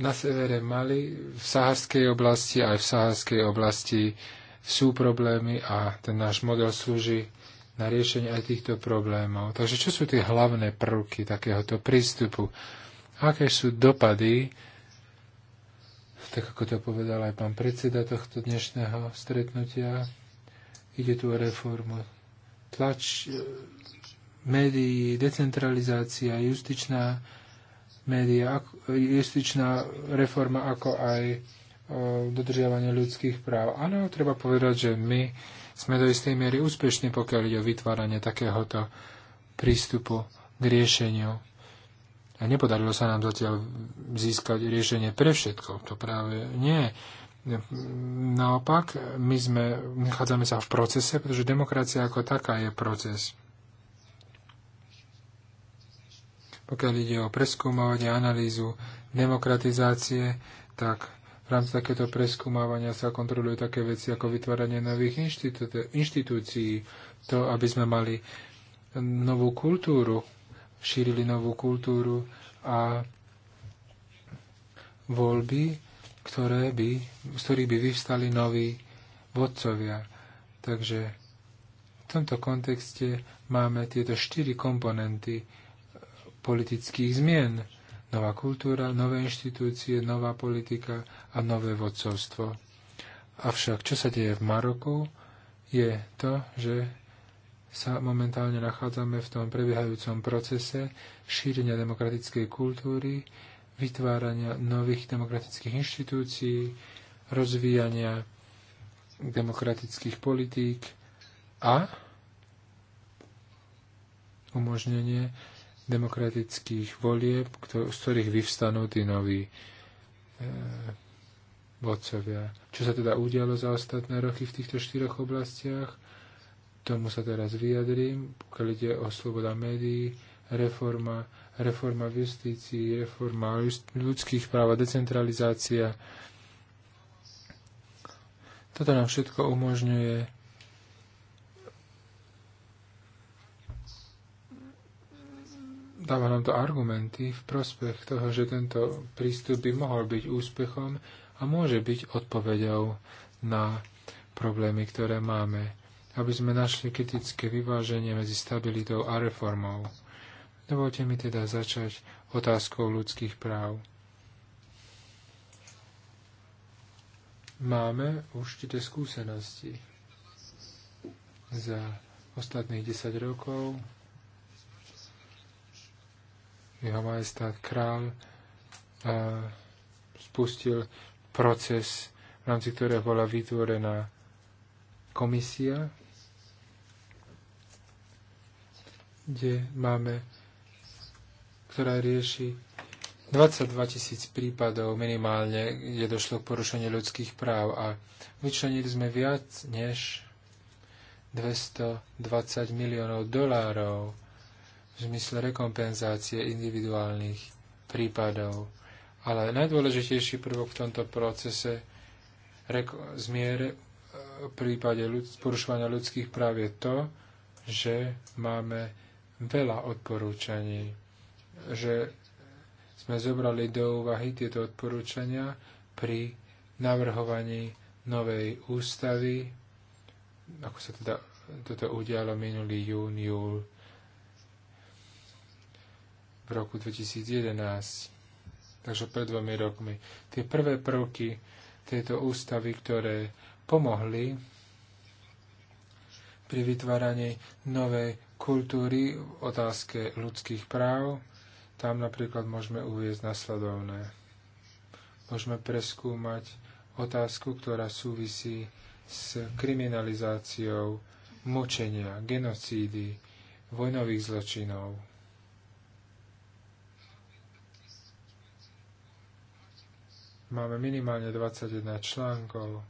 na severe Mali, v saharskej oblasti, aj v saharskej oblasti sú problémy a ten náš model slúži na riešenie aj týchto problémov. Takže čo sú tie hlavné prvky takéhoto prístupu? Aké sú dopady, tak ako to povedal aj pán predseda tohto dnešného stretnutia, ide tu o reformu tlač, médií, decentralizácia, justičná média, justičná reforma, ako aj dodržiavanie ľudských práv. Áno, treba povedať, že my sme do istej miery úspešní, pokiaľ ide o vytváranie takéhoto prístupu k riešeniu. A nepodarilo sa nám zatiaľ získať riešenie pre všetko. To práve nie. Naopak, my sme, nachádzame sa v procese, pretože demokracia ako taká je proces. Pokiaľ ide o preskúmovanie analýzu demokratizácie, tak v rámci takéto preskúmávania sa kontrolujú také veci ako vytváranie nových inštitú- inštitúcií, to, aby sme mali novú kultúru, šírili novú kultúru a voľby, ktoré by, z ktorých by vyvstali noví vodcovia. Takže v tomto kontexte máme tieto štyri komponenty politických zmien nová kultúra, nové inštitúcie, nová politika a nové vodcovstvo. Avšak čo sa deje v Maroku, je to, že sa momentálne nachádzame v tom prebiehajúcom procese šírenia demokratickej kultúry, vytvárania nových demokratických inštitúcií, rozvíjania demokratických politík a umožnenie demokratických volieb, z ktorých vyvstanú tí noví e, vodcovia. Čo sa teda udialo za ostatné roky v týchto štyroch oblastiach, tomu sa teraz vyjadrím, pokiaľ ide o sloboda médií, reforma, reforma v justícii, reforma ľudských práv a decentralizácia. Toto nám všetko umožňuje dáva nám to argumenty v prospech toho, že tento prístup by mohol byť úspechom a môže byť odpovedou na problémy, ktoré máme, aby sme našli kritické vyváženie medzi stabilitou a reformou. Dovolte mi teda začať otázkou ľudských práv. Máme určité skúsenosti za ostatných 10 rokov jeho majestát král spustil proces, v rámci ktorého bola vytvorená komisia, kde máme, ktorá rieši 22 tisíc prípadov minimálne, kde došlo k porušeniu ľudských práv a vyčlenili sme viac než 220 miliónov dolárov v zmysle rekompenzácie individuálnych prípadov. Ale najdôležitejší prvok v tomto procese zmiere e, v prípade ľud- porušovania ľudských práv je to, že máme veľa odporúčaní, že sme zobrali do úvahy tieto odporúčania pri navrhovaní novej ústavy, ako sa teda toto udialo minulý jún, júl v roku 2011, takže pred dvomi rokmi. Tie prvé prvky tejto ústavy, ktoré pomohli pri vytváraní novej kultúry v otázke ľudských práv, tam napríklad môžeme uvieť nasledovné. Môžeme preskúmať otázku, ktorá súvisí s kriminalizáciou mučenia, genocídy, vojnových zločinov. Máme minimálne 21 článkov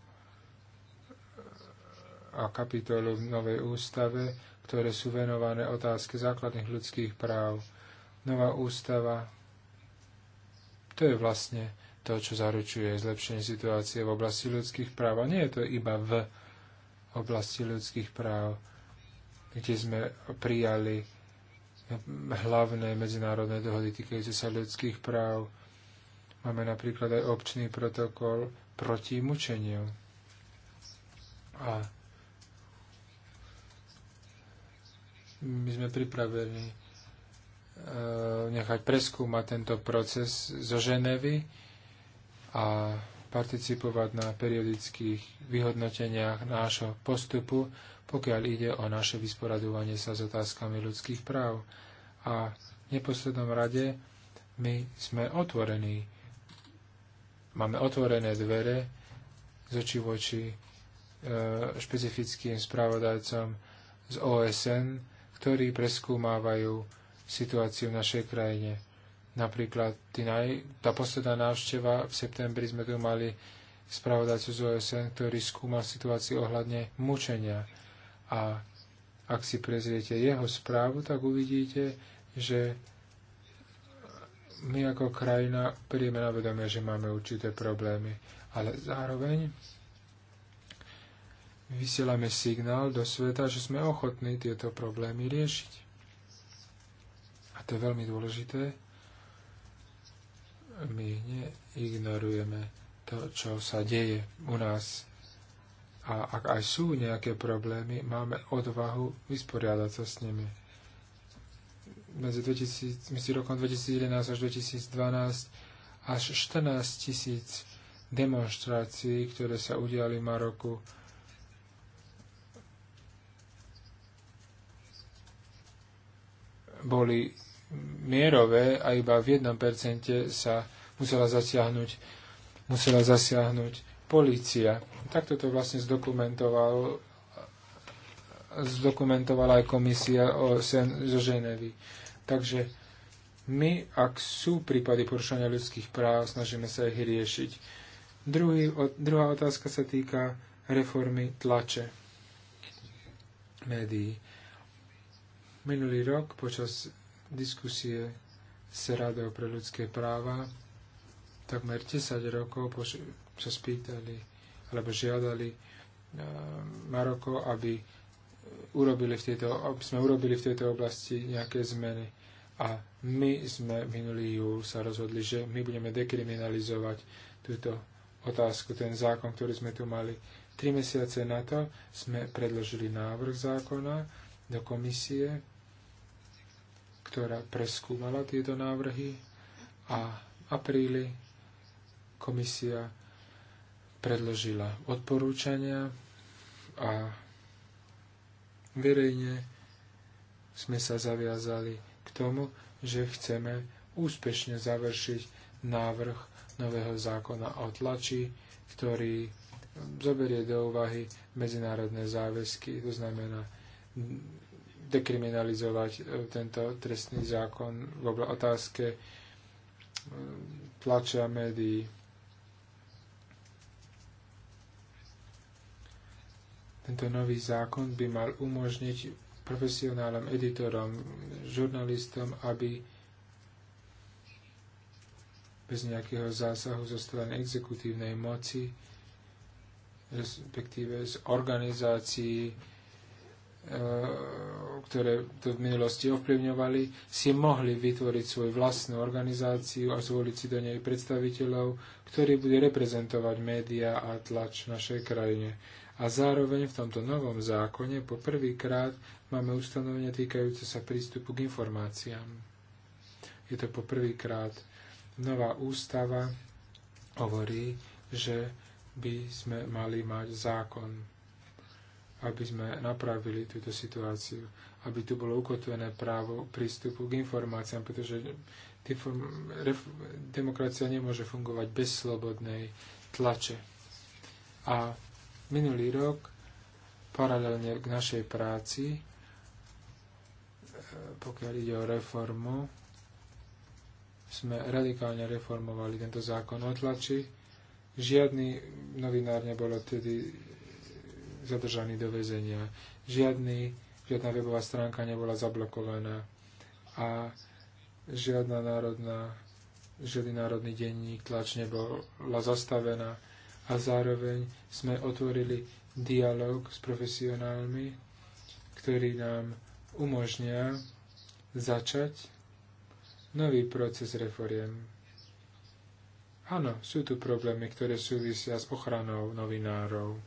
a kapitolu v novej ústave, ktoré sú venované otázke základných ľudských práv. Nová ústava, to je vlastne to, čo zaručuje zlepšenie situácie v oblasti ľudských práv. A nie je to iba v oblasti ľudských práv, kde sme prijali hlavné medzinárodné dohody týkajúce sa ľudských práv. Máme napríklad aj občný protokol proti mučeniu. A my sme pripravení e, nechať preskúmať tento proces zo Ženevy a participovať na periodických vyhodnoteniach nášho postupu, pokiaľ ide o naše vysporadovanie sa s otázkami ľudských práv. A v neposlednom rade my sme otvorení Máme otvorené dvere z oči v oči e, špecifickým spravodajcom z OSN, ktorí preskúmávajú situáciu v našej krajine. Napríklad naj, tá posledná návšteva v septembri sme tu mali spravodajcu z OSN, ktorý skúma situáciu ohľadne mučenia. A ak si prezriete jeho správu, tak uvidíte, že my ako krajina príjme na vedomie, že máme určité problémy, ale zároveň vysielame signál do sveta, že sme ochotní tieto problémy riešiť. A to je veľmi dôležité. My neignorujeme to, čo sa deje u nás. A ak aj sú nejaké problémy, máme odvahu vysporiadať sa s nimi medzi 2000, myslím, rokom 2011 až 2012 až 14 tisíc demonstrácií, ktoré sa udiali v Maroku. Boli mierové a iba v 1% sa musela zasiahnuť, musela zasiahnuť policia. Takto to vlastne zdokumentoval zdokumentovala aj komisia o sen zo Ženevy. Takže my, ak sú prípady porušenia ľudských práv, snažíme sa ich riešiť. Druhý, o, druhá otázka sa týka reformy tlače médií. Minulý rok počas diskusie s Radou pre ľudské práva takmer 10 rokov sa spýtali alebo žiadali eh, Maroko, aby urobili v tejto, sme urobili v tejto oblasti nejaké zmeny. A my sme minulý júl sa rozhodli, že my budeme dekriminalizovať túto otázku, ten zákon, ktorý sme tu mali. Tri mesiace na to sme predložili návrh zákona do komisie, ktorá preskúmala tieto návrhy a v apríli komisia predložila odporúčania a Verejne sme sa zaviazali k tomu, že chceme úspešne završiť návrh nového zákona o tlači, ktorý zoberie do úvahy medzinárodné záväzky, to znamená dekriminalizovať e, tento trestný zákon v otázke e, tlačia médií. Tento nový zákon by mal umožniť profesionálom, editorom, žurnalistom, aby bez nejakého zásahu zo strany exekutívnej moci, respektíve z organizácií, e, ktoré to v minulosti ovplyvňovali, si mohli vytvoriť svoju vlastnú organizáciu a zvoliť si do nej predstaviteľov, ktorí budú reprezentovať médiá a tlač v našej krajine. A zároveň v tomto novom zákone po prvýkrát máme ustanovenia týkajúce sa prístupu k informáciám. Je to po prvýkrát. Nová ústava hovorí, že by sme mali mať zákon, aby sme napravili túto situáciu, aby tu bolo ukotvené právo prístupu k informáciám, pretože demokracia nemôže fungovať bez slobodnej tlače. A Minulý rok, paralelne k našej práci, e, pokiaľ ide o reformu, sme radikálne reformovali tento zákon o tlači. Žiadny novinár nebol odtedy zadržaný do väzenia. Žiadny, žiadna webová stránka nebola zablokovaná a žiadna národná, žiadny národný denník tlač nebola zastavená a zároveň sme otvorili dialog s profesionálmi, ktorý nám umožnia začať nový proces reforiem. Áno, sú tu problémy, ktoré súvisia s ochranou novinárov.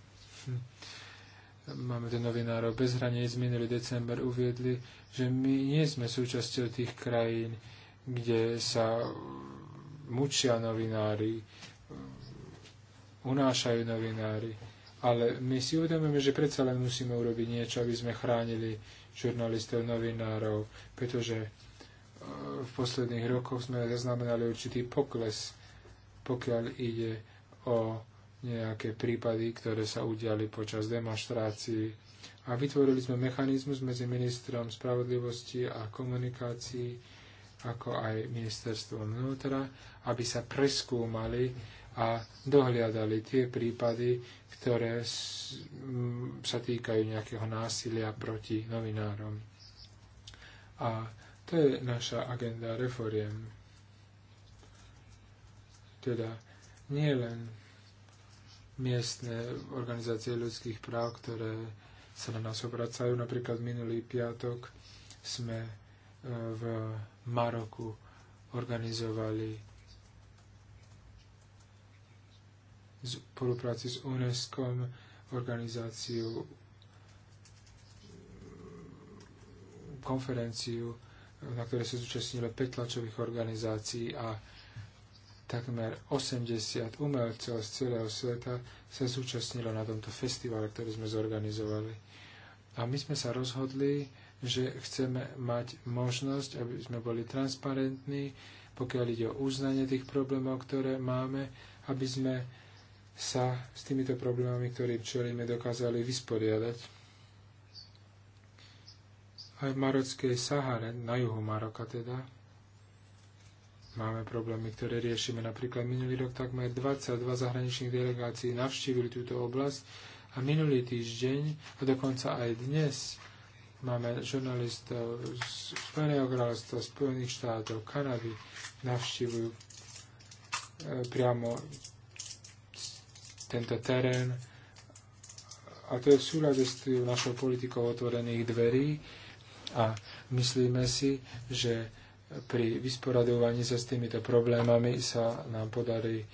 Hm. Máme tu novinárov bez hraníc. Minulý december uviedli, že my nie sme súčasťou tých krajín, kde sa mučia novinári, unášajú novinári. Ale my si uvedomujeme, že predsa len musíme urobiť niečo, aby sme chránili žurnalistov, novinárov, pretože e, v posledných rokoch sme zaznamenali určitý pokles, pokiaľ ide o nejaké prípady, ktoré sa udiali počas demonstrácií. A vytvorili sme mechanizmus medzi ministrom spravodlivosti a komunikácií, ako aj ministerstvom vnútra, aby sa preskúmali a dohliadali tie prípady, ktoré mm, sa týkajú nejakého násilia proti novinárom. A to je naša agenda reforiem. Teda nie len miestne organizácie ľudských práv, ktoré sa na nás obracajú. Napríklad minulý piatok sme e, v Maroku organizovali spolupráci s UNESCO, organizáciou konferenciu, na ktorej sa zúčastnilo 5 tlačových organizácií a takmer 80 umelcov z celého sveta sa zúčastnilo na tomto festivale, ktorý sme zorganizovali. A my sme sa rozhodli, že chceme mať možnosť, aby sme boli transparentní, pokiaľ ide o uznanie tých problémov, ktoré máme, aby sme sa s týmito problémami, ktorým čelíme, dokázali vysporiadať. Aj v marockej Sahare, na juhu Maroka teda, máme problémy, ktoré riešime. Napríklad minulý rok takmer 22 zahraničných delegácií navštívili túto oblasť a minulý týždeň a dokonca aj dnes máme žurnalistov z Spojeného kráľovstva, Spojených štátov, Kanady, navštívujú e, priamo tento terén. A to je v súľade s našou politikou otvorených dverí a myslíme si, že pri vysporadovaní sa s týmito problémami sa nám podarí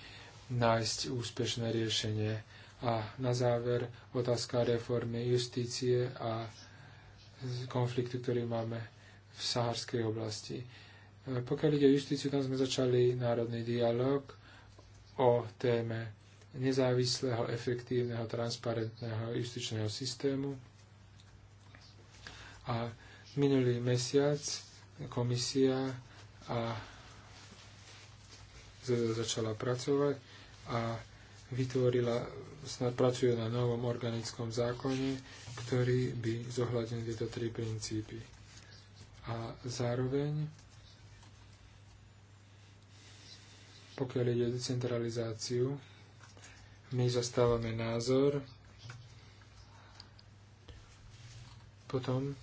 nájsť úspešné riešenie. A na záver otázka reformy justície a konfliktu, ktorý máme v saharskej oblasti. Pokiaľ ide o justíciu, tam sme začali národný dialog o téme nezávislého, efektívneho, transparentného justičného systému. A minulý mesiac komisia a začala pracovať a vytvorila, snad pracuje na novom organickom zákone, ktorý by zohľadnil tieto tri princípy. A zároveň, pokiaľ ide o decentralizáciu, my zastávame názor, potom,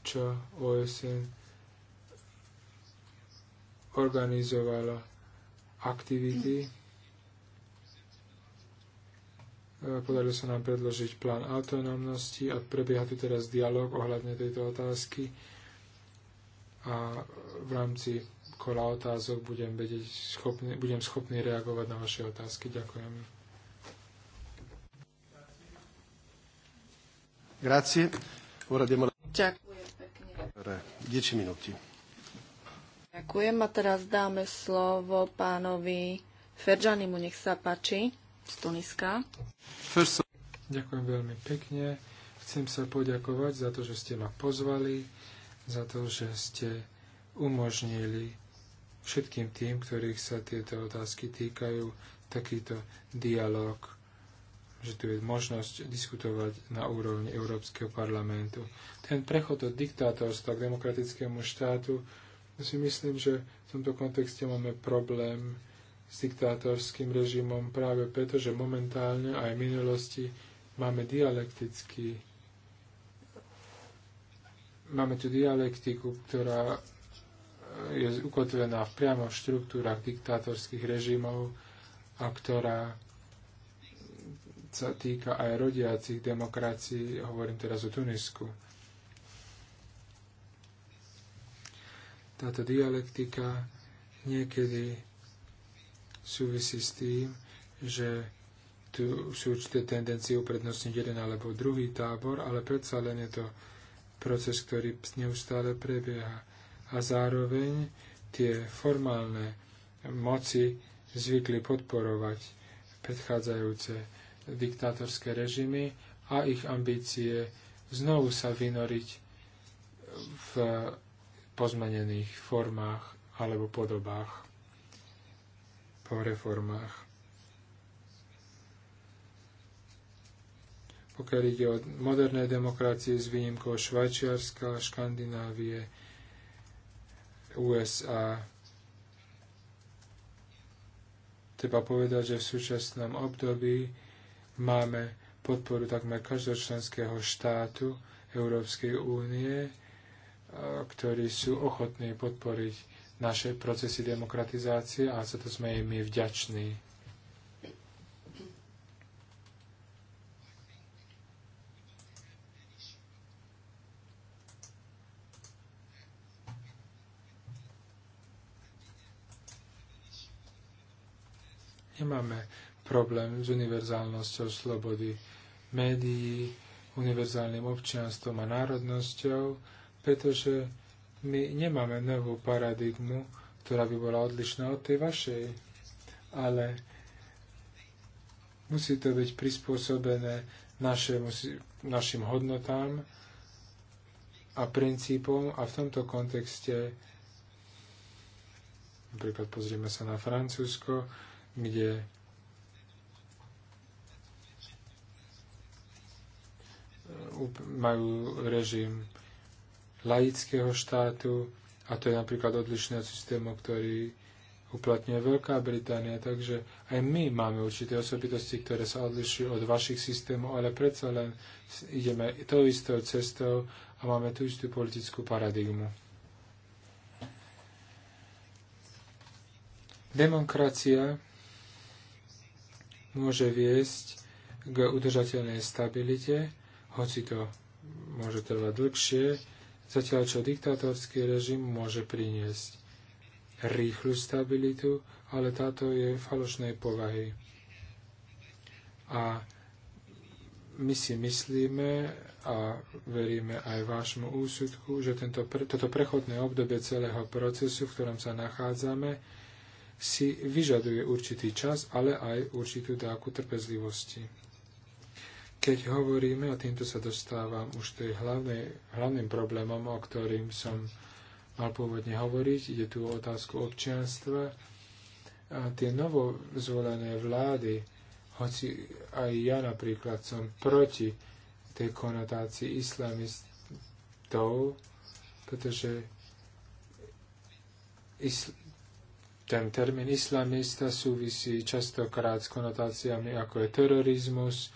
čo OSN organizovala aktivity. E, podarilo sa nám predložiť plán autonómnosti a prebieha tu teraz dialog ohľadne tejto otázky a v rámci kola otázok budem, vedieť, schopný, budem schopný reagovať na vaše otázky. Ďakujem. Grazie. Ora diamo... Ďakujem pekne. 10 minúti. Ďakujem a teraz dáme slovo pánovi Feržanimu, nech sa páči, z Tuniska. Ďakujem veľmi pekne. Chcem sa poďakovať za to, že ste ma pozvali, za to, že ste umožnili všetkým tým, ktorých sa tieto otázky týkajú, takýto dialog, že tu je možnosť diskutovať na úrovni Európskeho parlamentu. Ten prechod od diktátorstva k demokratickému štátu, si myslím, že v tomto kontexte máme problém s diktátorským režimom práve preto, že momentálne aj v minulosti máme dialektický máme tu dialektiku, ktorá je ukotvená v priamo v štruktúrach diktátorských režimov a ktorá sa týka aj rodiacich demokracií, hovorím teraz o Tunisku. Táto dialektika niekedy súvisí s tým, že tu sú určité tendencie uprednostniť jeden alebo druhý tábor, ale predsa len je to proces, ktorý neustále prebieha a zároveň tie formálne moci zvykli podporovať predchádzajúce diktátorské režimy a ich ambície znovu sa vynoriť v pozmenených formách alebo podobách po reformách. Pokiaľ ide o moderné demokracie s výnimkou Švajčiarska, Škandinávie, USA. Treba povedať, že v súčasnom období máme podporu takmer každého členského štátu Európskej únie, ktorí sú ochotní podporiť naše procesy demokratizácie a za to sme im vďační. Nemáme problém s univerzálnosťou slobody médií, univerzálnym občianstvom a národnosťou, pretože my nemáme novú paradigmu, ktorá by bola odlišná od tej vašej, ale musí to byť prispôsobené našemu, našim hodnotám a princípom a v tomto kontexte napríklad pozrieme sa na Francúzsko, kde majú režim laického štátu a to je napríklad odlišné od systému, ktorý uplatňuje Veľká Británia. Takže aj my máme určité osobitosti, ktoré sa odlišujú od vašich systémov, ale predsa len ideme tou istou cestou a máme tú istú politickú paradigmu. Demokracia môže viesť k udržateľnej stabilite, hoci to môže trvať dlhšie, zatiaľ čo diktátorský režim môže priniesť rýchlu stabilitu, ale táto je falošnej povahy. A my si myslíme a veríme aj vášmu úsudku, že tento, toto prechodné obdobie celého procesu, v ktorom sa nachádzame, si vyžaduje určitý čas, ale aj určitú dávku trpezlivosti. Keď hovoríme, a týmto sa dostávam už tej hlavnej, hlavným problémom, o ktorým som mal pôvodne hovoriť, ide tu o otázku občianstva. A tie novozvolené vlády, hoci aj ja napríklad som proti tej konotácii islamistov, pretože isl- ten termín islamista súvisí častokrát s konotáciami ako je terorizmus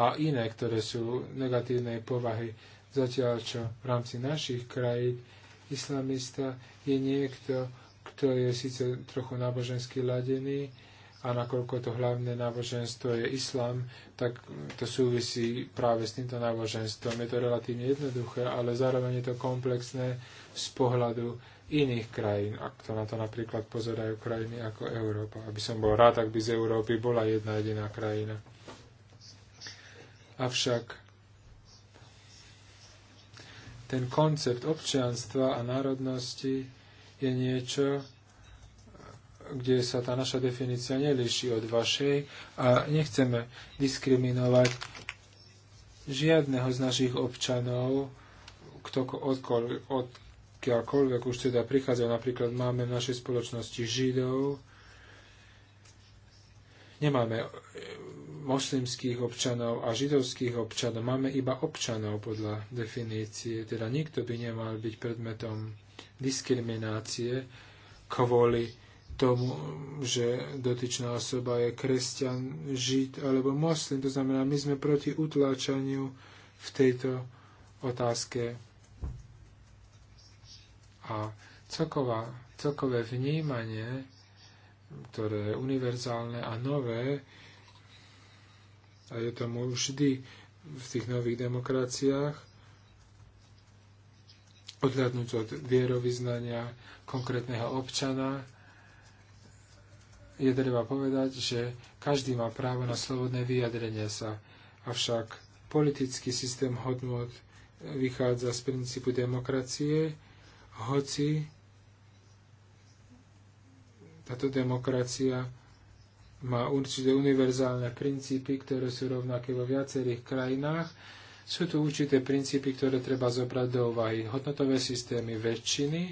a iné, ktoré sú negatívnej povahy. Zatiaľ čo v rámci našich krajín islamista je niekto, kto je síce trochu nábožensky ladený, a nakoľko to hlavné náboženstvo je islám, tak to súvisí práve s týmto náboženstvom. Je to relatívne jednoduché, ale zároveň je to komplexné z pohľadu iných krajín, ak to na to napríklad pozerajú krajiny ako Európa. Aby som bol rád, ak by z Európy bola jedna jediná krajina. Avšak ten koncept občianstva a národnosti je niečo, kde sa tá naša definícia nelíši od vašej a nechceme diskriminovať žiadneho z našich občanov, kto, odkoľ, od odkiaľkoľvek už teda prichádzajú. Napríklad máme v našej spoločnosti Židov, nemáme e, moslimských občanov a židovských občanov, máme iba občanov podľa definície. Teda nikto by nemal byť predmetom diskriminácie kvôli tomu, že dotyčná osoba je kresťan, žid alebo moslim. To znamená, my sme proti utláčaniu v tejto otázke a celková, celkové vnímanie, ktoré je univerzálne a nové, a je tomu vždy v tých nových demokraciách, odhľadnúť od vierovýznania konkrétneho občana, je treba povedať, že každý má právo na slobodné vyjadrenie sa, avšak politický systém hodnot vychádza z princípu demokracie hoci táto demokracia má určité univerzálne princípy, ktoré sú rovnaké vo viacerých krajinách. Sú tu určité princípy, ktoré treba zobrať do úvahy. Hodnotové systémy väčšiny,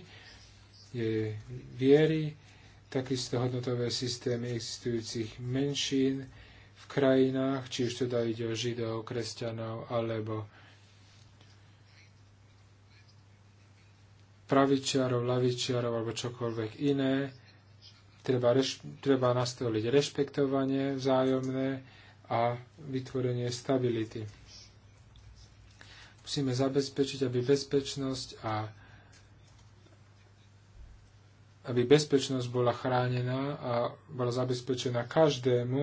je viery, takisto hodnotové systémy existujúcich menšín v krajinách, či už teda ide o židov, kresťanov alebo pravičiarov, lavičiarov alebo čokoľvek iné. Treba, reš- treba nastoliť rešpektovanie vzájomné a vytvorenie stability. Musíme zabezpečiť, aby bezpečnosť a aby bezpečnosť bola chránená a bola zabezpečená každému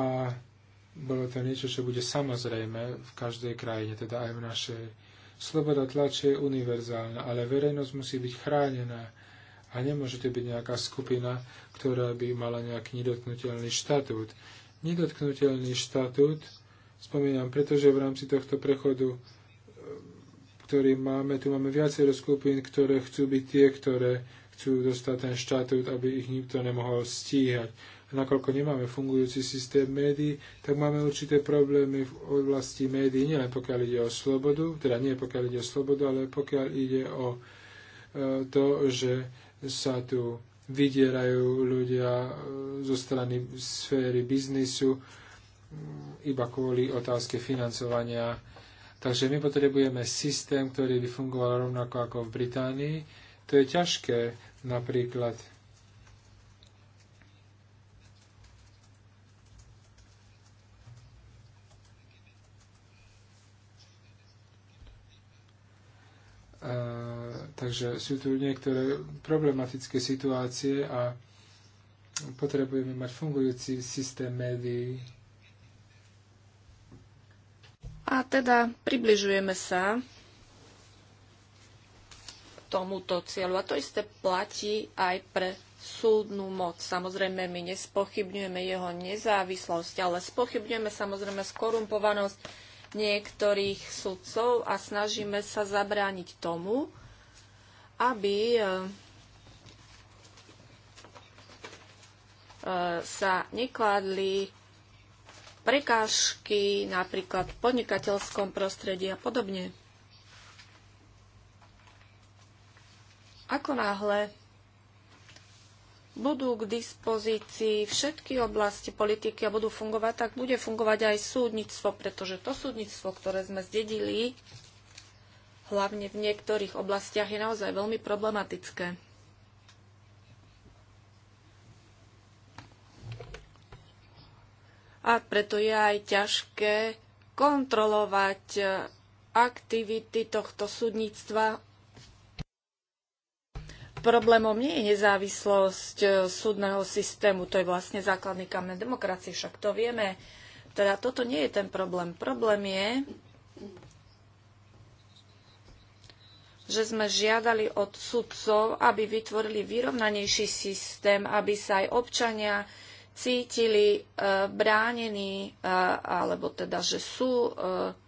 a bolo to niečo, čo bude samozrejme v každej krajine, teda aj v našej Sloboda tlače je univerzálna, ale verejnosť musí byť chránená a nemôže to byť nejaká skupina, ktorá by mala nejaký nedotknutelný štatút. Nedotknutelný štatút spomínam, pretože v rámci tohto prechodu, eh, ktorý máme, tu máme viacero skupín, ktoré chcú byť tie, ktoré chcú dostať ten štatút, aby ich nikto nemohol stíhať nakoľko nemáme fungujúci systém médií, tak máme určité problémy v oblasti médií, nielen pokiaľ ide o slobodu, teda nie pokiaľ ide o slobodu, ale pokiaľ ide o e, to, že sa tu vydierajú ľudia e, zo strany sféry biznisu iba kvôli otázke financovania. Takže my potrebujeme systém, ktorý by fungoval rovnako ako v Británii. To je ťažké napríklad takže sú tu niektoré problematické situácie a potrebujeme mať fungujúci systém médií. A teda približujeme sa tomuto cieľu. A to isté platí aj pre súdnu moc. Samozrejme, my nespochybňujeme jeho nezávislosť, ale spochybňujeme samozrejme skorumpovanosť niektorých sudcov a snažíme sa zabrániť tomu, aby e, e, sa nekladli prekážky napríklad v podnikateľskom prostredí a podobne. Ako náhle budú k dispozícii všetky oblasti politiky a budú fungovať, tak bude fungovať aj súdnictvo, pretože to súdnictvo, ktoré sme zdedili, hlavne v niektorých oblastiach, je naozaj veľmi problematické. A preto je aj ťažké kontrolovať aktivity tohto súdnictva problémom nie je nezávislosť e, súdneho systému, to je vlastne základný kamen demokracie, však to vieme. Teda toto nie je ten problém. Problém je, že sme žiadali od sudcov, aby vytvorili vyrovnanejší systém, aby sa aj občania cítili e, bránení, e, alebo teda, že sú e,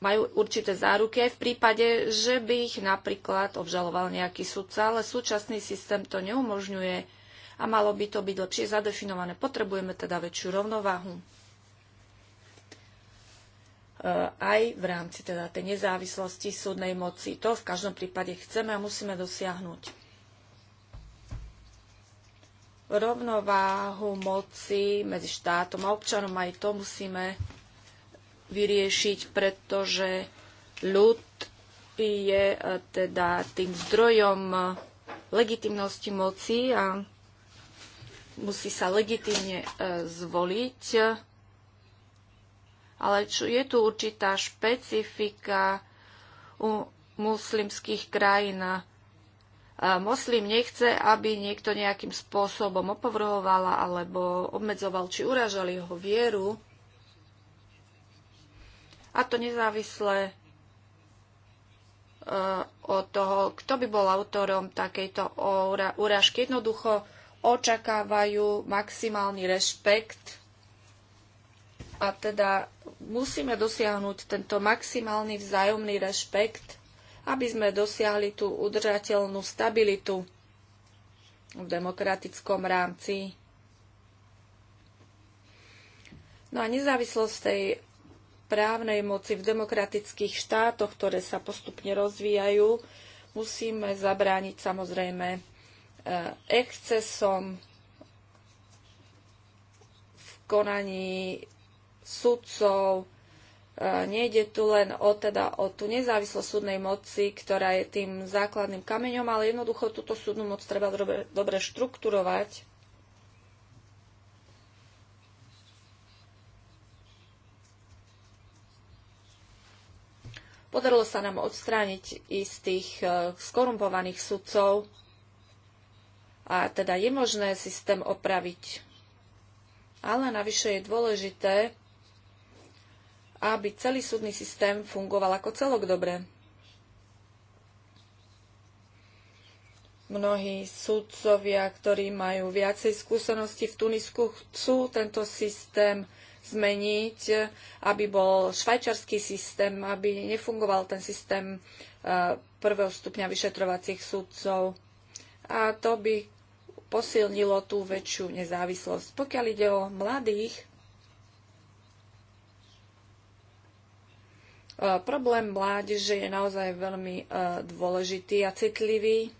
majú určité záruky aj v prípade, že by ich napríklad obžaloval nejaký sudca, ale súčasný systém to neumožňuje a malo by to byť lepšie zadefinované. Potrebujeme teda väčšiu rovnováhu e, aj v rámci teda tej nezávislosti súdnej moci. To v každom prípade chceme a musíme dosiahnuť. Rovnováhu moci medzi štátom a občanom aj to musíme vyriešiť, pretože ľud je eh, teda tým zdrojom eh, legitimnosti moci a musí sa legitimne eh, zvoliť. Ale čo, je tu určitá špecifika u muslimských krajín. Moslim nechce, aby niekto nejakým spôsobom opovrhovala alebo obmedzoval či uražal jeho vieru a to nezávisle e, od toho, kto by bol autorom takejto urážky. Jednoducho očakávajú maximálny rešpekt a teda musíme dosiahnuť tento maximálny vzájomný rešpekt, aby sme dosiahli tú udržateľnú stabilitu v demokratickom rámci. No a nezávislosť tej právnej moci v demokratických štátoch, ktoré sa postupne rozvíjajú, musíme zabrániť samozrejme e, excesom v konaní sudcov. E, nejde tu len o, teda, o tú nezávislosť súdnej moci, ktorá je tým základným kameňom, ale jednoducho túto súdnu moc treba dobre, dobre štrukturovať Podarilo sa nám odstrániť istých e, skorumpovaných sudcov a teda je možné systém opraviť. Ale navyše je dôležité, aby celý súdny systém fungoval ako celok dobre. Mnohí sudcovia, ktorí majú viacej skúseností v Tunisku, chcú tento systém zmeniť, aby bol švajčarský systém, aby nefungoval ten systém eh, prvého stupňa vyšetrovacích súdcov. A to by posilnilo tú väčšiu nezávislosť. Pokiaľ ide o mladých, eh, problém mládeže je naozaj veľmi eh, dôležitý a citlivý.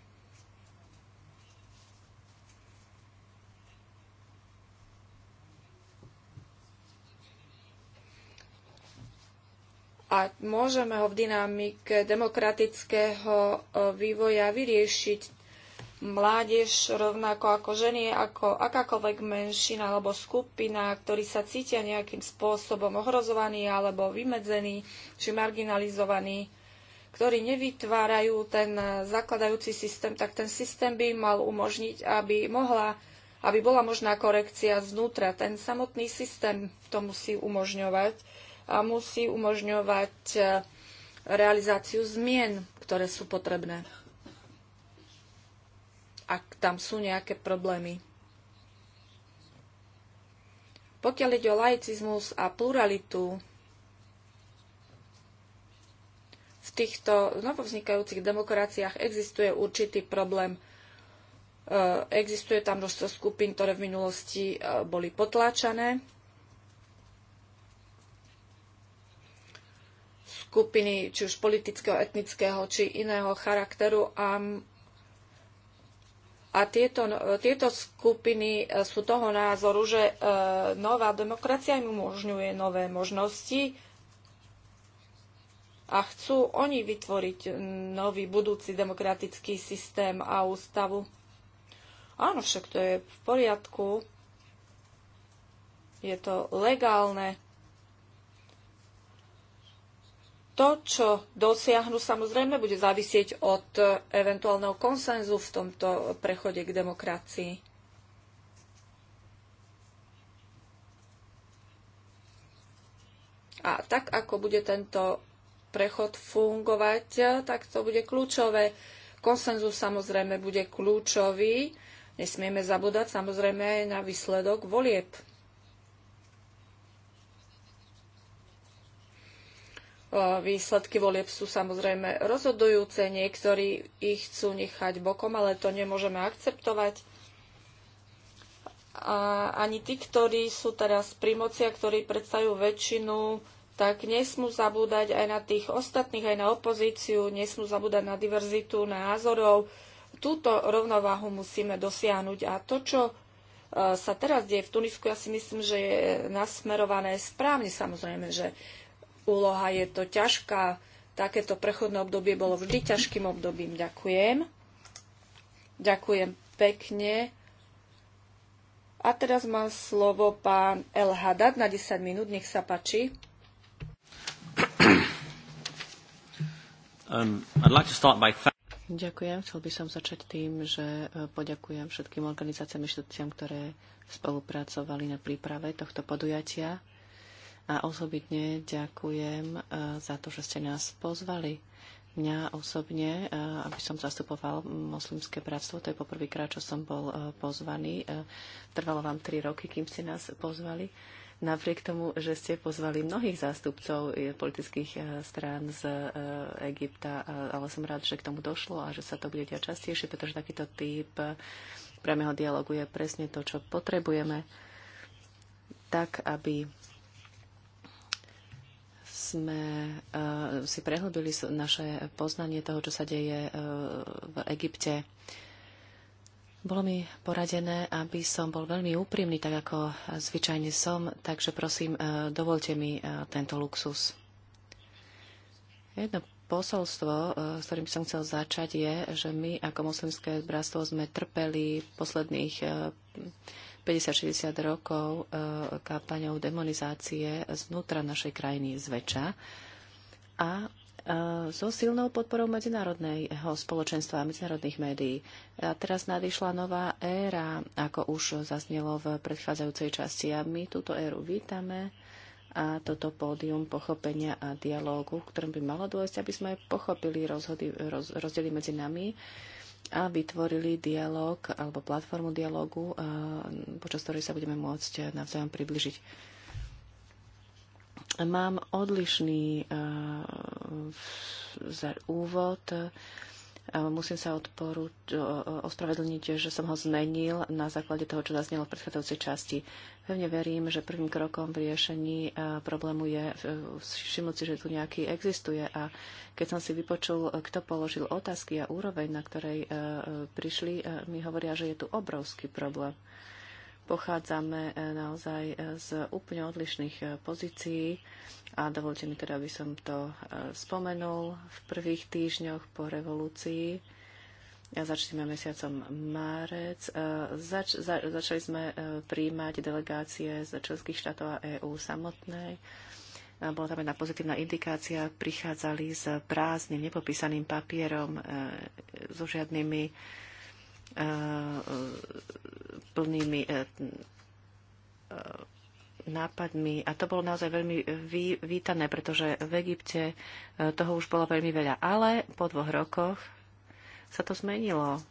a môžeme ho v dynamike demokratického e, vývoja vyriešiť. Mládež rovnako ako ženy, ako akákoľvek menšina alebo skupina, ktorí sa cítia nejakým spôsobom ohrozovaní alebo vymedzení či marginalizovaní, ktorí nevytvárajú ten zakladajúci systém, tak ten systém by mal umožniť, aby mohla aby bola možná korekcia znútra. Ten samotný systém to musí umožňovať a musí umožňovať e, realizáciu zmien, ktoré sú potrebné. Ak tam sú nejaké problémy. Pokiaľ ide o laicizmus a pluralitu, v týchto novovznikajúcich demokraciách existuje určitý problém. E, existuje tam množstvo skupín, ktoré v minulosti e, boli potláčané, skupiny, či už politického, etnického, či iného charakteru a a tieto, tieto skupiny e, sú toho názoru, že e, nová demokracia im umožňuje nové možnosti a chcú oni vytvoriť nový budúci demokratický systém a ústavu. Áno, však to je v poriadku. Je to legálne. to, čo dosiahnu, samozrejme bude závisieť od e, eventuálneho konsenzu v tomto prechode k demokracii. A tak, ako bude tento prechod fungovať, e, tak to bude kľúčové. Konsenzus samozrejme bude kľúčový. Nesmieme zabúdať samozrejme aj na výsledok volieb. Výsledky volieb sú samozrejme rozhodujúce, niektorí ich chcú nechať bokom, ale to nemôžeme akceptovať. A ani tí, ktorí sú teraz pri moci a ktorí predstavujú väčšinu, tak nesmú zabúdať aj na tých ostatných, aj na opozíciu, nesmú zabúdať na diverzitu názorov. Túto rovnováhu musíme dosiahnuť a to, čo e, sa teraz deje v Tunisku, ja si myslím, že je nasmerované správne. Samozrejme, že úloha, je to ťažká. Takéto prechodné obdobie bolo vždy ťažkým obdobím. Ďakujem. Ďakujem pekne. A teraz má slovo pán El Hadad na 10 minút, nech sa páči. Um, by Ďakujem. Chcel by som začať tým, že e, poďakujem všetkým organizáciám a inštitúciám, ktoré spolupracovali na príprave tohto podujatia a osobitne ďakujem e, za to, že ste nás pozvali. Mňa osobne, e, aby som zastupoval moslimské bratstvo, to je poprvýkrát, čo som bol e, pozvaný. Trvalo vám tri roky, kým ste nás pozvali. Napriek tomu, že ste pozvali mnohých zástupcov politických strán z Egypta, ale som rád, že k tomu došlo a že sa to bude diať častejšie, pretože takýto typ priamého dialogu je presne to, čo potrebujeme, tak aby sme eh, si prehlbili naše poznanie toho, čo sa deje eh, v Egypte. Bolo mi poradené, aby som bol veľmi úprimný, tak ako zvyčajne som, takže prosím, eh, dovolte mi tento luxus. Jedno posolstvo, s ktorým som chcel začať, je, že my ako moslimské bratstvo sme trpeli posledných 50-60 rokov e, kampaňou demonizácie znútra našej krajiny zväčša a e, so silnou podporou medzinárodného spoločenstva a medzinárodných médií. A teraz nadišla nová éra, ako už zaznelo v predchádzajúcej časti. A my túto éru vítame a toto pódium pochopenia a dialógu, ktorom by malo dôjsť, aby sme pochopili rozhody, roz, rozdiely medzi nami a vytvorili dialog alebo platformu dialogu, počas ktorej sa budeme môcť navzájom približiť. Mám odlišný úvod Musím sa odporuť ospravedlniť, že som ho zmenil na základe toho, čo zaznelo v predchádzajúcej časti. Pevne verím, že prvým krokom v riešení problému je všimnúť si, že tu nejaký existuje. A keď som si vypočul, kto položil otázky a úroveň, na ktorej prišli, mi hovoria, že je tu obrovský problém pochádzame e, naozaj e, z úplne odlišných e, pozícií a dovolte mi teda, aby som to spomenul v prvých týždňoch po revolúcii. Ja začneme mesiacom márec. Zač, za, začali sme príjmať delegácie z členských štátov a EÚ samotnej. Bola tam jedna pozitívna indikácia. Prichádzali s prázdnym, nepopísaným papierom, so žiadnymi E, e, plnými e, nápadmi. A to bolo naozaj veľmi vítané, pretože v Egypte toho už bolo veľmi veľa. Ale po dvoch rokoch sa to zmenilo.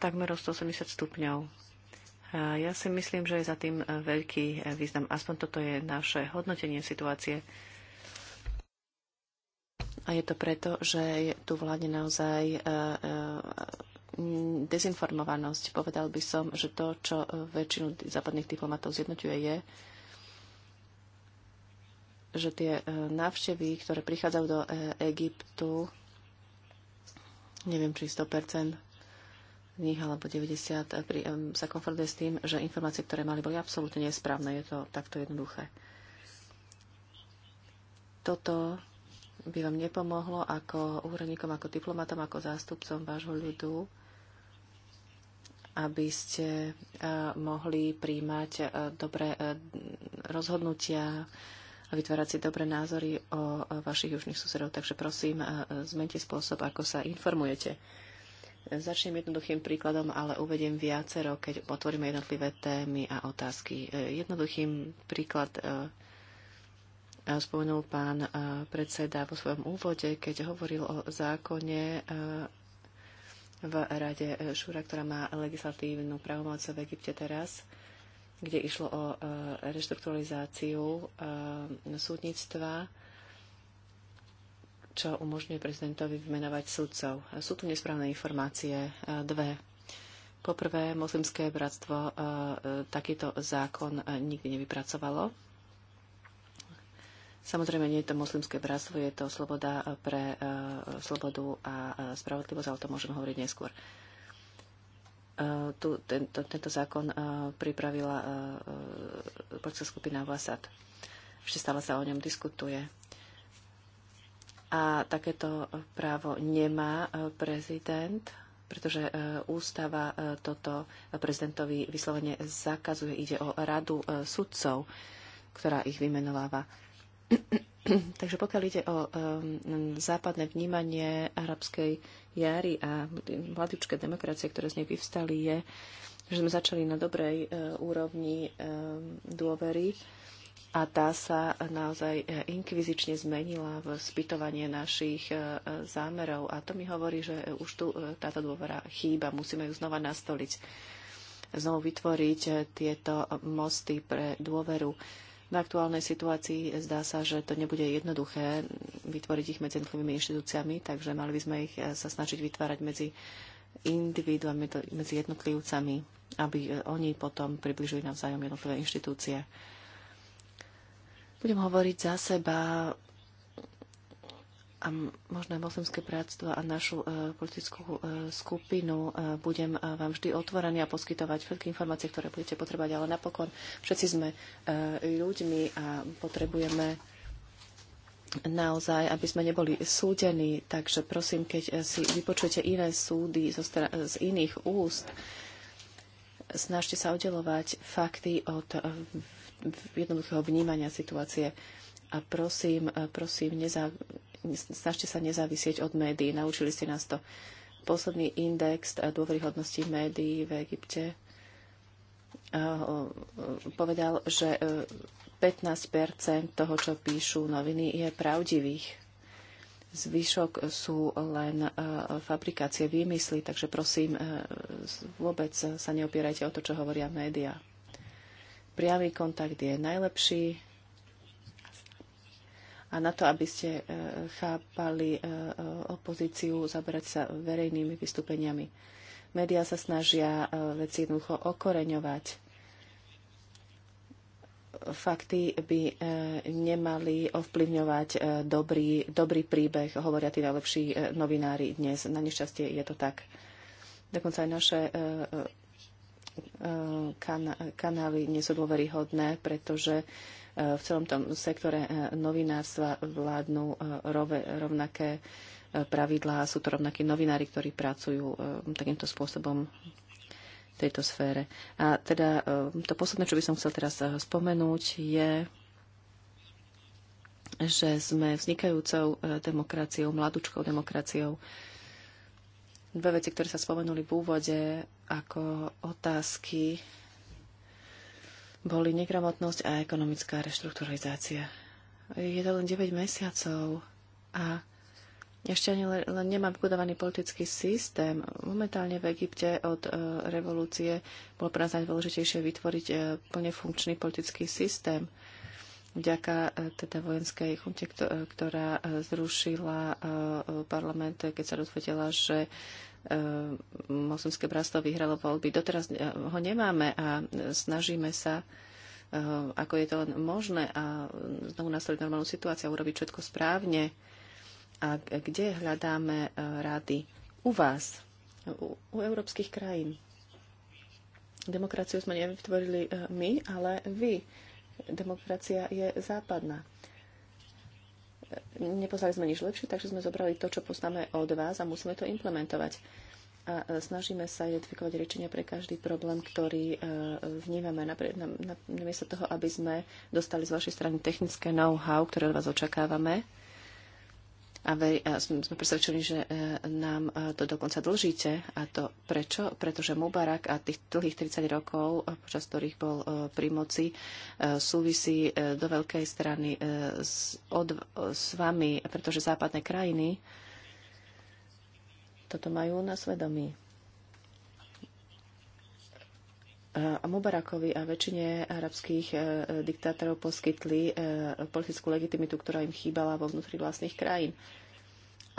takmer o 180 stupňov. A ja si myslím, že je za tým veľký význam. Aspoň toto je naše hodnotenie situácie. A je to preto, že tu vládne naozaj e, e, dezinformovanosť. Povedal by som, že to, čo väčšinu západných diplomatov zjednotuje je, že tie e, návštevy, ktoré prichádzajú do Egyptu, neviem, či 100% nich alebo 90 pri, um, sa konfrontuje s tým, že informácie, ktoré mali, boli absolútne nesprávne. Je to takto jednoduché. Toto by vám nepomohlo ako úradníkom, ako diplomatom, ako zástupcom vášho ľudu, aby ste e, mohli príjmať e, dobré e, rozhodnutia a vytvárať si dobré názory o vašich južných susedov. Takže prosím, zmente spôsob, ako sa informujete. Začnem jednoduchým príkladom, ale uvediem viacero, keď otvoríme jednotlivé témy a otázky. Jednoduchým príklad spomenul pán eh, predseda vo svojom úvode, keď hovoril o zákone eh, v rade eh, Šúra, ktorá má legislatívnu pravomoc v Egypte teraz, kde išlo o reštrukturalizáciu súdnictva, čo umožňuje prezidentovi vymenovať súdcov. Sú tu nesprávne informácie, dve Poprvé, moslimské bratstvo takýto zákon nikdy nevypracovalo. Samozrejme, nie je to moslimské bratstvo, je to sloboda pre eh, slobodu a eh, spravodlivosť, ale o tom môžem hovoriť neskôr. Eh, tu, tento, tento zákon pripravila e, skupina Vlasat. Ešte stále sa o ňom diskutuje. A takéto právo nemá prezident, pretože ústava toto prezidentovi vyslovene zakazuje. Ide o radu sudcov, ktorá ich vymenováva. <clears throat> Takže pokiaľ ide o um, západné vnímanie arabskej jary a mladúčké demokracie, ktoré z nej vyvstali, je, že sme začali na dobrej uh, úrovni um, dôvery a tá sa naozaj e, inkvizične zmenila v spytovanie našich uh, zámerov. A to mi hovorí, že už tu uh, táto dôvera chýba, musíme ju znova nastoliť, znovu vytvoriť tieto mosty pre dôveru v aktuálnej situácii zdá sa, že to nebude jednoduché vytvoriť ich medzi jednotlivými inštitúciami, takže mali by sme ich eh, sa snažiť vytvárať medzi individuami, medzi jednotlivcami, aby eh, oni potom približili navzájom jednotlivé inštitúcie. Budem hovoriť za seba, a možno moslimské práctvo a našu e, politickú e, skupinu. E, budem e, vám vždy otvorený a poskytovať všetky informácie, ktoré budete potrebovať, ale napokon všetci sme e, ľuďmi a potrebujeme naozaj, aby sme neboli súdení. Takže prosím, keď e, si vypočujete iné súdy zo z iných úst, snažte sa oddelovať fakty od e, jednoduchého vnímania situácie. A prosím, e, prosím, neza, snažte sa nezávisieť od médií. Naučili ste nás to. Posledný index eh, dôveryhodnosti médií v Egypte eh, povedal, že 15 eh, toho, čo píšu noviny, je pravdivých. Zvyšok sú len fabrikácie výmysly, takže prosím, vôbec sa neopierajte o to, čo hovoria médiá. Priamy kontakt je najlepší, a na to, aby ste e, chápali e, e, opozíciu, zaberať sa verejnými vystúpeniami. Média sa snažia veci jednoducho okoreňovať. Fakty by nemali ovplyvňovať dobrý, dobrý príbeh, hovoria tí najlepší novinári dnes. Na nešťastie je to tak. Dokonca aj naše kanály nie sú dôveryhodné, pretože v celom tom sektore eh, novinárstva vládnu eh, rove, rovnaké eh, pravidlá. Sú to rovnakí novinári, ktorí pracujú takýmto spôsobom v tejto sfére. A teda to posledné, čo by som chcel teraz spomenúť, je, že sme vznikajúcou demokraciou, mladúčkou demokraciou. Dve veci, ktoré sa spomenuli v úvode ako otázky boli negramotnosť a ekonomická reštrukturalizácia. Je to len 9 mesiacov a ešte ani len nemá budovaný politický systém. Momentálne v Egypte od e, revolúcie bolo pre nás najdôležitejšie vytvoriť e, plne funkčný politický systém vďaka e, teda vojenskej chunte, e, ktorá e, zrušila parlament, keď sa dozvedela, že Eh, moslimské bratstvo vyhralo voľby. Doteraz eh, ho nemáme a snažíme sa eh, ako je to len možné a znovu nastaviť normálnu situáciu a urobiť všetko správne. A kde hľadáme rady? U vás, u, u európskych krajín. Demokraciu sme nevytvorili my, ale vy. Demokracia je západná nepoznali sme nič lepšie, takže sme zobrali to, čo poznáme od vás a musíme to implementovať. A e, snažíme sa identifikovať riešenia pre každý problém, ktorý e, vnímame, namiesto toho, aby sme dostali z vašej strany technické know-how, ktoré od vás očakávame a, veri, a sme presvedčení, že e, nám e, to dokonca dlžíte. A to prečo? Pretože Mubarak a tých dlhých 30 rokov, e, počas ktorých bol pri moci, súvisí do veľkej strany s, od, s vami, pretože západné krajiny toto majú na svedomí. a Mubarakovi a väčšine arabských e, diktátorov poskytli e, politickú legitimitu, ktorá im chýbala vo vnútri vlastných krajín.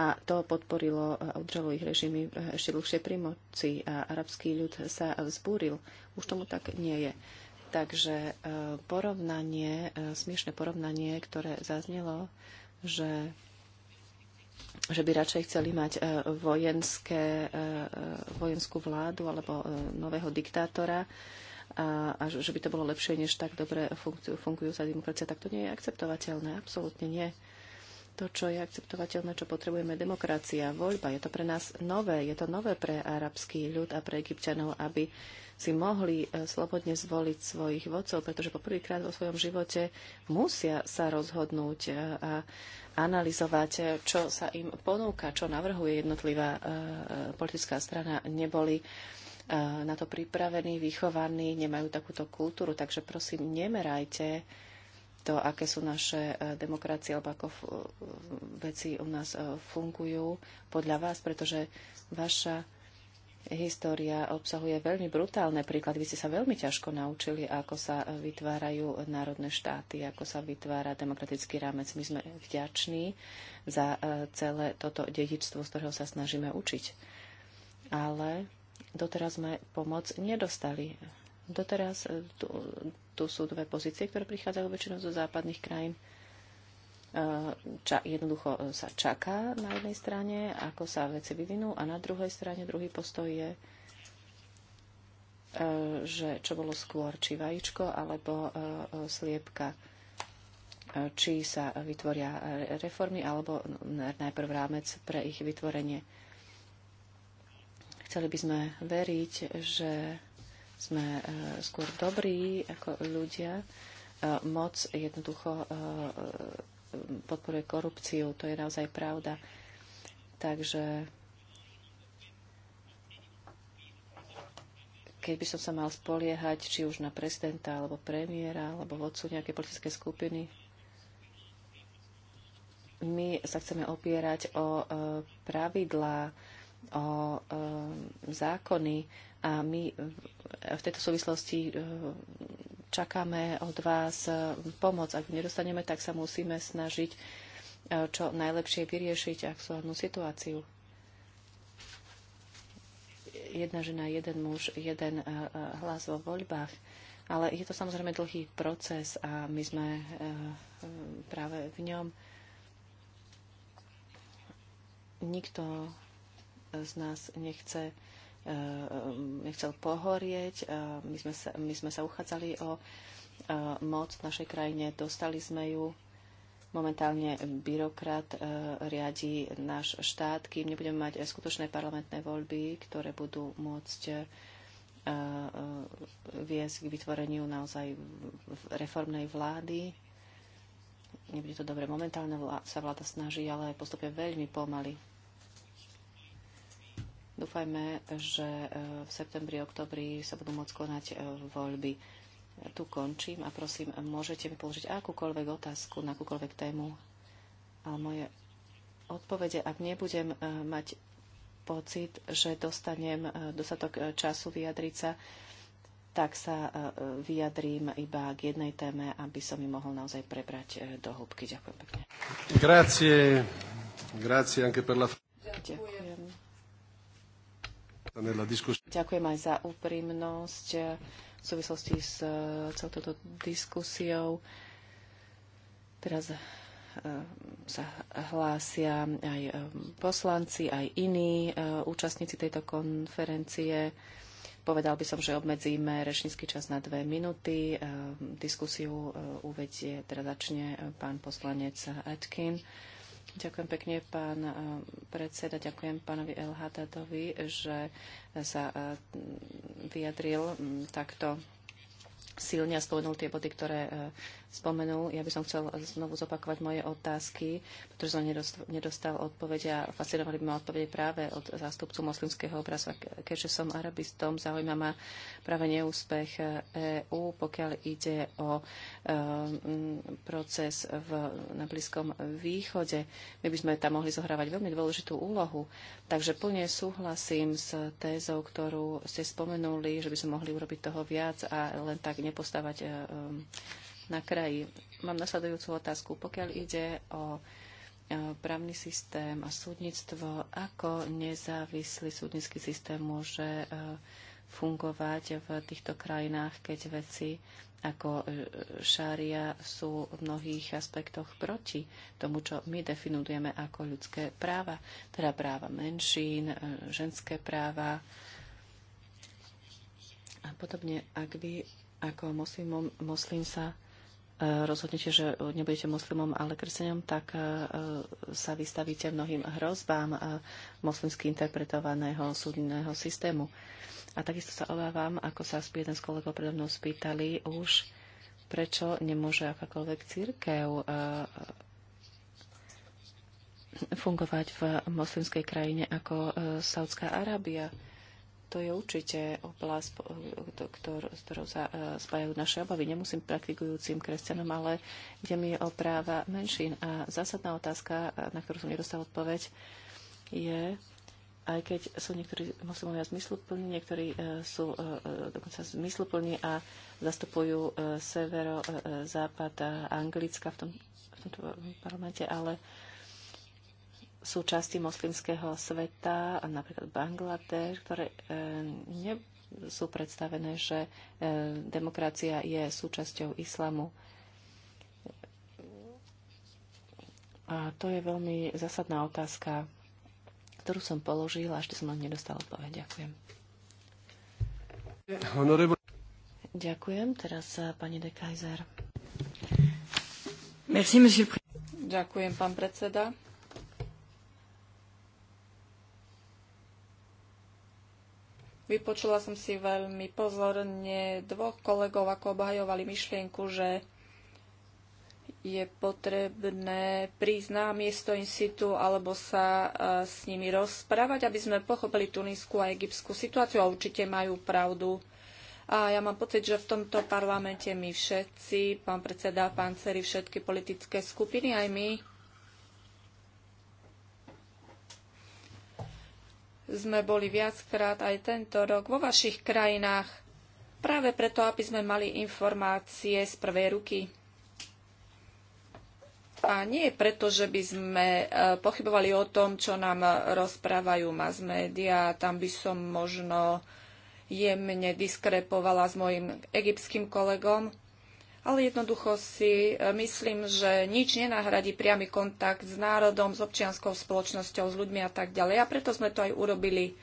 A to podporilo a udržalo ich režimy e, ešte dlhšie pri moci a arabský ľud sa vzbúril. Už tomu tak nie je. Takže porovnanie, smiešne porovnanie, ktoré zaznelo, že že by radšej chceli mať e, vojenské, e, e, vojenskú vládu alebo nového diktátora a, a že by to bolo lepšie, než tak dobre fungujúca demokracia, tak to nie je akceptovateľné. Absolútne nie. To, čo je akceptovateľné, čo potrebujeme, demokracia, voľba. Je to pre nás nové, je to nové pre arabský ľud a pre egyptianov, aby uh, si mohli e, slobodne zvoliť svojich vodcov, pretože poprvýkrát vo svojom živote musia sa rozhodnúť e, a analyzovať, e, čo sa im ponúka, čo navrhuje jednotlivá politická strana. Neboli na to pripravení, vychovaní, nemajú takúto kultúru, takže prosím, nemerajte to, aké sú naše demokracie alebo ako veci u nás fungujú podľa vás, pretože vaša História obsahuje veľmi brutálne príklady. Vy ste sa veľmi ťažko naučili, ako sa vytvárajú národné štáty, ako sa vytvára demokratický rámec. My sme vďační za e, celé toto dedičstvo, z ktorého sa snažíme učiť. Ale doteraz sme pomoc nedostali. Doteraz e, tu, tu sú dve pozície, ktoré prichádzajú väčšinou zo západných krajín ča, jednoducho sa čaká na jednej strane, ako sa veci vyvinú a na druhej strane druhý postoj je, e, že čo bolo skôr, či vajíčko alebo e, sliepka e, či sa vytvoria reformy alebo najprv rámec pre ich vytvorenie. Chceli by sme veriť, že sme skôr dobrí ako ľudia. Moc jednoducho podporuje korupciu. To je naozaj pravda. Takže keď by som sa mal spoliehať či už na prezidenta, alebo premiéra, alebo vodcu nejakej politickej skupiny, my sa chceme opierať o e, pravidlá, o e, zákony a my v tejto súvislosti e, čakáme od vás pomoc. Ak nedostaneme, tak sa musíme snažiť e, čo najlepšie vyriešiť aktuálnu situáciu. Jedna žena, jeden muž, jeden e, e, hlas vo voľbách. Ale je to samozrejme dlhý proces a my sme práve v ňom. Nikto z nás nechce E, e, nechcel pohorieť. E, my sme sa, my sme sa uchádzali o moc v našej krajine, dostali sme ju. Momentálne byrokrat riadi náš štát, kým nebudeme mať skutočné parlamentné voľby, ktoré budú môcť viesť k vytvoreniu naozaj reformnej vlády. Nebude to dobre. Momentálne sa vláda snaží, ale postupuje veľmi pomaly. Dúfajme, že e, v septembri, oktobri sa budú môcť konať e, voľby. Tu končím a prosím, môžete mi položiť akúkoľvek otázku na akúkoľvek tému, ale moje odpovede, ak nebudem e, mať pocit, že dostanem dostatok času vyjadriť sa, tak sa vyjadrím iba k jednej téme, aby som ju mohol naozaj prebrať do hĺbky. Ďakujem pekne. Grazie. Grazie anche per la... Ďakujem. Ďakujem aj za úprimnosť eh, v súvislosti s eh, celou touto diskusiou. Teraz eh, sa hlásia aj poslanci, aj iní účastníci tejto konferencie. Povedal by som, že obmedzíme rečnícky čas na dve minúty. Diskusiu uvedie, teda začne pán poslanec Atkin. Ďakujem pekne, pán eh, predseda. Ďakujem pánovi Elhadadovi, že sa eh, vyjadril mm, takto silne a spomenul tie body, ktoré eh, spomenul. Ja by som chcel znovu zopakovať moje otázky, pretože som nedostal odpovede a fascinovali by ma odpovede práve od zástupcu moslimského obrazu. Keďže som arabistom, zaujíma ma práve neúspech EÚ, pokiaľ ide o e, proces v, na Blízkom východe. My by sme tam mohli zohrávať veľmi dôležitú úlohu. Takže plne súhlasím s tézou, ktorú ste spomenuli, že by sme mohli urobiť toho viac a len tak nepostávať e, e, na kraji. Mám nasledujúcu otázku. Pokiaľ ide o e, právny systém a súdnictvo, ako nezávislý súdnický systém môže e, fungovať v týchto krajinách, keď veci ako e, šária sú v mnohých aspektoch proti tomu, čo my definujeme ako ľudské práva, teda práva menšín, ženské práva a podobne. Ak vy ako moslimom, moslim sa rozhodnete, že nebudete moslimom, ale kresťanom, tak e, sa vystavíte mnohým hrozbám e, moslimsky interpretovaného súdneho systému. A takisto sa obávam, ako sa jeden z kolegov predo mnou spýtali už, prečo nemôže akákoľvek církev e, fungovať v moslimskej krajine ako Saudská Arábia to je určite oblasť, s ktorou sa e, spájajú naše obavy. Nemusím praktikujúcim kresťanom, ale ide mi o práva menšín. A zásadná otázka, na ktorú som nedostal odpoveď, je, aj keď sú niektorí moslimovia zmysluplní, niektorí e, sú e, dokonca zmysluplní a zastupujú severo, západ a Anglicka v, tom, v tomto parlamente, ale sú časti moslimského sveta, napríklad Bangladeš, ktoré e, ne, sú predstavené, že e, demokracia je súčasťou islamu. A to je veľmi zásadná otázka, ktorú som položila, ešte som len nedostala odpoveď. Ďakujem. Ďakujem. Teraz e, pani de Kaiser. Merci, Ďakujem, pán predseda. Vypočula som si veľmi pozorne dvoch kolegov, ako obhajovali myšlienku, že je potrebné prísť na miesto in situ alebo sa eh, s nimi rozprávať, aby sme pochopili tunísku a egyptskú situáciu a určite majú pravdu. A ja mám pocit, že v tomto parlamente my všetci, pán predseda, pán Ceri, všetky politické skupiny, aj my, sme boli viackrát aj tento rok vo vašich krajinách, práve preto, aby sme mali informácie z prvej ruky. A nie preto, že by sme e, pochybovali o tom, čo nám rozprávajú mass media. Tam by som možno jemne diskrepovala s mojim egyptským kolegom, ale jednoducho si e, myslím, že nič nenahradí priamy kontakt s národom, s občianskou spoločnosťou, s ľuďmi a tak ďalej. A preto sme to aj urobili.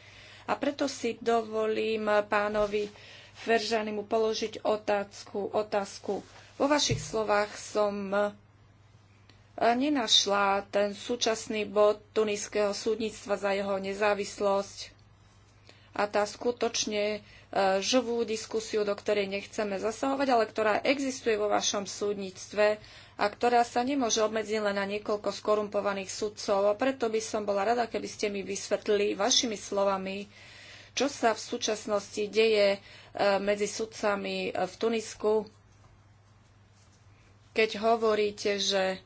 A preto si dovolím pánovi Feržanimu položiť otázku. otázku. Vo vašich slovách som e, nenašla ten súčasný bod tuniského súdnictva za jeho nezávislosť. A tá skutočne živú diskusiu, do ktorej nechceme zasahovať, ale ktorá existuje vo vašom súdnictve a ktorá sa nemôže obmedziť len na niekoľko skorumpovaných sudcov. A preto by som bola rada, keby ste mi vysvetlili vašimi slovami, čo sa v súčasnosti deje e, medzi sudcami e, v Tunisku, keď hovoríte, že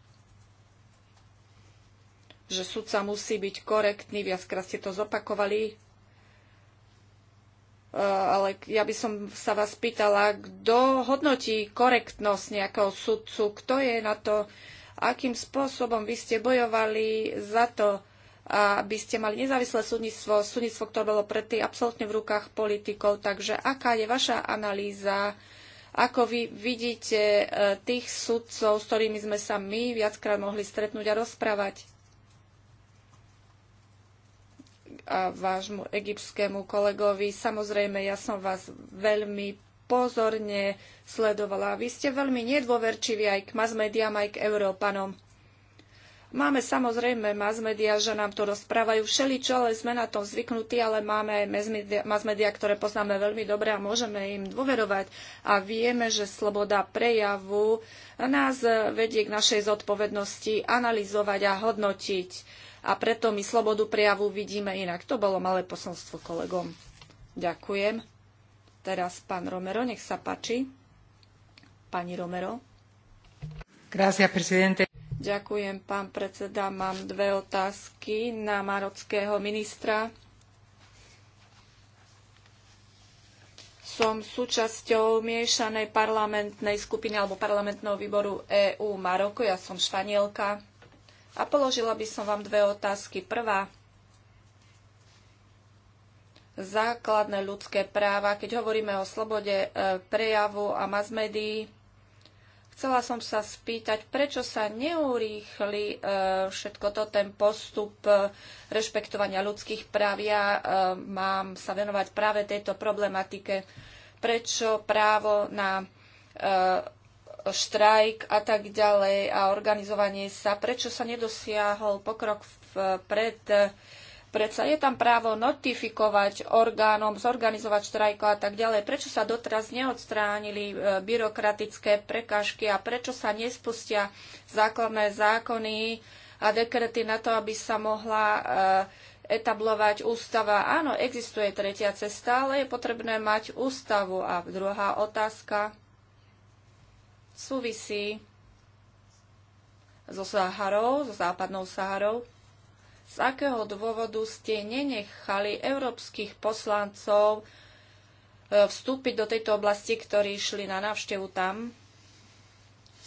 že sudca musí byť korektný, viackrát ste to zopakovali, Eh, ale ja by som sa vás pýtala, kto hodnotí korektnosť nejakého sudcu, kto je na to, akým spôsobom vy ste bojovali za to, aby ste mali nezávislé súdnictvo, súdnictvo, ktoré bolo predtým absolútne v rukách politikov. Takže aká je vaša analýza, ako vy vidíte eh, tých sudcov, s ktorými sme sa my viackrát mohli stretnúť a rozprávať? vášmu egyptskému kolegovi. Samozrejme, ja som vás veľmi pozorne sledovala. Vy ste veľmi nedôverčiví aj k masmediám, aj k Európanom. Máme samozrejme masmedia, že nám to rozprávajú všeličo, ale sme na tom zvyknutí, ale máme aj masmedia, ktoré poznáme veľmi dobre a môžeme im dôverovať. A vieme, že sloboda prejavu nás vedie k našej zodpovednosti analyzovať a hodnotiť a preto my slobodu prejavu vidíme inak. To bolo malé posolstvo kolegom. Ďakujem. Teraz pán Romero, nech sa páči. Pani Romero. Gracias, presidente. Ďakujem, pán predseda. Mám dve otázky na marockého ministra. Som súčasťou miešanej parlamentnej skupiny alebo parlamentného výboru EÚ Maroko. Ja som španielka a položila by som vám dve otázky. Prvá, základné ľudské práva. Keď hovoríme o slobode e, prejavu a mass chcela som sa spýtať, prečo sa neurýchli e, všetko to, ten postup e, rešpektovania ľudských práv. Ja mám sa venovať práve tejto problematike. Prečo právo na štrajk a tak ďalej a organizovanie sa, prečo sa nedosiahol pokrok pred Predsa je tam právo notifikovať orgánom, zorganizovať štrajko a tak ďalej. Prečo sa doteraz neodstránili e, byrokratické prekážky a prečo sa nespustia základné zákony a dekrety na to, aby sa mohla e, etablovať ústava. Áno, existuje tretia cesta, ale je potrebné mať ústavu. A druhá otázka súvisí so Saharou, so západnou Saharou. Z akého dôvodu ste nenechali európskych poslancov e, vstúpiť do tejto oblasti, ktorí išli na návštevu tam?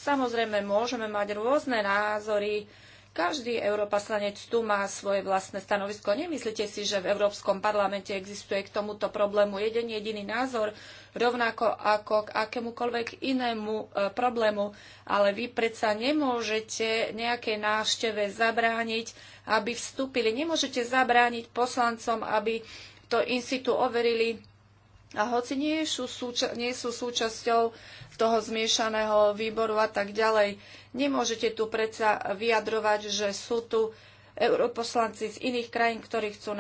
Samozrejme, môžeme mať rôzne názory každý europaslanec tu má svoje vlastné stanovisko. Nemyslíte si, že v Európskom parlamente existuje k tomuto problému jeden jediný názor, rovnako ako k akémukoľvek inému e, problému. Ale vy predsa nemôžete nejaké návšteve zabrániť, aby vstúpili. Nemôžete zabrániť poslancom, aby to in situ overili a hoci nie sú, súča- nie sú súčasťou toho zmiešaného výboru a tak ďalej, nemôžete tu predsa vyjadrovať, že sú tu europoslanci z iných krajín, ktorí chcú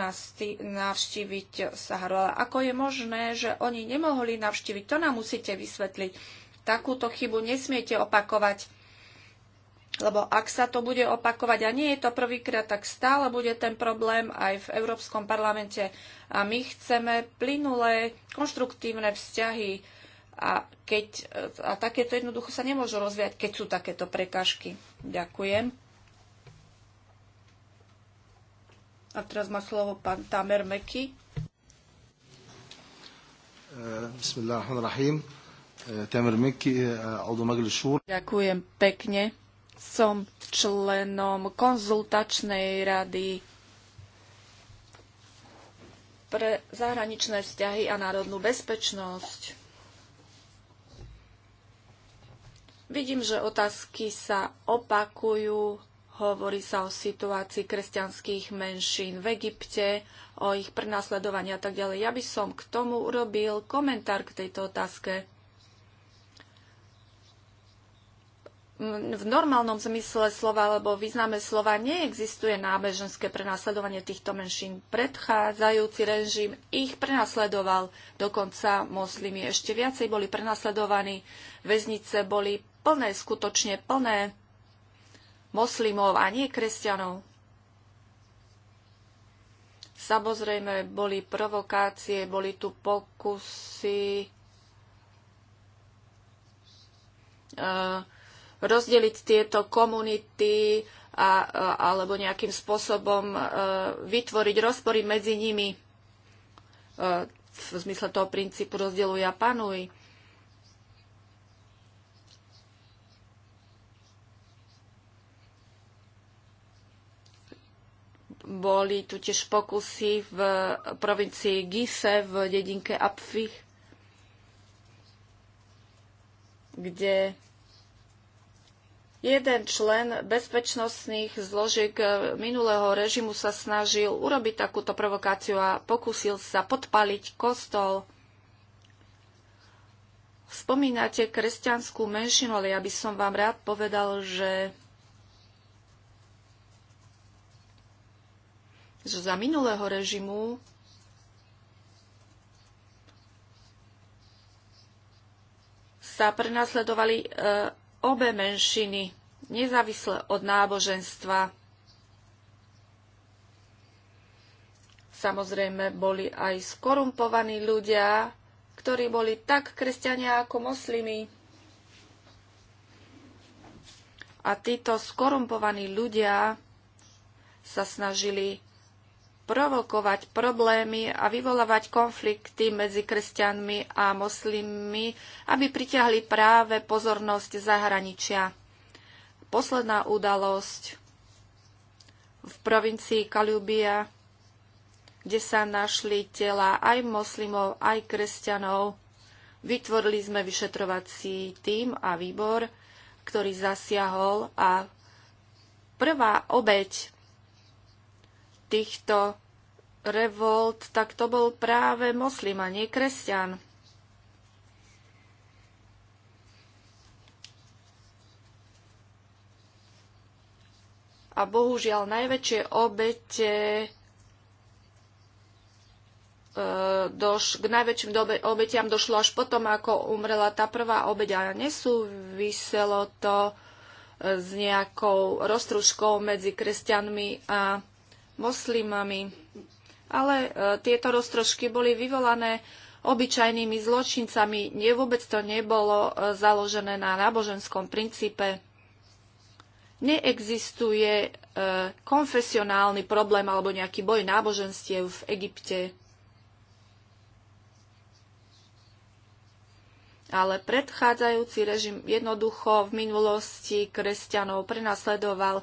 navštíviť Saharu. Ale ako je možné, že oni nemohli navštíviť? To nám musíte vysvetliť. Takúto chybu nesmiete opakovať. Lebo ak sa to bude opakovať a nie je to prvýkrát, tak stále bude ten problém aj v Európskom parlamente. A my chceme plynulé, konštruktívne vzťahy. A, keď, a takéto jednoducho sa nemôžu rozviať, keď sú takéto prekážky. Ďakujem. A teraz má slovo pán Tamer Meky. Eh, bismillahirrahmanirrahim. Eh, Tamer Meky, eh, Aldo Magli Šúr. Ďakujem pekne. Som členom konzultačnej rady pre zahraničné vzťahy a národnú bezpečnosť. Vidím, že otázky sa opakujú. Hovorí sa o situácii kresťanských menšín v Egypte, o ich prenasledovaní a tak ďalej. Ja by som k tomu urobil komentár k tejto otázke. v normálnom zmysle slova alebo význame slova neexistuje nábeženské prenasledovanie týchto menšín. Predchádzajúci režim ich prenasledoval, dokonca moslimi ešte viacej boli prenasledovaní, väznice boli plné, skutočne plné moslimov a nie kresťanov. Samozrejme, boli provokácie, boli tu pokusy uh, rozdeliť tieto komunity a, alebo nejakým spôsobom e, vytvoriť rozpory medzi nimi e, v zmysle toho princípu rozdeluj a panuj. boli tu tiež pokusy v provincii Gise v dedinke Apfich, kde Jeden člen bezpečnostných zložiek eh, minulého režimu sa snažil urobiť takúto provokáciu a pokúsil sa podpaliť kostol. Spomínate kresťanskú menšinu, ale ja by som vám rád povedal, že, že za minulého režimu sa prenasledovali e, obe menšiny, nezávisle od náboženstva. Samozrejme, boli aj skorumpovaní ľudia, ktorí boli tak kresťania ako moslimi. A títo skorumpovaní ľudia sa snažili provokovať problémy a vyvolávať konflikty medzi kresťanmi a moslimmi, aby pritiahli práve pozornosť zahraničia. Posledná udalosť v provincii Kalubia, kde sa našli tela aj moslimov, aj kresťanov. Vytvorili sme vyšetrovací tím a výbor, ktorý zasiahol a prvá obeď týchto revolt, tak to bol práve moslim a nie kresťan. A bohužiaľ najväčšie obete e, doš, k najväčším dobe, obetiam došlo až potom, ako umrela tá prvá obeď a nesúviselo to e, s nejakou roztružkou medzi kresťanmi a moslimami. Ale e, tieto roztrošky boli vyvolané obyčajnými zločincami. Nie, vôbec to nebolo e, založené na náboženskom princípe. Neexistuje e, konfesionálny problém alebo nejaký boj náboženstiev v Egypte. ale predchádzajúci režim jednoducho v minulosti kresťanov prenasledoval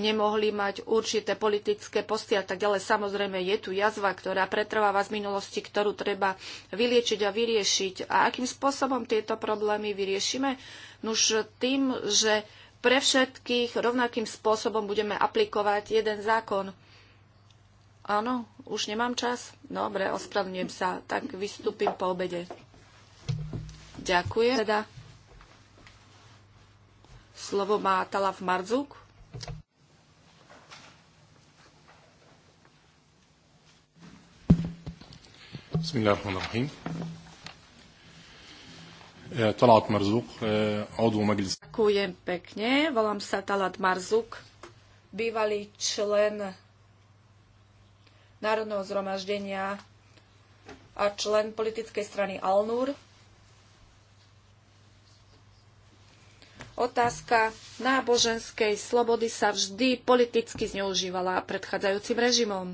nemohli mať určité politické posty a tak ďalej. Samozrejme, je tu jazva, ktorá pretrváva z minulosti, ktorú treba vyliečiť a vyriešiť. A akým spôsobom tieto problémy vyriešime? Nuž tým, že pre všetkých rovnakým spôsobom budeme aplikovať jeden zákon. Áno, už nemám čas? Dobre, ospravňujem sa. Tak vystúpim po obede. Ďakujem. Teda slovo má Talav Marzuk. بسم الله الرحمن الرحيم Talat Marzuk, odvo Maglis. Ďakujem pekne. Volám sa Talat Marzuk, bývalý člen Národného zhromaždenia a člen politickej strany Alnur. Otázka náboženskej slobody sa vždy politicky zneužívala predchádzajúcim režimom.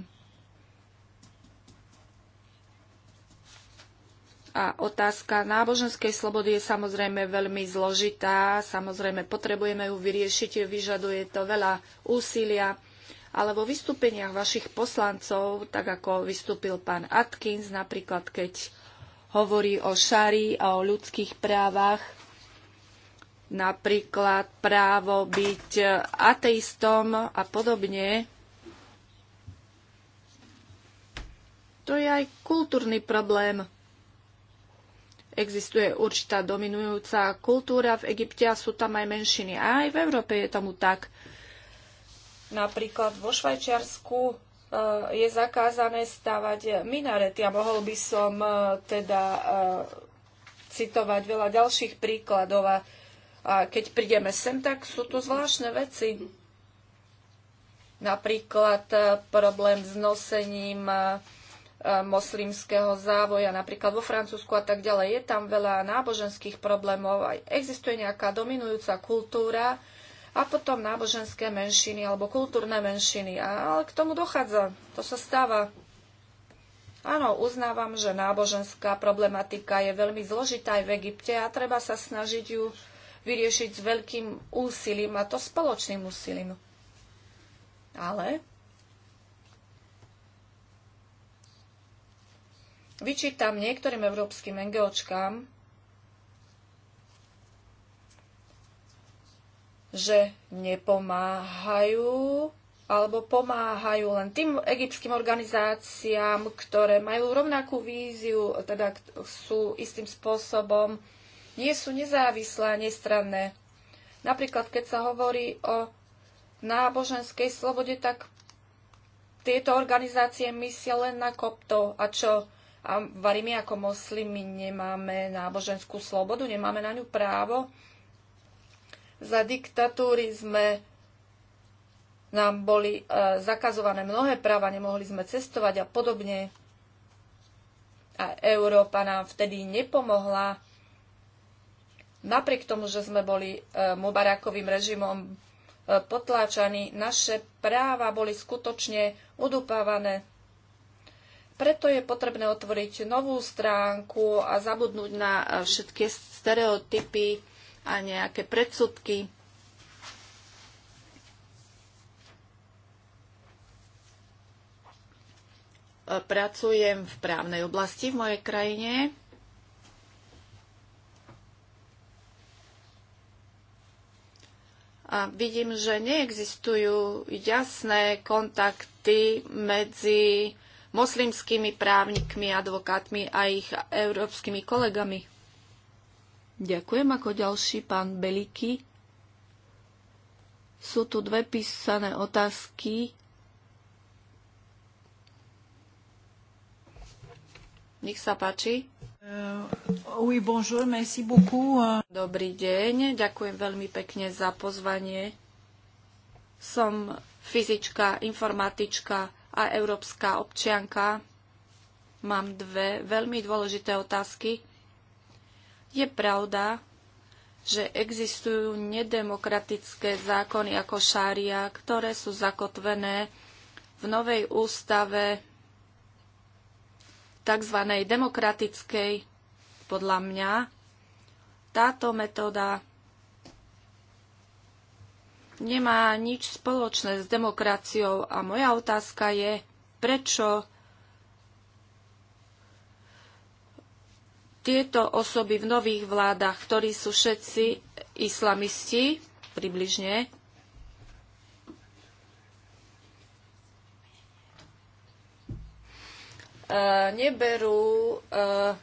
A otázka náboženskej slobody je samozrejme veľmi zložitá, samozrejme potrebujeme ju vyriešiť, vyžaduje to veľa úsilia, ale vo vystúpeniach vašich poslancov, tak ako vystúpil pán Atkins napríklad, keď hovorí o šari a o ľudských právach, napríklad právo byť ateistom a podobne, to je aj kultúrny problém Existuje určitá dominujúca kultúra v Egypte a sú tam aj menšiny. A aj v Európe je tomu tak. Napríklad vo Švajčiarsku e, je zakázané stavať minarety a mohol by som e, teda e, citovať veľa ďalších príkladov a a keď prídeme sem, tak sú tu zvláštne veci. Napríklad problém s nosením E, moslimského závoja, napríklad vo Francúzsku a tak ďalej. Je tam veľa náboženských problémov, aj existuje nejaká dominujúca kultúra a potom náboženské menšiny alebo kultúrne menšiny. A, ale k tomu dochádza, to sa stáva. Áno, uznávam, že náboženská problematika je veľmi zložitá aj v Egypte a treba sa snažiť ju vyriešiť s veľkým úsilím a to spoločným úsilím. Ale vyčítam niektorým európskym NGOčkám, že nepomáhajú alebo pomáhajú len tým egyptským organizáciám, ktoré majú rovnakú víziu, teda sú istým spôsobom, nie sú nezávislé a nestranné. Napríklad, keď sa hovorí o náboženskej slobode, tak tieto organizácie myslia len na koptov. A čo? A varí my ako moslimi nemáme náboženskú slobodu, nemáme na ňu právo. Za diktatúry sme nám boli e, zakazované mnohé práva, nemohli sme cestovať a podobne. A Európa nám vtedy nepomohla. Napriek tomu, že sme boli e, Mubarakovým režimom e, potláčaní, naše práva boli skutočne udupávané preto je potrebné otvoriť novú stránku a zabudnúť na e, všetky stereotypy a nejaké predsudky. E, pracujem v právnej oblasti v mojej krajine. A vidím, že neexistujú jasné kontakty medzi moslimskými právnikmi, advokátmi a ich európskymi kolegami. Ďakujem ako ďalší pán Beliky. Sú tu dve písané otázky. Nech sa páči. Eh, oui, bonjour, merci beaucoup. Euh. Dobrý deň, ďakujem veľmi pekne za pozvanie. Som fyzička, informatička a európska občianka, mám dve veľmi dôležité otázky. Je pravda, že existujú nedemokratické zákony ako šária, ktoré sú zakotvené v novej ústave tzv. demokratickej. Podľa mňa táto metóda nemá nič spoločné s demokraciou. A moja otázka je, prečo tieto osoby v nových vládach, ktorí sú všetci islamisti, približne, eh, neberú eh,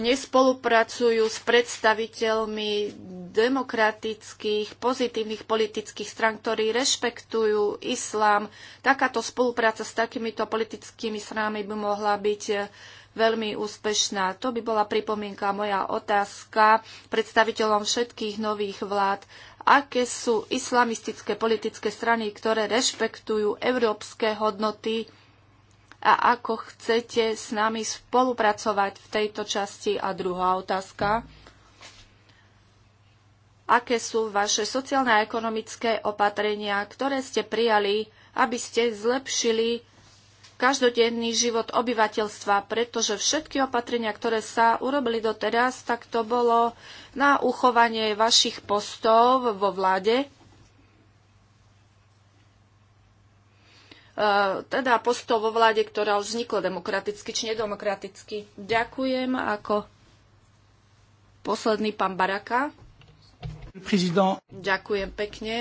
nespolupracujú s predstaviteľmi demokratických, pozitívnych politických stran, ktorí rešpektujú islám. Takáto spolupráca s takýmito politickými stranami by mohla byť eh, veľmi úspešná. To by bola pripomienka moja otázka predstaviteľom všetkých nových vlád. Aké sú islamistické politické strany, ktoré rešpektujú európske hodnoty a ako chcete s nami spolupracovať v tejto časti. A druhá otázka, aké sú vaše sociálne a ekonomické opatrenia, ktoré ste prijali, aby ste zlepšili každodenný život obyvateľstva, pretože všetky opatrenia, ktoré sa urobili doteraz, tak to bolo na uchovanie vašich postov vo vláde E, teda postov vo vláde, ktorá už vznikla demokraticky či nedemokraticky. Ďakujem ako posledný pán Baraka. Prezident. Ďakujem pekne.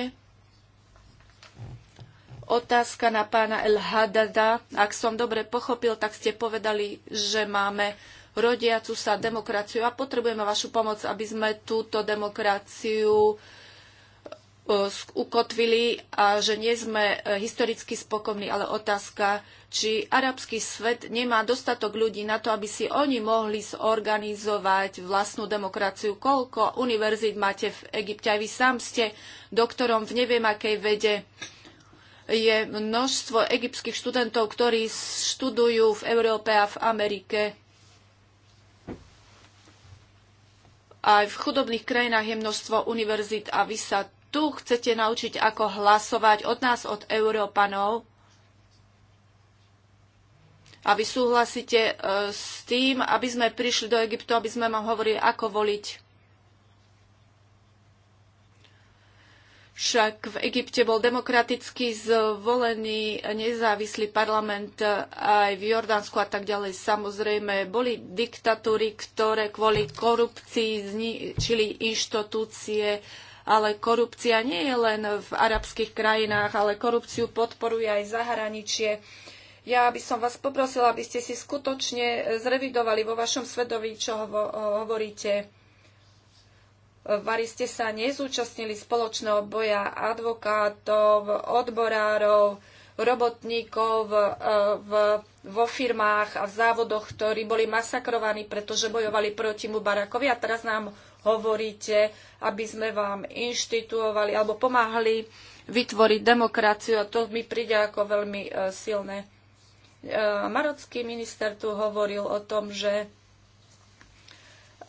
Otázka na pána El Hadada. Ak som dobre pochopil, tak ste povedali, že máme rodiacu sa demokraciu a potrebujeme vašu pomoc, aby sme túto demokraciu uh, E, ukotvili a že nie sme e, historicky spokojní, ale otázka, či arabský svet nemá dostatok ľudí na to, aby si oni mohli zorganizovať vlastnú demokraciu. Koľko univerzít máte v Egypte? Aj vy sám ste doktorom v neviem akej vede. Je množstvo egyptských študentov, ktorí študujú v Európe a v Amerike. Aj v chudobných krajinách je množstvo univerzít a vy sa tu chcete naučiť, ako hlasovať od nás, od Európanov. A vy súhlasíte e, s tým, aby sme prišli do Egyptu, aby sme vám hovorili, ako voliť. Však v Egypte bol demokraticky zvolený nezávislý parlament e, aj v Jordánsku a tak ďalej. Samozrejme, boli diktatúry, ktoré kvôli korupcii zničili inštitúcie, ale korupcia nie je len v arabských krajinách, ale korupciu podporuje aj zahraničie. Ja by som vás poprosila, aby ste si skutočne zrevidovali vo vašom svedoví, čo hovoríte. Vari ste sa nezúčastnili spoločného boja advokátov, odborárov, robotníkov v, v, vo firmách a v závodoch, ktorí boli masakrovaní, pretože bojovali proti Mubarakovi. A teraz nám hovoríte, aby sme vám inštituovali alebo pomáhali vytvoriť demokraciu a to mi príde ako veľmi e, silné. E, marocký minister tu hovoril o tom, že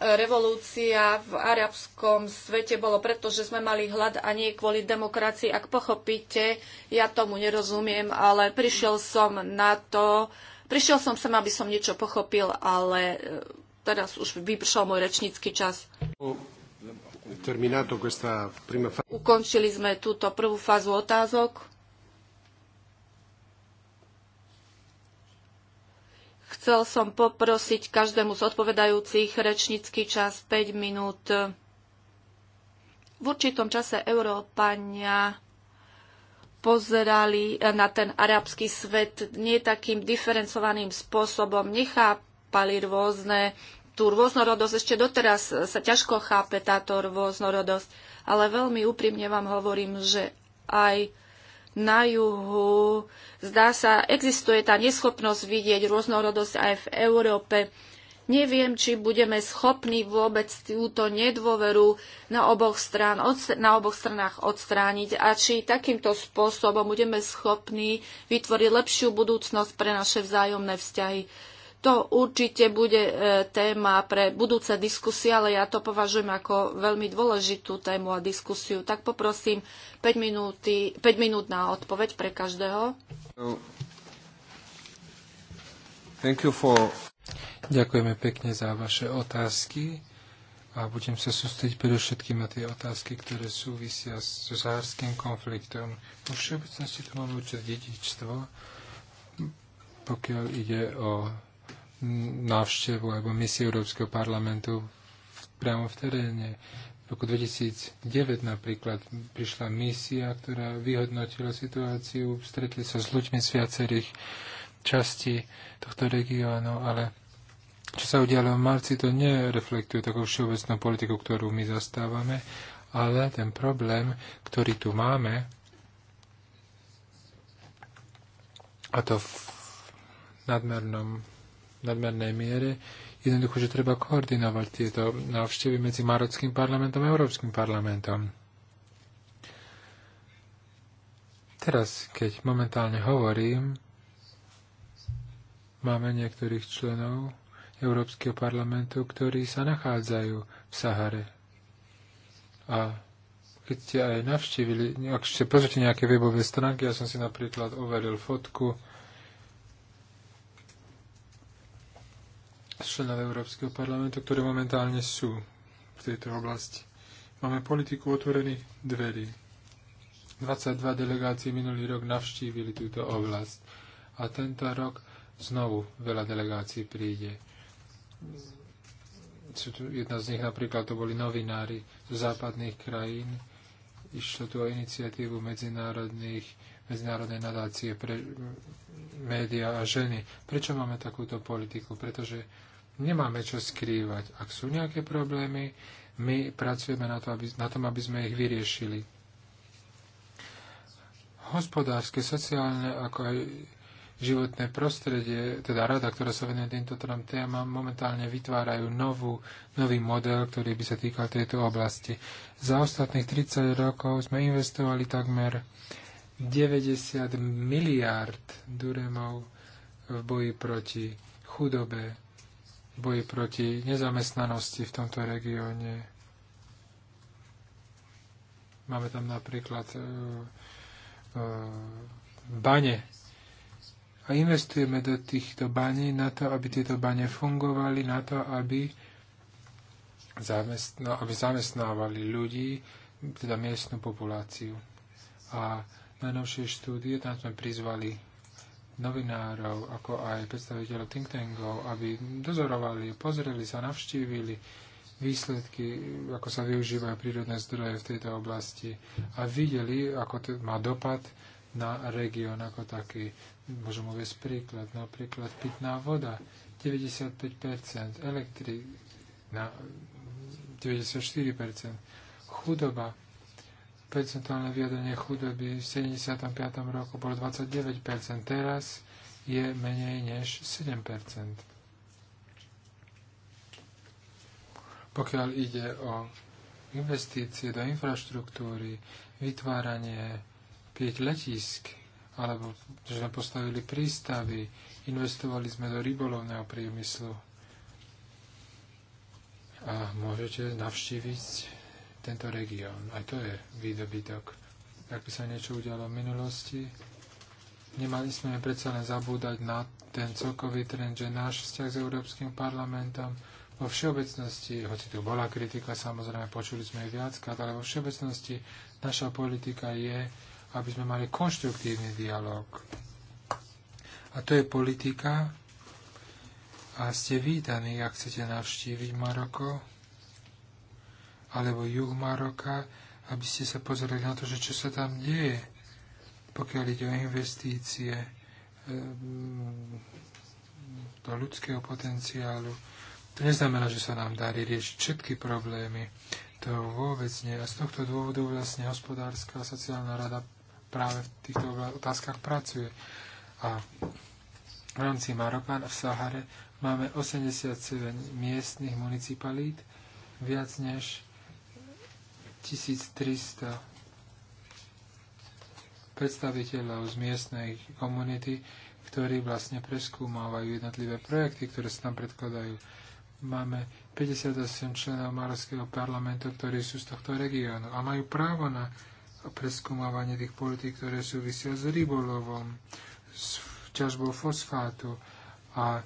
revolúcia v arabskom svete bolo preto, že sme mali hlad a nie kvôli demokracii. Ak pochopíte, ja tomu nerozumiem, ale prišiel som na to, prišiel som sem, aby som niečo pochopil, ale e, Teraz už vypršal môj rečnícky čas. Ukončili sme túto prvú fázu otázok. Chcel som poprosiť každému z odpovedajúcich rečnícky čas 5 minút. V určitom čase Európania pozerali na ten arabský svet nie takým diferencovaným spôsobom. Nechápu, pali rôzne, tú rôznorodosť. Ešte doteraz sa ťažko chápe táto rôznorodosť, ale veľmi úprimne vám hovorím, že aj na juhu zdá sa, existuje tá neschopnosť vidieť rôznorodosť aj v Európe. Neviem, či budeme schopní vôbec túto nedôveru na oboch, strán, na oboch stranách odstrániť a či takýmto spôsobom budeme schopní vytvoriť lepšiu budúcnosť pre naše vzájomné vzťahy. To určite bude e, téma pre budúce diskusie, ale ja to považujem ako veľmi dôležitú tému a diskusiu. Tak poprosím 5, minúty, 5 minút na odpoveď pre každého. Thank you for... Ďakujeme pekne za vaše otázky a budem sa sústrediť predovšetkým na tie otázky, ktoré súvisia s zárským konfliktom. Po všeobecnosti tu máme určité dedičstvo, pokiaľ ide o návštevu alebo misiu Európskeho parlamentu v, priamo v teréne. V roku 2009 napríklad prišla misia, ktorá vyhodnotila situáciu, stretli sa s ľuďmi z viacerých častí tohto regiónu, ale čo sa udialo v marci, to nereflektuje takú všeobecnú politiku, ktorú my zastávame, ale ten problém, ktorý tu máme, a to v nadmernom nadmernej miere. Jednoducho, že treba koordinovať tieto návštevy medzi Marockým parlamentom a Európskym parlamentom. Teraz, keď momentálne hovorím, máme niektorých členov Európskeho parlamentu, ktorí sa nachádzajú v Sahare. A keď ste aj navštívili, ak ste pozrite nejaké webové stránky, ja som si napríklad overil fotku, členov Európskeho parlamentu, ktoré momentálne sú v tejto oblasti. Máme politiku otvorených dverí. 22 delegácií minulý rok navštívili túto oblasť a tento rok znovu veľa delegácií príde. Jedna z nich napríklad to boli novinári z západných krajín. Išlo tu o iniciatívu medzinárodných, medzinárodnej nadácie pre médiá a ženy. Prečo máme takúto politiku? Pretože Nemáme čo skrývať. Ak sú nejaké problémy, my pracujeme na, to, aby, na tom, aby sme ich vyriešili. Hospodárske, sociálne, ako aj životné prostredie, teda rada, ktorá sa venuje týmto trom témam, momentálne vytvárajú novú, nový model, ktorý by sa týkal tejto oblasti. Za ostatných 30 rokov sme investovali takmer 90 miliárd duremov v boji proti chudobe, boji proti nezamestnanosti v tomto regióne. Máme tam napríklad uh, uh, bane. A investujeme do týchto baní na to, aby tieto bane fungovali, na to, aby, zamestná, no, aby zamestnávali ľudí, teda miestnú populáciu. A najnovšie štúdie, tam sme prizvali novinárov, ako aj predstaviteľov think tankov, aby dozorovali, pozreli sa, navštívili výsledky, ako sa využívajú prírodné zdroje v tejto oblasti a videli, ako to má dopad na región ako taký. Môžem uvieť príklad, napríklad pitná voda, 95%, elektri na 94%, chudoba, percentuálne vyjadrenie chudoby v 75. roku bolo 29%, teraz je menej než 7%. Pokiaľ ide o investície do infraštruktúry, vytváranie 5 letisk, alebo že sme postavili prístavy, investovali sme do rybolovného priemyslu. A môžete navštíviť tento región. aj to je výdobytok. Ak by sa niečo udialo v minulosti, nemali sme predsa len zabúdať na ten celkový trend, že náš vzťah s Európskym parlamentom vo všeobecnosti, hoci tu bola kritika, samozrejme počuli sme ju viackrát, ale vo všeobecnosti naša politika je, aby sme mali konštruktívny dialog. A to je politika, a ste vítaní, ak chcete navštíviť Maroko alebo juh Maroka, aby ste sa pozreli na to, že čo sa tam deje, pokiaľ ide o investície ehm, do ľudského potenciálu. To neznamená, že sa nám darí riešiť všetky problémy. To vôbec nie. A z tohto dôvodu vlastne hospodárska a sociálna rada práve v týchto otázkach pracuje. A v rámci Maroka v Sahare máme 87 miestnych municipalít, viac než 1300 predstaviteľov z miestnej komunity, ktorí vlastne preskúmávajú jednotlivé projekty, ktoré sa tam predkladajú. Máme 58 členov Marovského parlamentu, ktorí sú z tohto regiónu a majú právo na preskúmavanie tých politík, ktoré súvisia s rybolovom, s ťažbou fosfátu a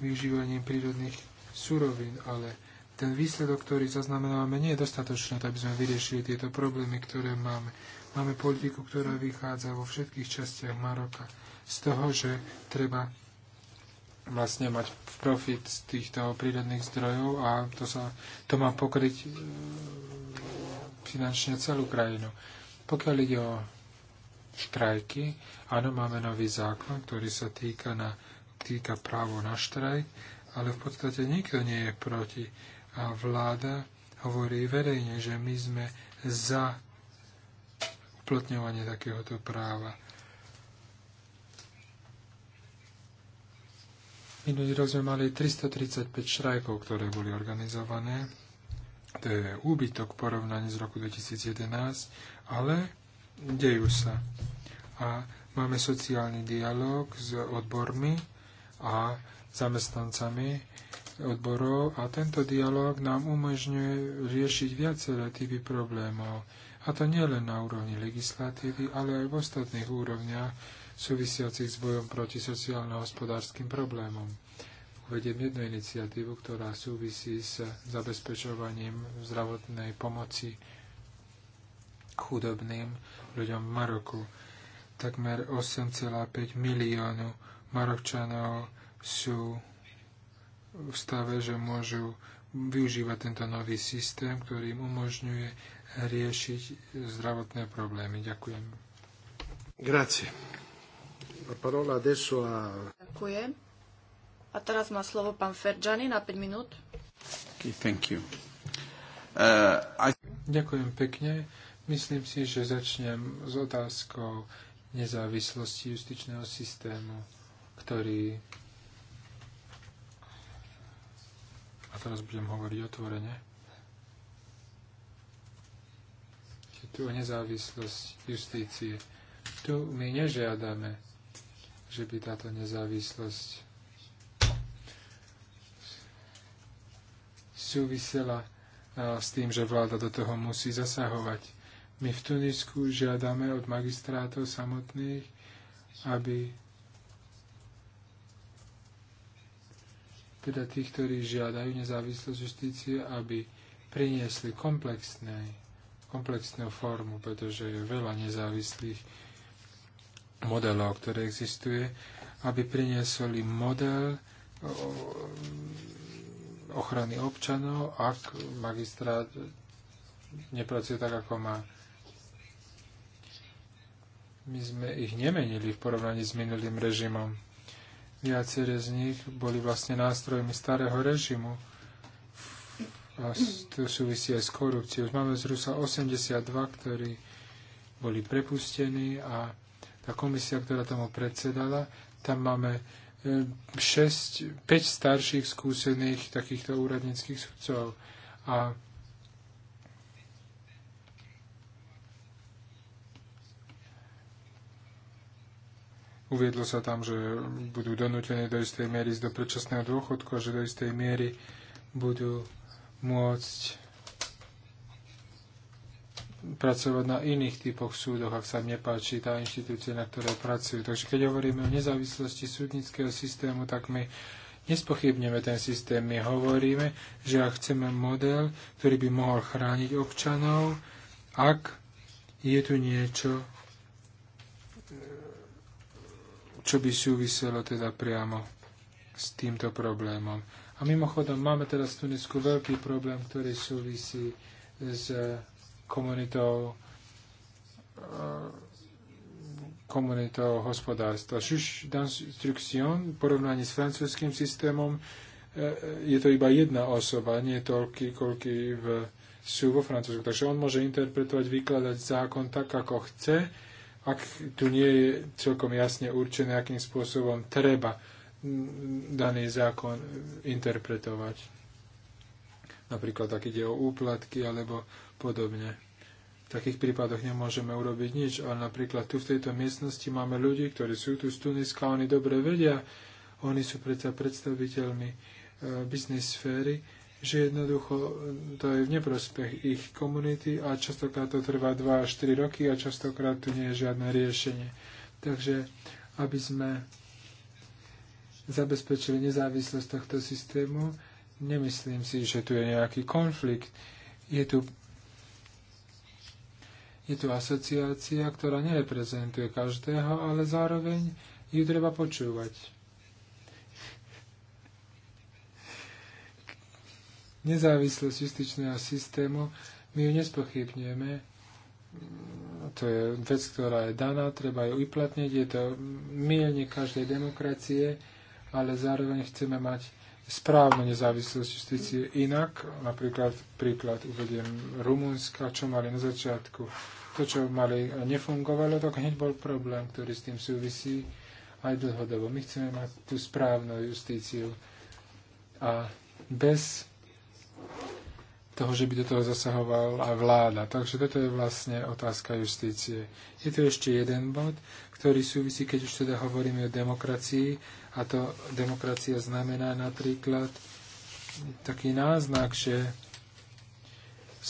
využívaním prírodných surovín, ale ten výsledok, ktorý zaznamenávame, nie je dostatočný, aby sme vyriešili tieto problémy, ktoré máme. Máme politiku, ktorá vychádza vo všetkých častiach Maroka z toho, že treba vlastne mať profit z týchto prírodných zdrojov a to, sa, to má pokryť e, finančne celú krajinu. Pokiaľ ide o štrajky, áno, máme nový zákon, ktorý sa týka, na, týka právo na štrajk, ale v podstate nikto nie je proti a vláda hovorí verejne, že my sme za uplatňovanie takéhoto práva. Minulý rok sme mali 335 štrajkov, ktoré boli organizované. To je úbytok v porovnaní z roku 2011, ale dejú sa. A máme sociálny dialog s odbormi a zamestnancami odborov a tento dialog nám umožňuje riešiť viaceré typy problémov. A to nie len na úrovni legislatívy, ale aj v ostatných úrovniach súvisiacich s bojom proti sociálno hospodárským problémom. Uvediem jednu iniciatívu, ktorá súvisí s zabezpečovaním zdravotnej pomoci chudobným ľuďom v Maroku. Takmer 8,5 miliónu Marokčanov sú v stave, že môžu využívať tento nový systém, ktorý im umožňuje riešiť zdravotné problémy. Ďakujem. Grazie. La parola adesso a... Ďakujem. A teraz má slovo pán Ferjani na 5 minút. Okay, thank you. Uh, I... Ďakujem pekne. Myslím si, že začnem s otázkou nezávislosti justičného systému, ktorý teraz budem hovoriť otvorene, je tu o nezávislosť justície. Tu my nežiadame, že by táto nezávislosť súvisela s tým, že vláda do toho musí zasahovať. My v Tunisku žiadame od magistrátov samotných, aby teda tých, ktorí žiadajú nezávislosť justície, aby priniesli komplexné, komplexnú formu, pretože je veľa nezávislých modelov, ktoré existuje, aby priniesli model ochrany občanov, ak magistrát nepracuje tak, ako má. My sme ich nemenili v porovnaní s minulým režimom Viacere z nich boli vlastne nástrojmi starého režimu a to súvisí aj s korupciou. Máme z Rusa 82, ktorí boli prepustení a tá komisia, ktorá tomu predsedala, tam máme 6, e, 5 starších skúsených takýchto úradníckých sudcov. A Uviedlo sa tam, že budú donútené do istej miery ísť do predčasného dôchodku a že do istej miery budú môcť pracovať na iných typoch súdoch, ak sa im nepáči tá inštitúcia, na ktorej pracujú. Takže keď hovoríme o nezávislosti súdnického systému, tak my nespochybneme ten systém. My hovoríme, že ak chceme model, ktorý by mohol chrániť občanov, ak je tu niečo, čo by súviselo teda priamo s týmto problémom. A mimochodom, máme teraz v Tunisku veľký problém, ktorý súvisí s eh, komunitou eh, komunitou hospodárstva. Šuš d'instruction, porovnaní s francúzským systémom, eh, je to iba jedna osoba, nie toľký, koľký v, sú vo Francúzsku. Takže on môže interpretovať, vykladať zákon tak, ako chce, ak tu nie je celkom jasne určené, akým spôsobom treba daný zákon interpretovať. Napríklad, ak ide o úplatky alebo podobne. V takých prípadoch nemôžeme urobiť nič, ale napríklad tu v tejto miestnosti máme ľudí, ktorí sú tu z Tuniska, oni dobre vedia, oni sú predsa predstaviteľmi e, biznis sféry že jednoducho mm, to je v neprospech ich komunity a častokrát to trvá 2 až 4 roky a častokrát tu nie je žiadne riešenie. Takže aby sme zabezpečili nezávislosť tohto systému, nemyslím si, že tu je nejaký konflikt. Je tu je tu asociácia, ktorá nereprezentuje každého, ale zároveň ju treba počúvať. Nezávislosť justičného systému, my ju nespochybnieme. To je vec, ktorá je daná, treba ju uplatniť. Je to mielne každej demokracie, ale zároveň chceme mať správnu nezávislosť justície inak. Napríklad príklad uvediem Rumunska, čo mali na začiatku. To, čo mali nefungovalo, tak hneď bol problém, ktorý s tým súvisí aj dlhodobo. My chceme mať tú správnu justíciu. A bez toho, že by do toho zasahovala vláda. Takže toto je vlastne otázka justície. Je tu ešte jeden bod, ktorý súvisí, keď už teda hovoríme o demokracii, a to demokracia znamená napríklad taký náznak, že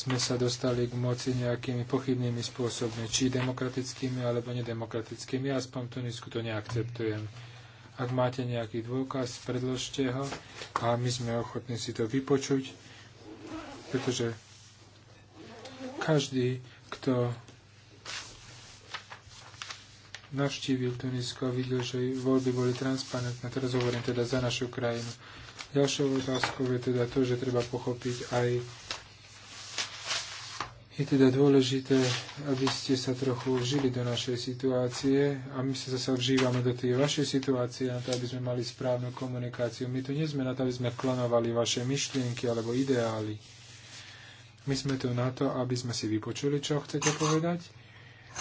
sme sa dostali k moci nejakými pochybnými spôsobmi, či demokratickými alebo nedemokratickými. Ja aspoň to nízku to neakceptujem. Ak máte nejaký dôkaz, predložte ho a my sme ochotní si to vypočuť pretože každý, kto navštívil Tunisko a videl, že voľby boli transparentné. Teraz hovorím teda za našu krajinu. Ďalšou otázkou je teda to, že treba pochopiť aj je teda dôležité, aby ste sa trochu žili do našej situácie a my sa zase vžívame do tej vašej situácie na to, aby sme mali správnu komunikáciu. My tu nie sme na to, aby sme klonovali vaše myšlienky alebo ideály. My sme tu na to, aby sme si vypočuli, čo chcete povedať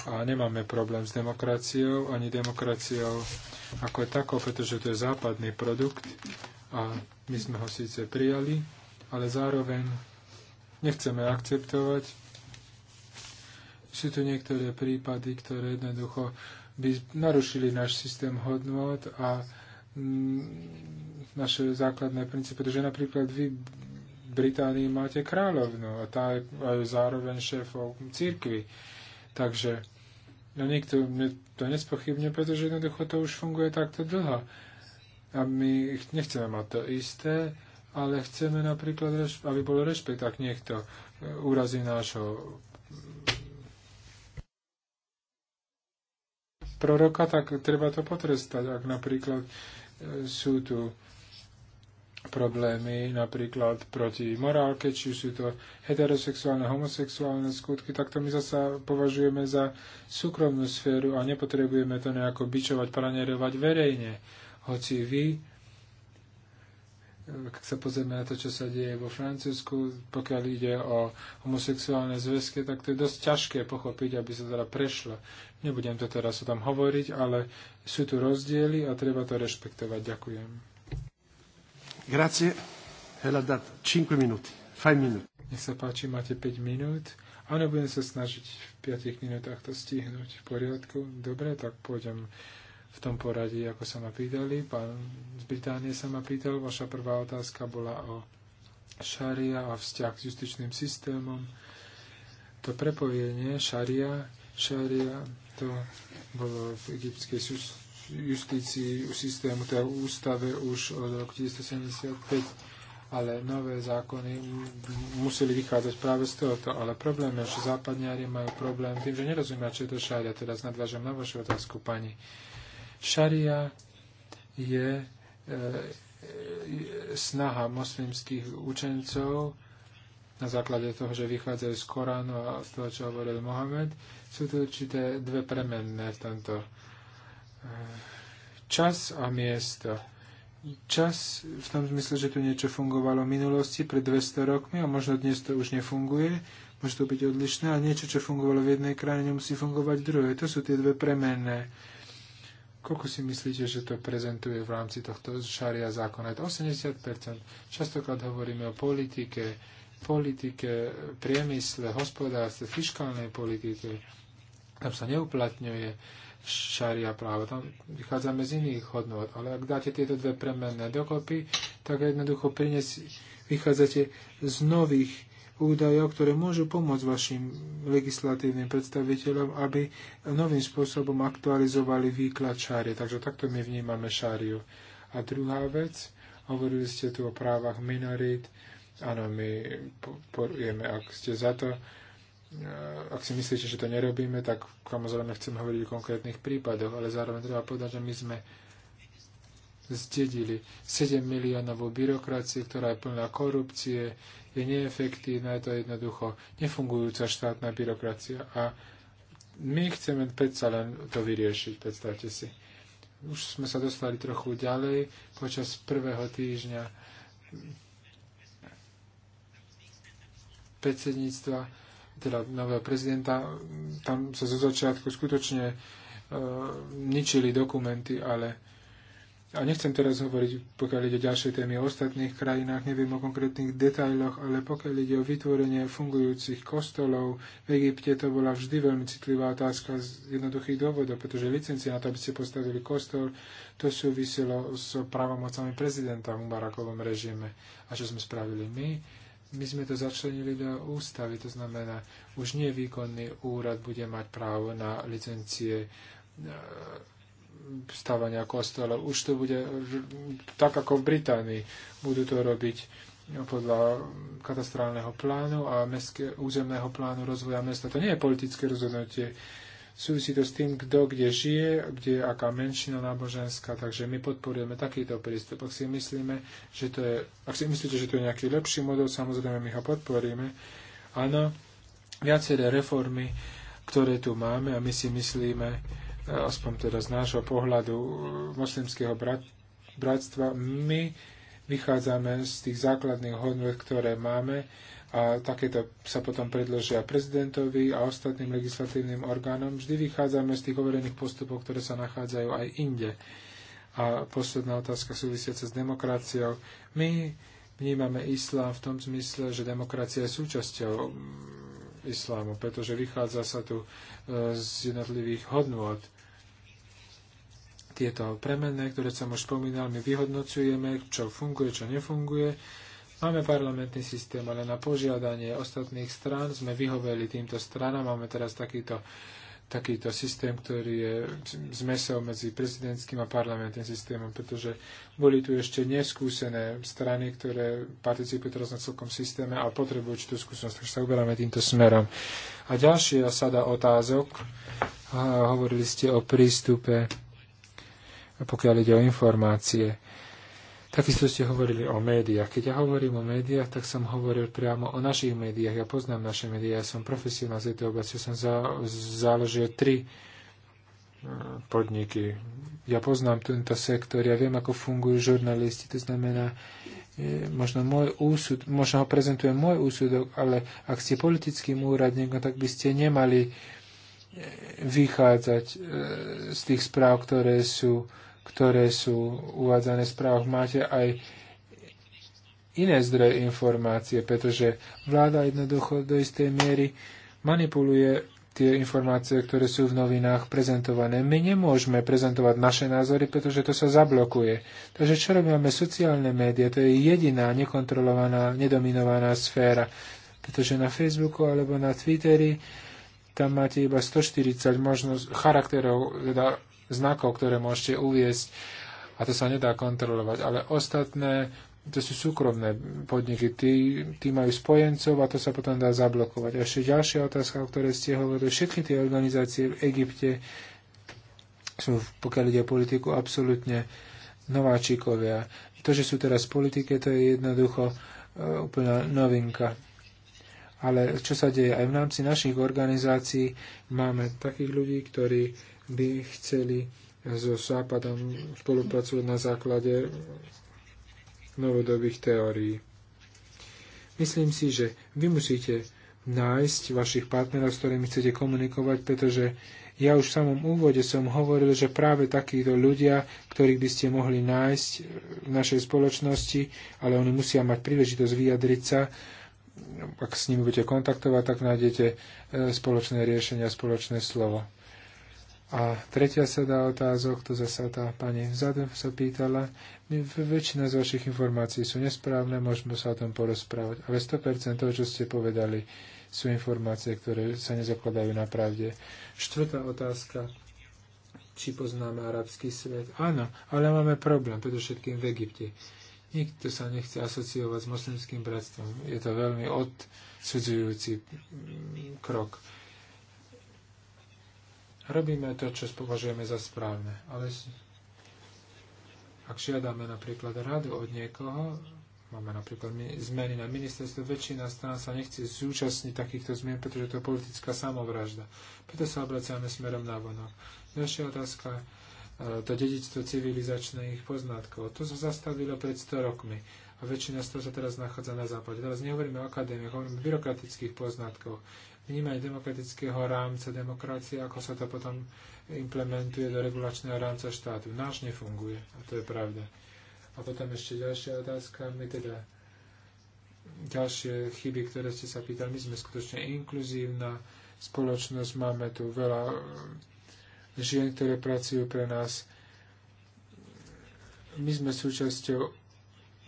a nemáme problém s demokraciou ani demokraciou ako takou, pretože to je západný produkt a my sme ho síce prijali, ale zároveň nechceme akceptovať. Sú tu niektoré prípady, ktoré jednoducho by narušili náš systém hodnot a mm, naše základné princípy, pretože napríklad vy Británii máte královnu a tá je aj zároveň šéfou církvy. Takže no nikto to nespochybne, pretože jednoducho to už funguje takto dlho. A my nechceme mať to isté, ale chceme napríklad, aby bol rešpekt, ak niekto e, urazí nášho proroka, tak treba to potrestať. Ak napríklad e, sú tu problémy napríklad proti morálke, či sú to heterosexuálne, homosexuálne skutky, tak to my zasa považujeme za súkromnú sféru a nepotrebujeme to nejako bičovať, pranerovať verejne. Hoci vy, ak eh, sa pozrieme na to, čo sa deje vo Francúzsku, pokiaľ ide o homosexuálne zväzky, tak to je dosť ťažké pochopiť, aby sa teda prešlo. Nebudem to teraz o tom hovoriť, ale sú tu rozdiely a treba to rešpektovať. Ďakujem. Grazie. Hela dat 5 minút. 5 minút. Nech sa páči, máte 5 minút. Áno, budem sa snažiť v 5 minútach to stihnúť. V poriadku? Dobre, tak pôjdem v tom poradí, ako sa ma pýtali. Pán z Británie sa ma pýtal, vaša prvá otázka bola o šaria a vzťah s justičným systémom. To prepojenie šaria, šaria, to bolo v egyptskej justícii, systému, teda ústave už od roku 1975 ale nové zákony museli vychádzať práve z tohoto. Ale problém je, že západňári majú problém tým, že nerozumia, čo je to šaria. Teraz nadvážam na vašu otázku, pani. Šaria je e, e, snaha moslimských učencov na základe toho, že vychádzajú z Koránu a z toho, čo hovoril Mohamed, sú tu určité dve premenné v tomto čas a miesto. Čas v tom zmysle, že tu niečo fungovalo v minulosti pred 200 rokmi a možno dnes to už nefunguje, môže to byť odlišné, a niečo, čo fungovalo v jednej krajine, nemusí fungovať v druhej. To sú tie dve premenné. Koľko si myslíte, že to prezentuje v rámci tohto šaria zákona? Je to 80%. Častokrát hovoríme o politike, politike, priemysle, hospodárstve, fiskálnej politike. Tam sa neuplatňuje šaria práva. Tam vychádzame z iných hodnot. Ale ak dáte tieto dve premenné dokopy, tak jednoducho prinesi, vychádzate z nových údajov, ktoré môžu pomôcť vašim legislatívnym predstaviteľom, aby novým spôsobom aktualizovali výklad šárie. Takže takto my vnímame šáriu. A druhá vec, hovorili ste tu o právach minorít. Áno, my podporujeme, ak ste za to, ak si myslíte, že to nerobíme, tak samozrejme chcem hovoriť o konkrétnych prípadoch, ale zároveň treba povedať, že my sme zdedili 7 miliónovú byrokraciu, ktorá je plná korupcie, je neefektívna, je to jednoducho nefungujúca štátna byrokracia a my chceme predsa len to vyriešiť, predstavte si. Už sme sa dostali trochu ďalej počas prvého týždňa predsedníctva teda nového prezidenta, tam sa zo začiatku skutočne e, ničili dokumenty, ale a nechcem teraz hovoriť, pokiaľ ide o ďalšie témy o ostatných krajinách, neviem o konkrétnych detailoch, ale pokiaľ ide o vytvorenie fungujúcich kostolov, v Egypte to bola vždy veľmi citlivá otázka z jednoduchých dôvodov, pretože licencie na to, aby ste postavili kostol, to súviselo s právomocami prezidenta v Mubarakovom režime. A čo sme spravili my? my sme to začlenili do ústavy, to znamená, už nevýkonný úrad bude mať právo na licencie e, stávania kostola. Už to bude tak ako v Británii. Budú to robiť podľa katastrálneho plánu a mestské, územného plánu rozvoja mesta. To nie je politické rozhodnutie. Súvisí to s tým, kto kde žije, kde je aká menšina náboženská, takže my podporujeme takýto prístup. Ak si myslíme, že to je, ak si myslíte, že to je nejaký lepší model, samozrejme my ho podporíme. Áno, viaceré reformy, ktoré tu máme a my si myslíme, e, aspoň teda z nášho pohľadu e, moslimského brat, bratstva, my vychádzame z tých základných hodnot, ktoré máme a takéto sa potom predložia prezidentovi a ostatným legislatívnym orgánom. Vždy vychádzame z tých overených postupov, ktoré sa nachádzajú aj inde. A posledná otázka súvisiaca s demokraciou. My vnímame islám v tom zmysle, že demokracia je súčasťou mm, islámu, pretože vychádza sa tu e, z jednotlivých hodnôt. Tieto premenné, ktoré som už spomínal, my vyhodnocujeme, čo funguje, čo nefunguje Máme parlamentný systém, ale na požiadanie ostatných strán sme vyhoveli týmto stranám. Máme teraz takýto, takýto systém, ktorý je zmesel medzi prezidentským a parlamentným systémom, pretože boli tu ešte neskúsené strany, ktoré participujú teraz na celkom systéme a potrebujú určitú skúsenosť, takže sa uberáme týmto smerom. A ďalšia sada otázok. hovorili ste o prístupe, pokiaľ ide o informácie. Takisto ste hovorili o médiách. Keď ja hovorím o médiách, tak som hovoril priamo o našich médiách. Ja poznám naše médiá, ja som profesionál z tejto oblasti, som za, založil tri eh, podniky. Ja poznám tento sektor, ja viem, ako fungujú žurnalisti, to znamená, eh, možno môj úsud, možno ho prezentuje môj úsudok, ale ak ste politickým úradníkom, tak by ste nemali eh, vychádzať z tých správ, ktoré sú ktoré sú uvádzané v správach, máte aj iné zdroje informácie, pretože vláda jednoducho do istej miery manipuluje tie informácie, ktoré sú v novinách prezentované. My nemôžeme prezentovať naše názory, pretože to sa zablokuje. Takže čo robíme? Sociálne médiá, to je jediná nekontrolovaná, nedominovaná sféra. Pretože na Facebooku alebo na Twitteri tam máte iba 140 možnosť charakterov, teda znakov, ktoré môžete uviesť a to sa nedá kontrolovať. Ale ostatné, to sú súkromné podniky, tí, tí majú spojencov a to sa potom dá zablokovať. A ešte ďalšia otázka, o ktorej ste hovorili, všetky tie organizácie v Egypte sú, pokiaľ ide o politiku, absolútne nováčikovia. To, že sú teraz v politike, to je jednoducho e, úplná novinka. Ale čo sa deje aj v rámci našich organizácií, máme takých ľudí, ktorí by chceli so Západom spolupracovať na základe novodobých teórií. Myslím si, že vy musíte nájsť vašich partnerov, s ktorými chcete komunikovať, pretože ja už v samom úvode som hovoril, že práve takíto ľudia, ktorých by ste mohli nájsť v našej spoločnosti, ale oni musia mať príležitosť vyjadriť sa, ak s nimi budete kontaktovať, tak nájdete e, spoločné riešenia, spoločné slovo. A tretia sada otázok, to zase tá pani vzadu sa pýtala, väčšina z vašich informácií sú nesprávne, môžeme sa o tom porozprávať. Ale 100% toho, čo ste povedali, sú informácie, ktoré sa nezakladajú na pravde. Štvrtá otázka, či poznáme arabský svet. Áno, ale máme problém, predovšetkým v Egypte. Nikto sa nechce asociovať s moslimským bratstvom. Je to veľmi odsudzujúci mm, krok Robíme to, čo považujeme za správne, ale ak žiadame napríklad radu od niekoho, máme napríklad zmeny na ministerstve, väčšina strán sa nechce zúčastniť takýchto zmien, pretože to je politická samovražda. Preto sa obraciame smerom na vonok. Ďalšia otázka, e, to dedičstvo civilizačných poznatkov. To sa zastavilo pred 100 rokmi a väčšina z toho sa teraz nachádza na západe. Teraz nehovoríme o akadémiách, hovoríme o byrokratických poznatkoch vnímať demokratického rámca demokracie, ako sa to potom implementuje do regulačného rámca štátu. Náš nefunguje a to je pravda. A potom ešte ďalšia otázka, my teda ďalšie chyby, ktoré ste sa pýtali, my sme skutočne inkluzívna spoločnosť, máme tu veľa eh, žien, ktoré pracujú pre nás. My sme súčasťou,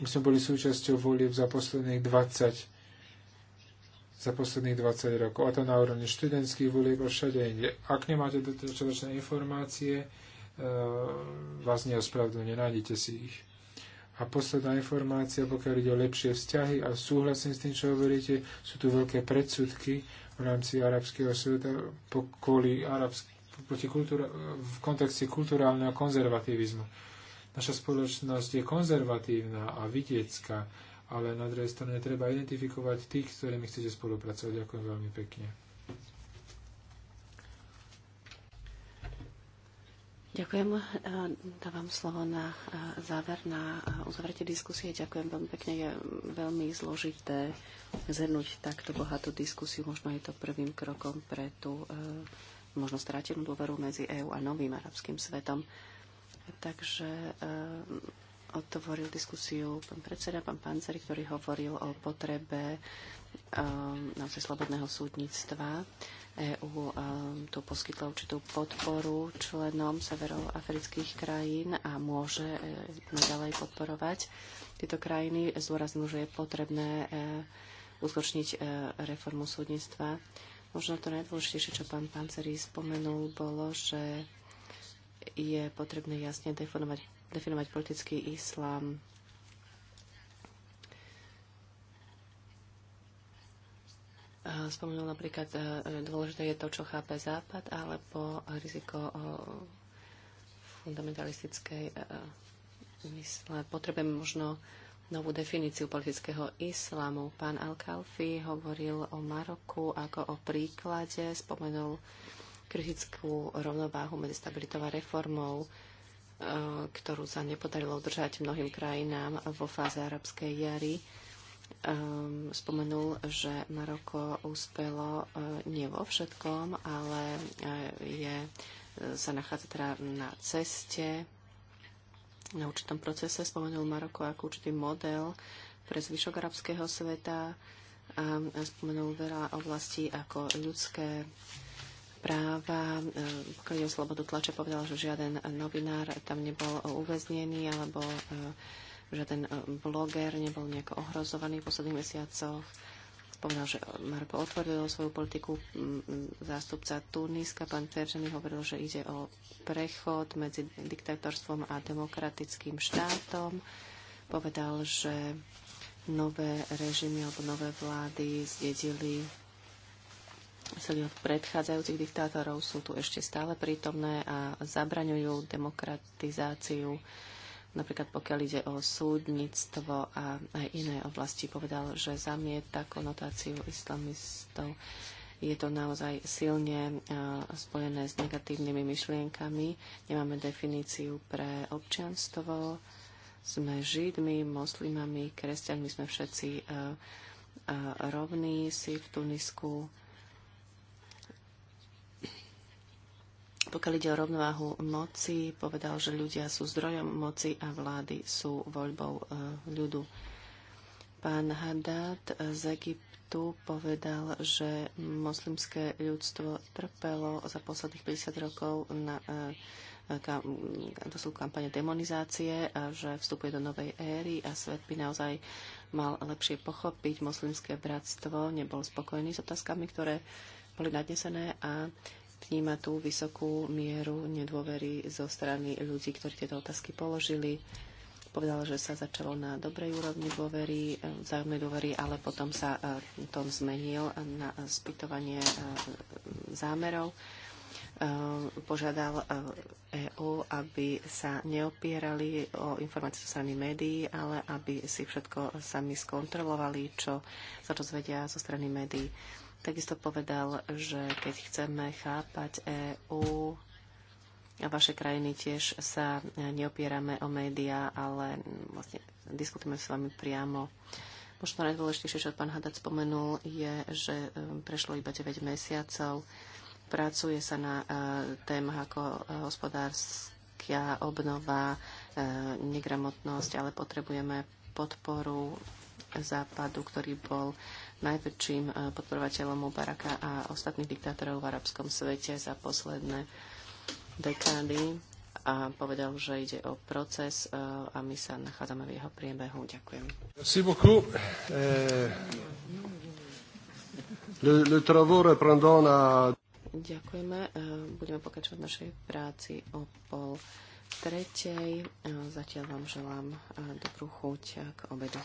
my sme boli súčasťou volieb za posledných 20 za posledných 20 rokov, a to na úrovni študentských volieb a všade inde. Ak nemáte dostatočné informácie, e, vás neospravedlne, nájdete si ich. A posledná informácia, pokiaľ ide o lepšie vzťahy, a súhlasím s tým, čo hovoríte, sú tu veľké predsudky v rámci arabského sveta kvôli arabským proti kultúra, v kontexte kulturálneho konzervativizmu. Naša spoločnosť je konzervatívna a vidiecká ale na druhej strane treba identifikovať tých, s ktorými chcete spolupracovať. Ďakujem veľmi pekne. Ďakujem. Eh, dávam slovo na eh, záver, na eh, uzavretie diskusie. Ďakujem veľmi pekne. Je veľmi zložité zhrnúť takto bohatú diskusiu. Možno je to prvým krokom pre tú možno strátenú dôveru medzi EÚ a novým arabským svetom. Takže otvoril diskusiu pán predseda, pán Panceri, ktorý hovoril o potrebe um, naozaj slobodného súdnictva. EU um, tu poskytla určitú podporu členom severoafrických krajín a môže e, naďalej podporovať tieto krajiny. Zdôraznil, že je potrebné e, uskočniť e, reformu súdnictva. Možno to najdôležitejšie, čo pán Panceri spomenul, bolo, že je potrebné jasne definovať definovať politický islám. Eh, spomenul napríklad, eh, dôležité je to, čo chápe Západ, alebo riziko eh, fundamentalistickej mysle. Potrebujeme možno novú definíciu politického islamu. Pán Al-Kalfi hovoril o Maroku ako o príklade, spomenul kritickú rovnováhu medzi stabilitou a reformou ktorú sa nepodarilo udržať mnohým krajinám vo fáze arabskej jary. Um, spomenul, že Maroko uspelo uh, nie vo všetkom, ale uh, je, uh, sa nachádza teda na ceste, na určitom procese. Spomenul Maroko ako určitý model pre zvyšok arabského sveta a um, spomenul veľa oblastí ako ľudské práva, e, pokiaľ ide o slobodu tlače, povedala, že žiaden novinár tam nebol uväznený alebo e, žiaden e, bloger nebol nejako ohrozovaný v posledných mesiacoch. Povedal, že Marko otvoril svoju politiku. Zástupca Tuniska, pán Feržený hovoril, že ide o prechod medzi diktatorstvom a demokratickým štátom. Povedal, že nové režimy alebo nové vlády zdedili silí od predchádzajúcich diktátorov, sú tu ešte stále prítomné a zabraňujú demokratizáciu. Napríklad pokiaľ ide o súdnictvo a aj iné oblasti, povedal, že zamieta konotáciu islamistov. Je to naozaj silne e, spojené s negatívnymi myšlienkami. Nemáme definíciu pre občianstvo. Sme židmi, moslimami, kresťanmi, sme všetci e, e, rovní si v Tunisku pokiaľ ide o rovnováhu moci, povedal, že ľudia sú zdrojom moci a vlády sú voľbou e, ľudu. Pán Haddad z Egyptu povedal, že moslimské ľudstvo trpelo za posledných 50 rokov na e, to sú kampane demonizácie, a že vstupuje do novej éry a svet by naozaj mal lepšie pochopiť. Moslimské bratstvo nebol spokojný s otázkami, ktoré boli nadnesené a vníma tú vysokú mieru nedôvery zo strany ľudí, ktorí tieto otázky položili. Povedal, že sa začalo na dobrej úrovni dôvery, vzájomnej dôvery, ale potom sa e, tom zmenil na spýtovanie e, zámerov. E, požiadal EÚ, aby sa neopierali o informácie zo strany médií, ale aby si všetko sami skontrolovali, čo sa dozvedia zo strany médií Takisto povedal, že keď chceme chápať EÚ a vaše krajiny tiež sa neopierame o médiá, ale vlastne diskutujeme s vami priamo. Možno najdôležitejšie, čo pán Hadad spomenul, je, že um, prešlo iba 9 mesiacov. Pracuje sa na uh, témach ako uh, hospodárska obnova, uh, negramotnosť, ale potrebujeme podporu západu, ktorý bol najväčším eh, podporovateľom Mubaraka a ostatných diktátorov v arabskom svete za posledné dekády a povedal, že ide o proces eh, a my sa nachádzame v jeho priebehu. Ďakujem. Eh, Ďakujeme. Budeme pokračovať v našej práci o pol tretej. Zatiaľ vám želám dobrú chuť k obedu.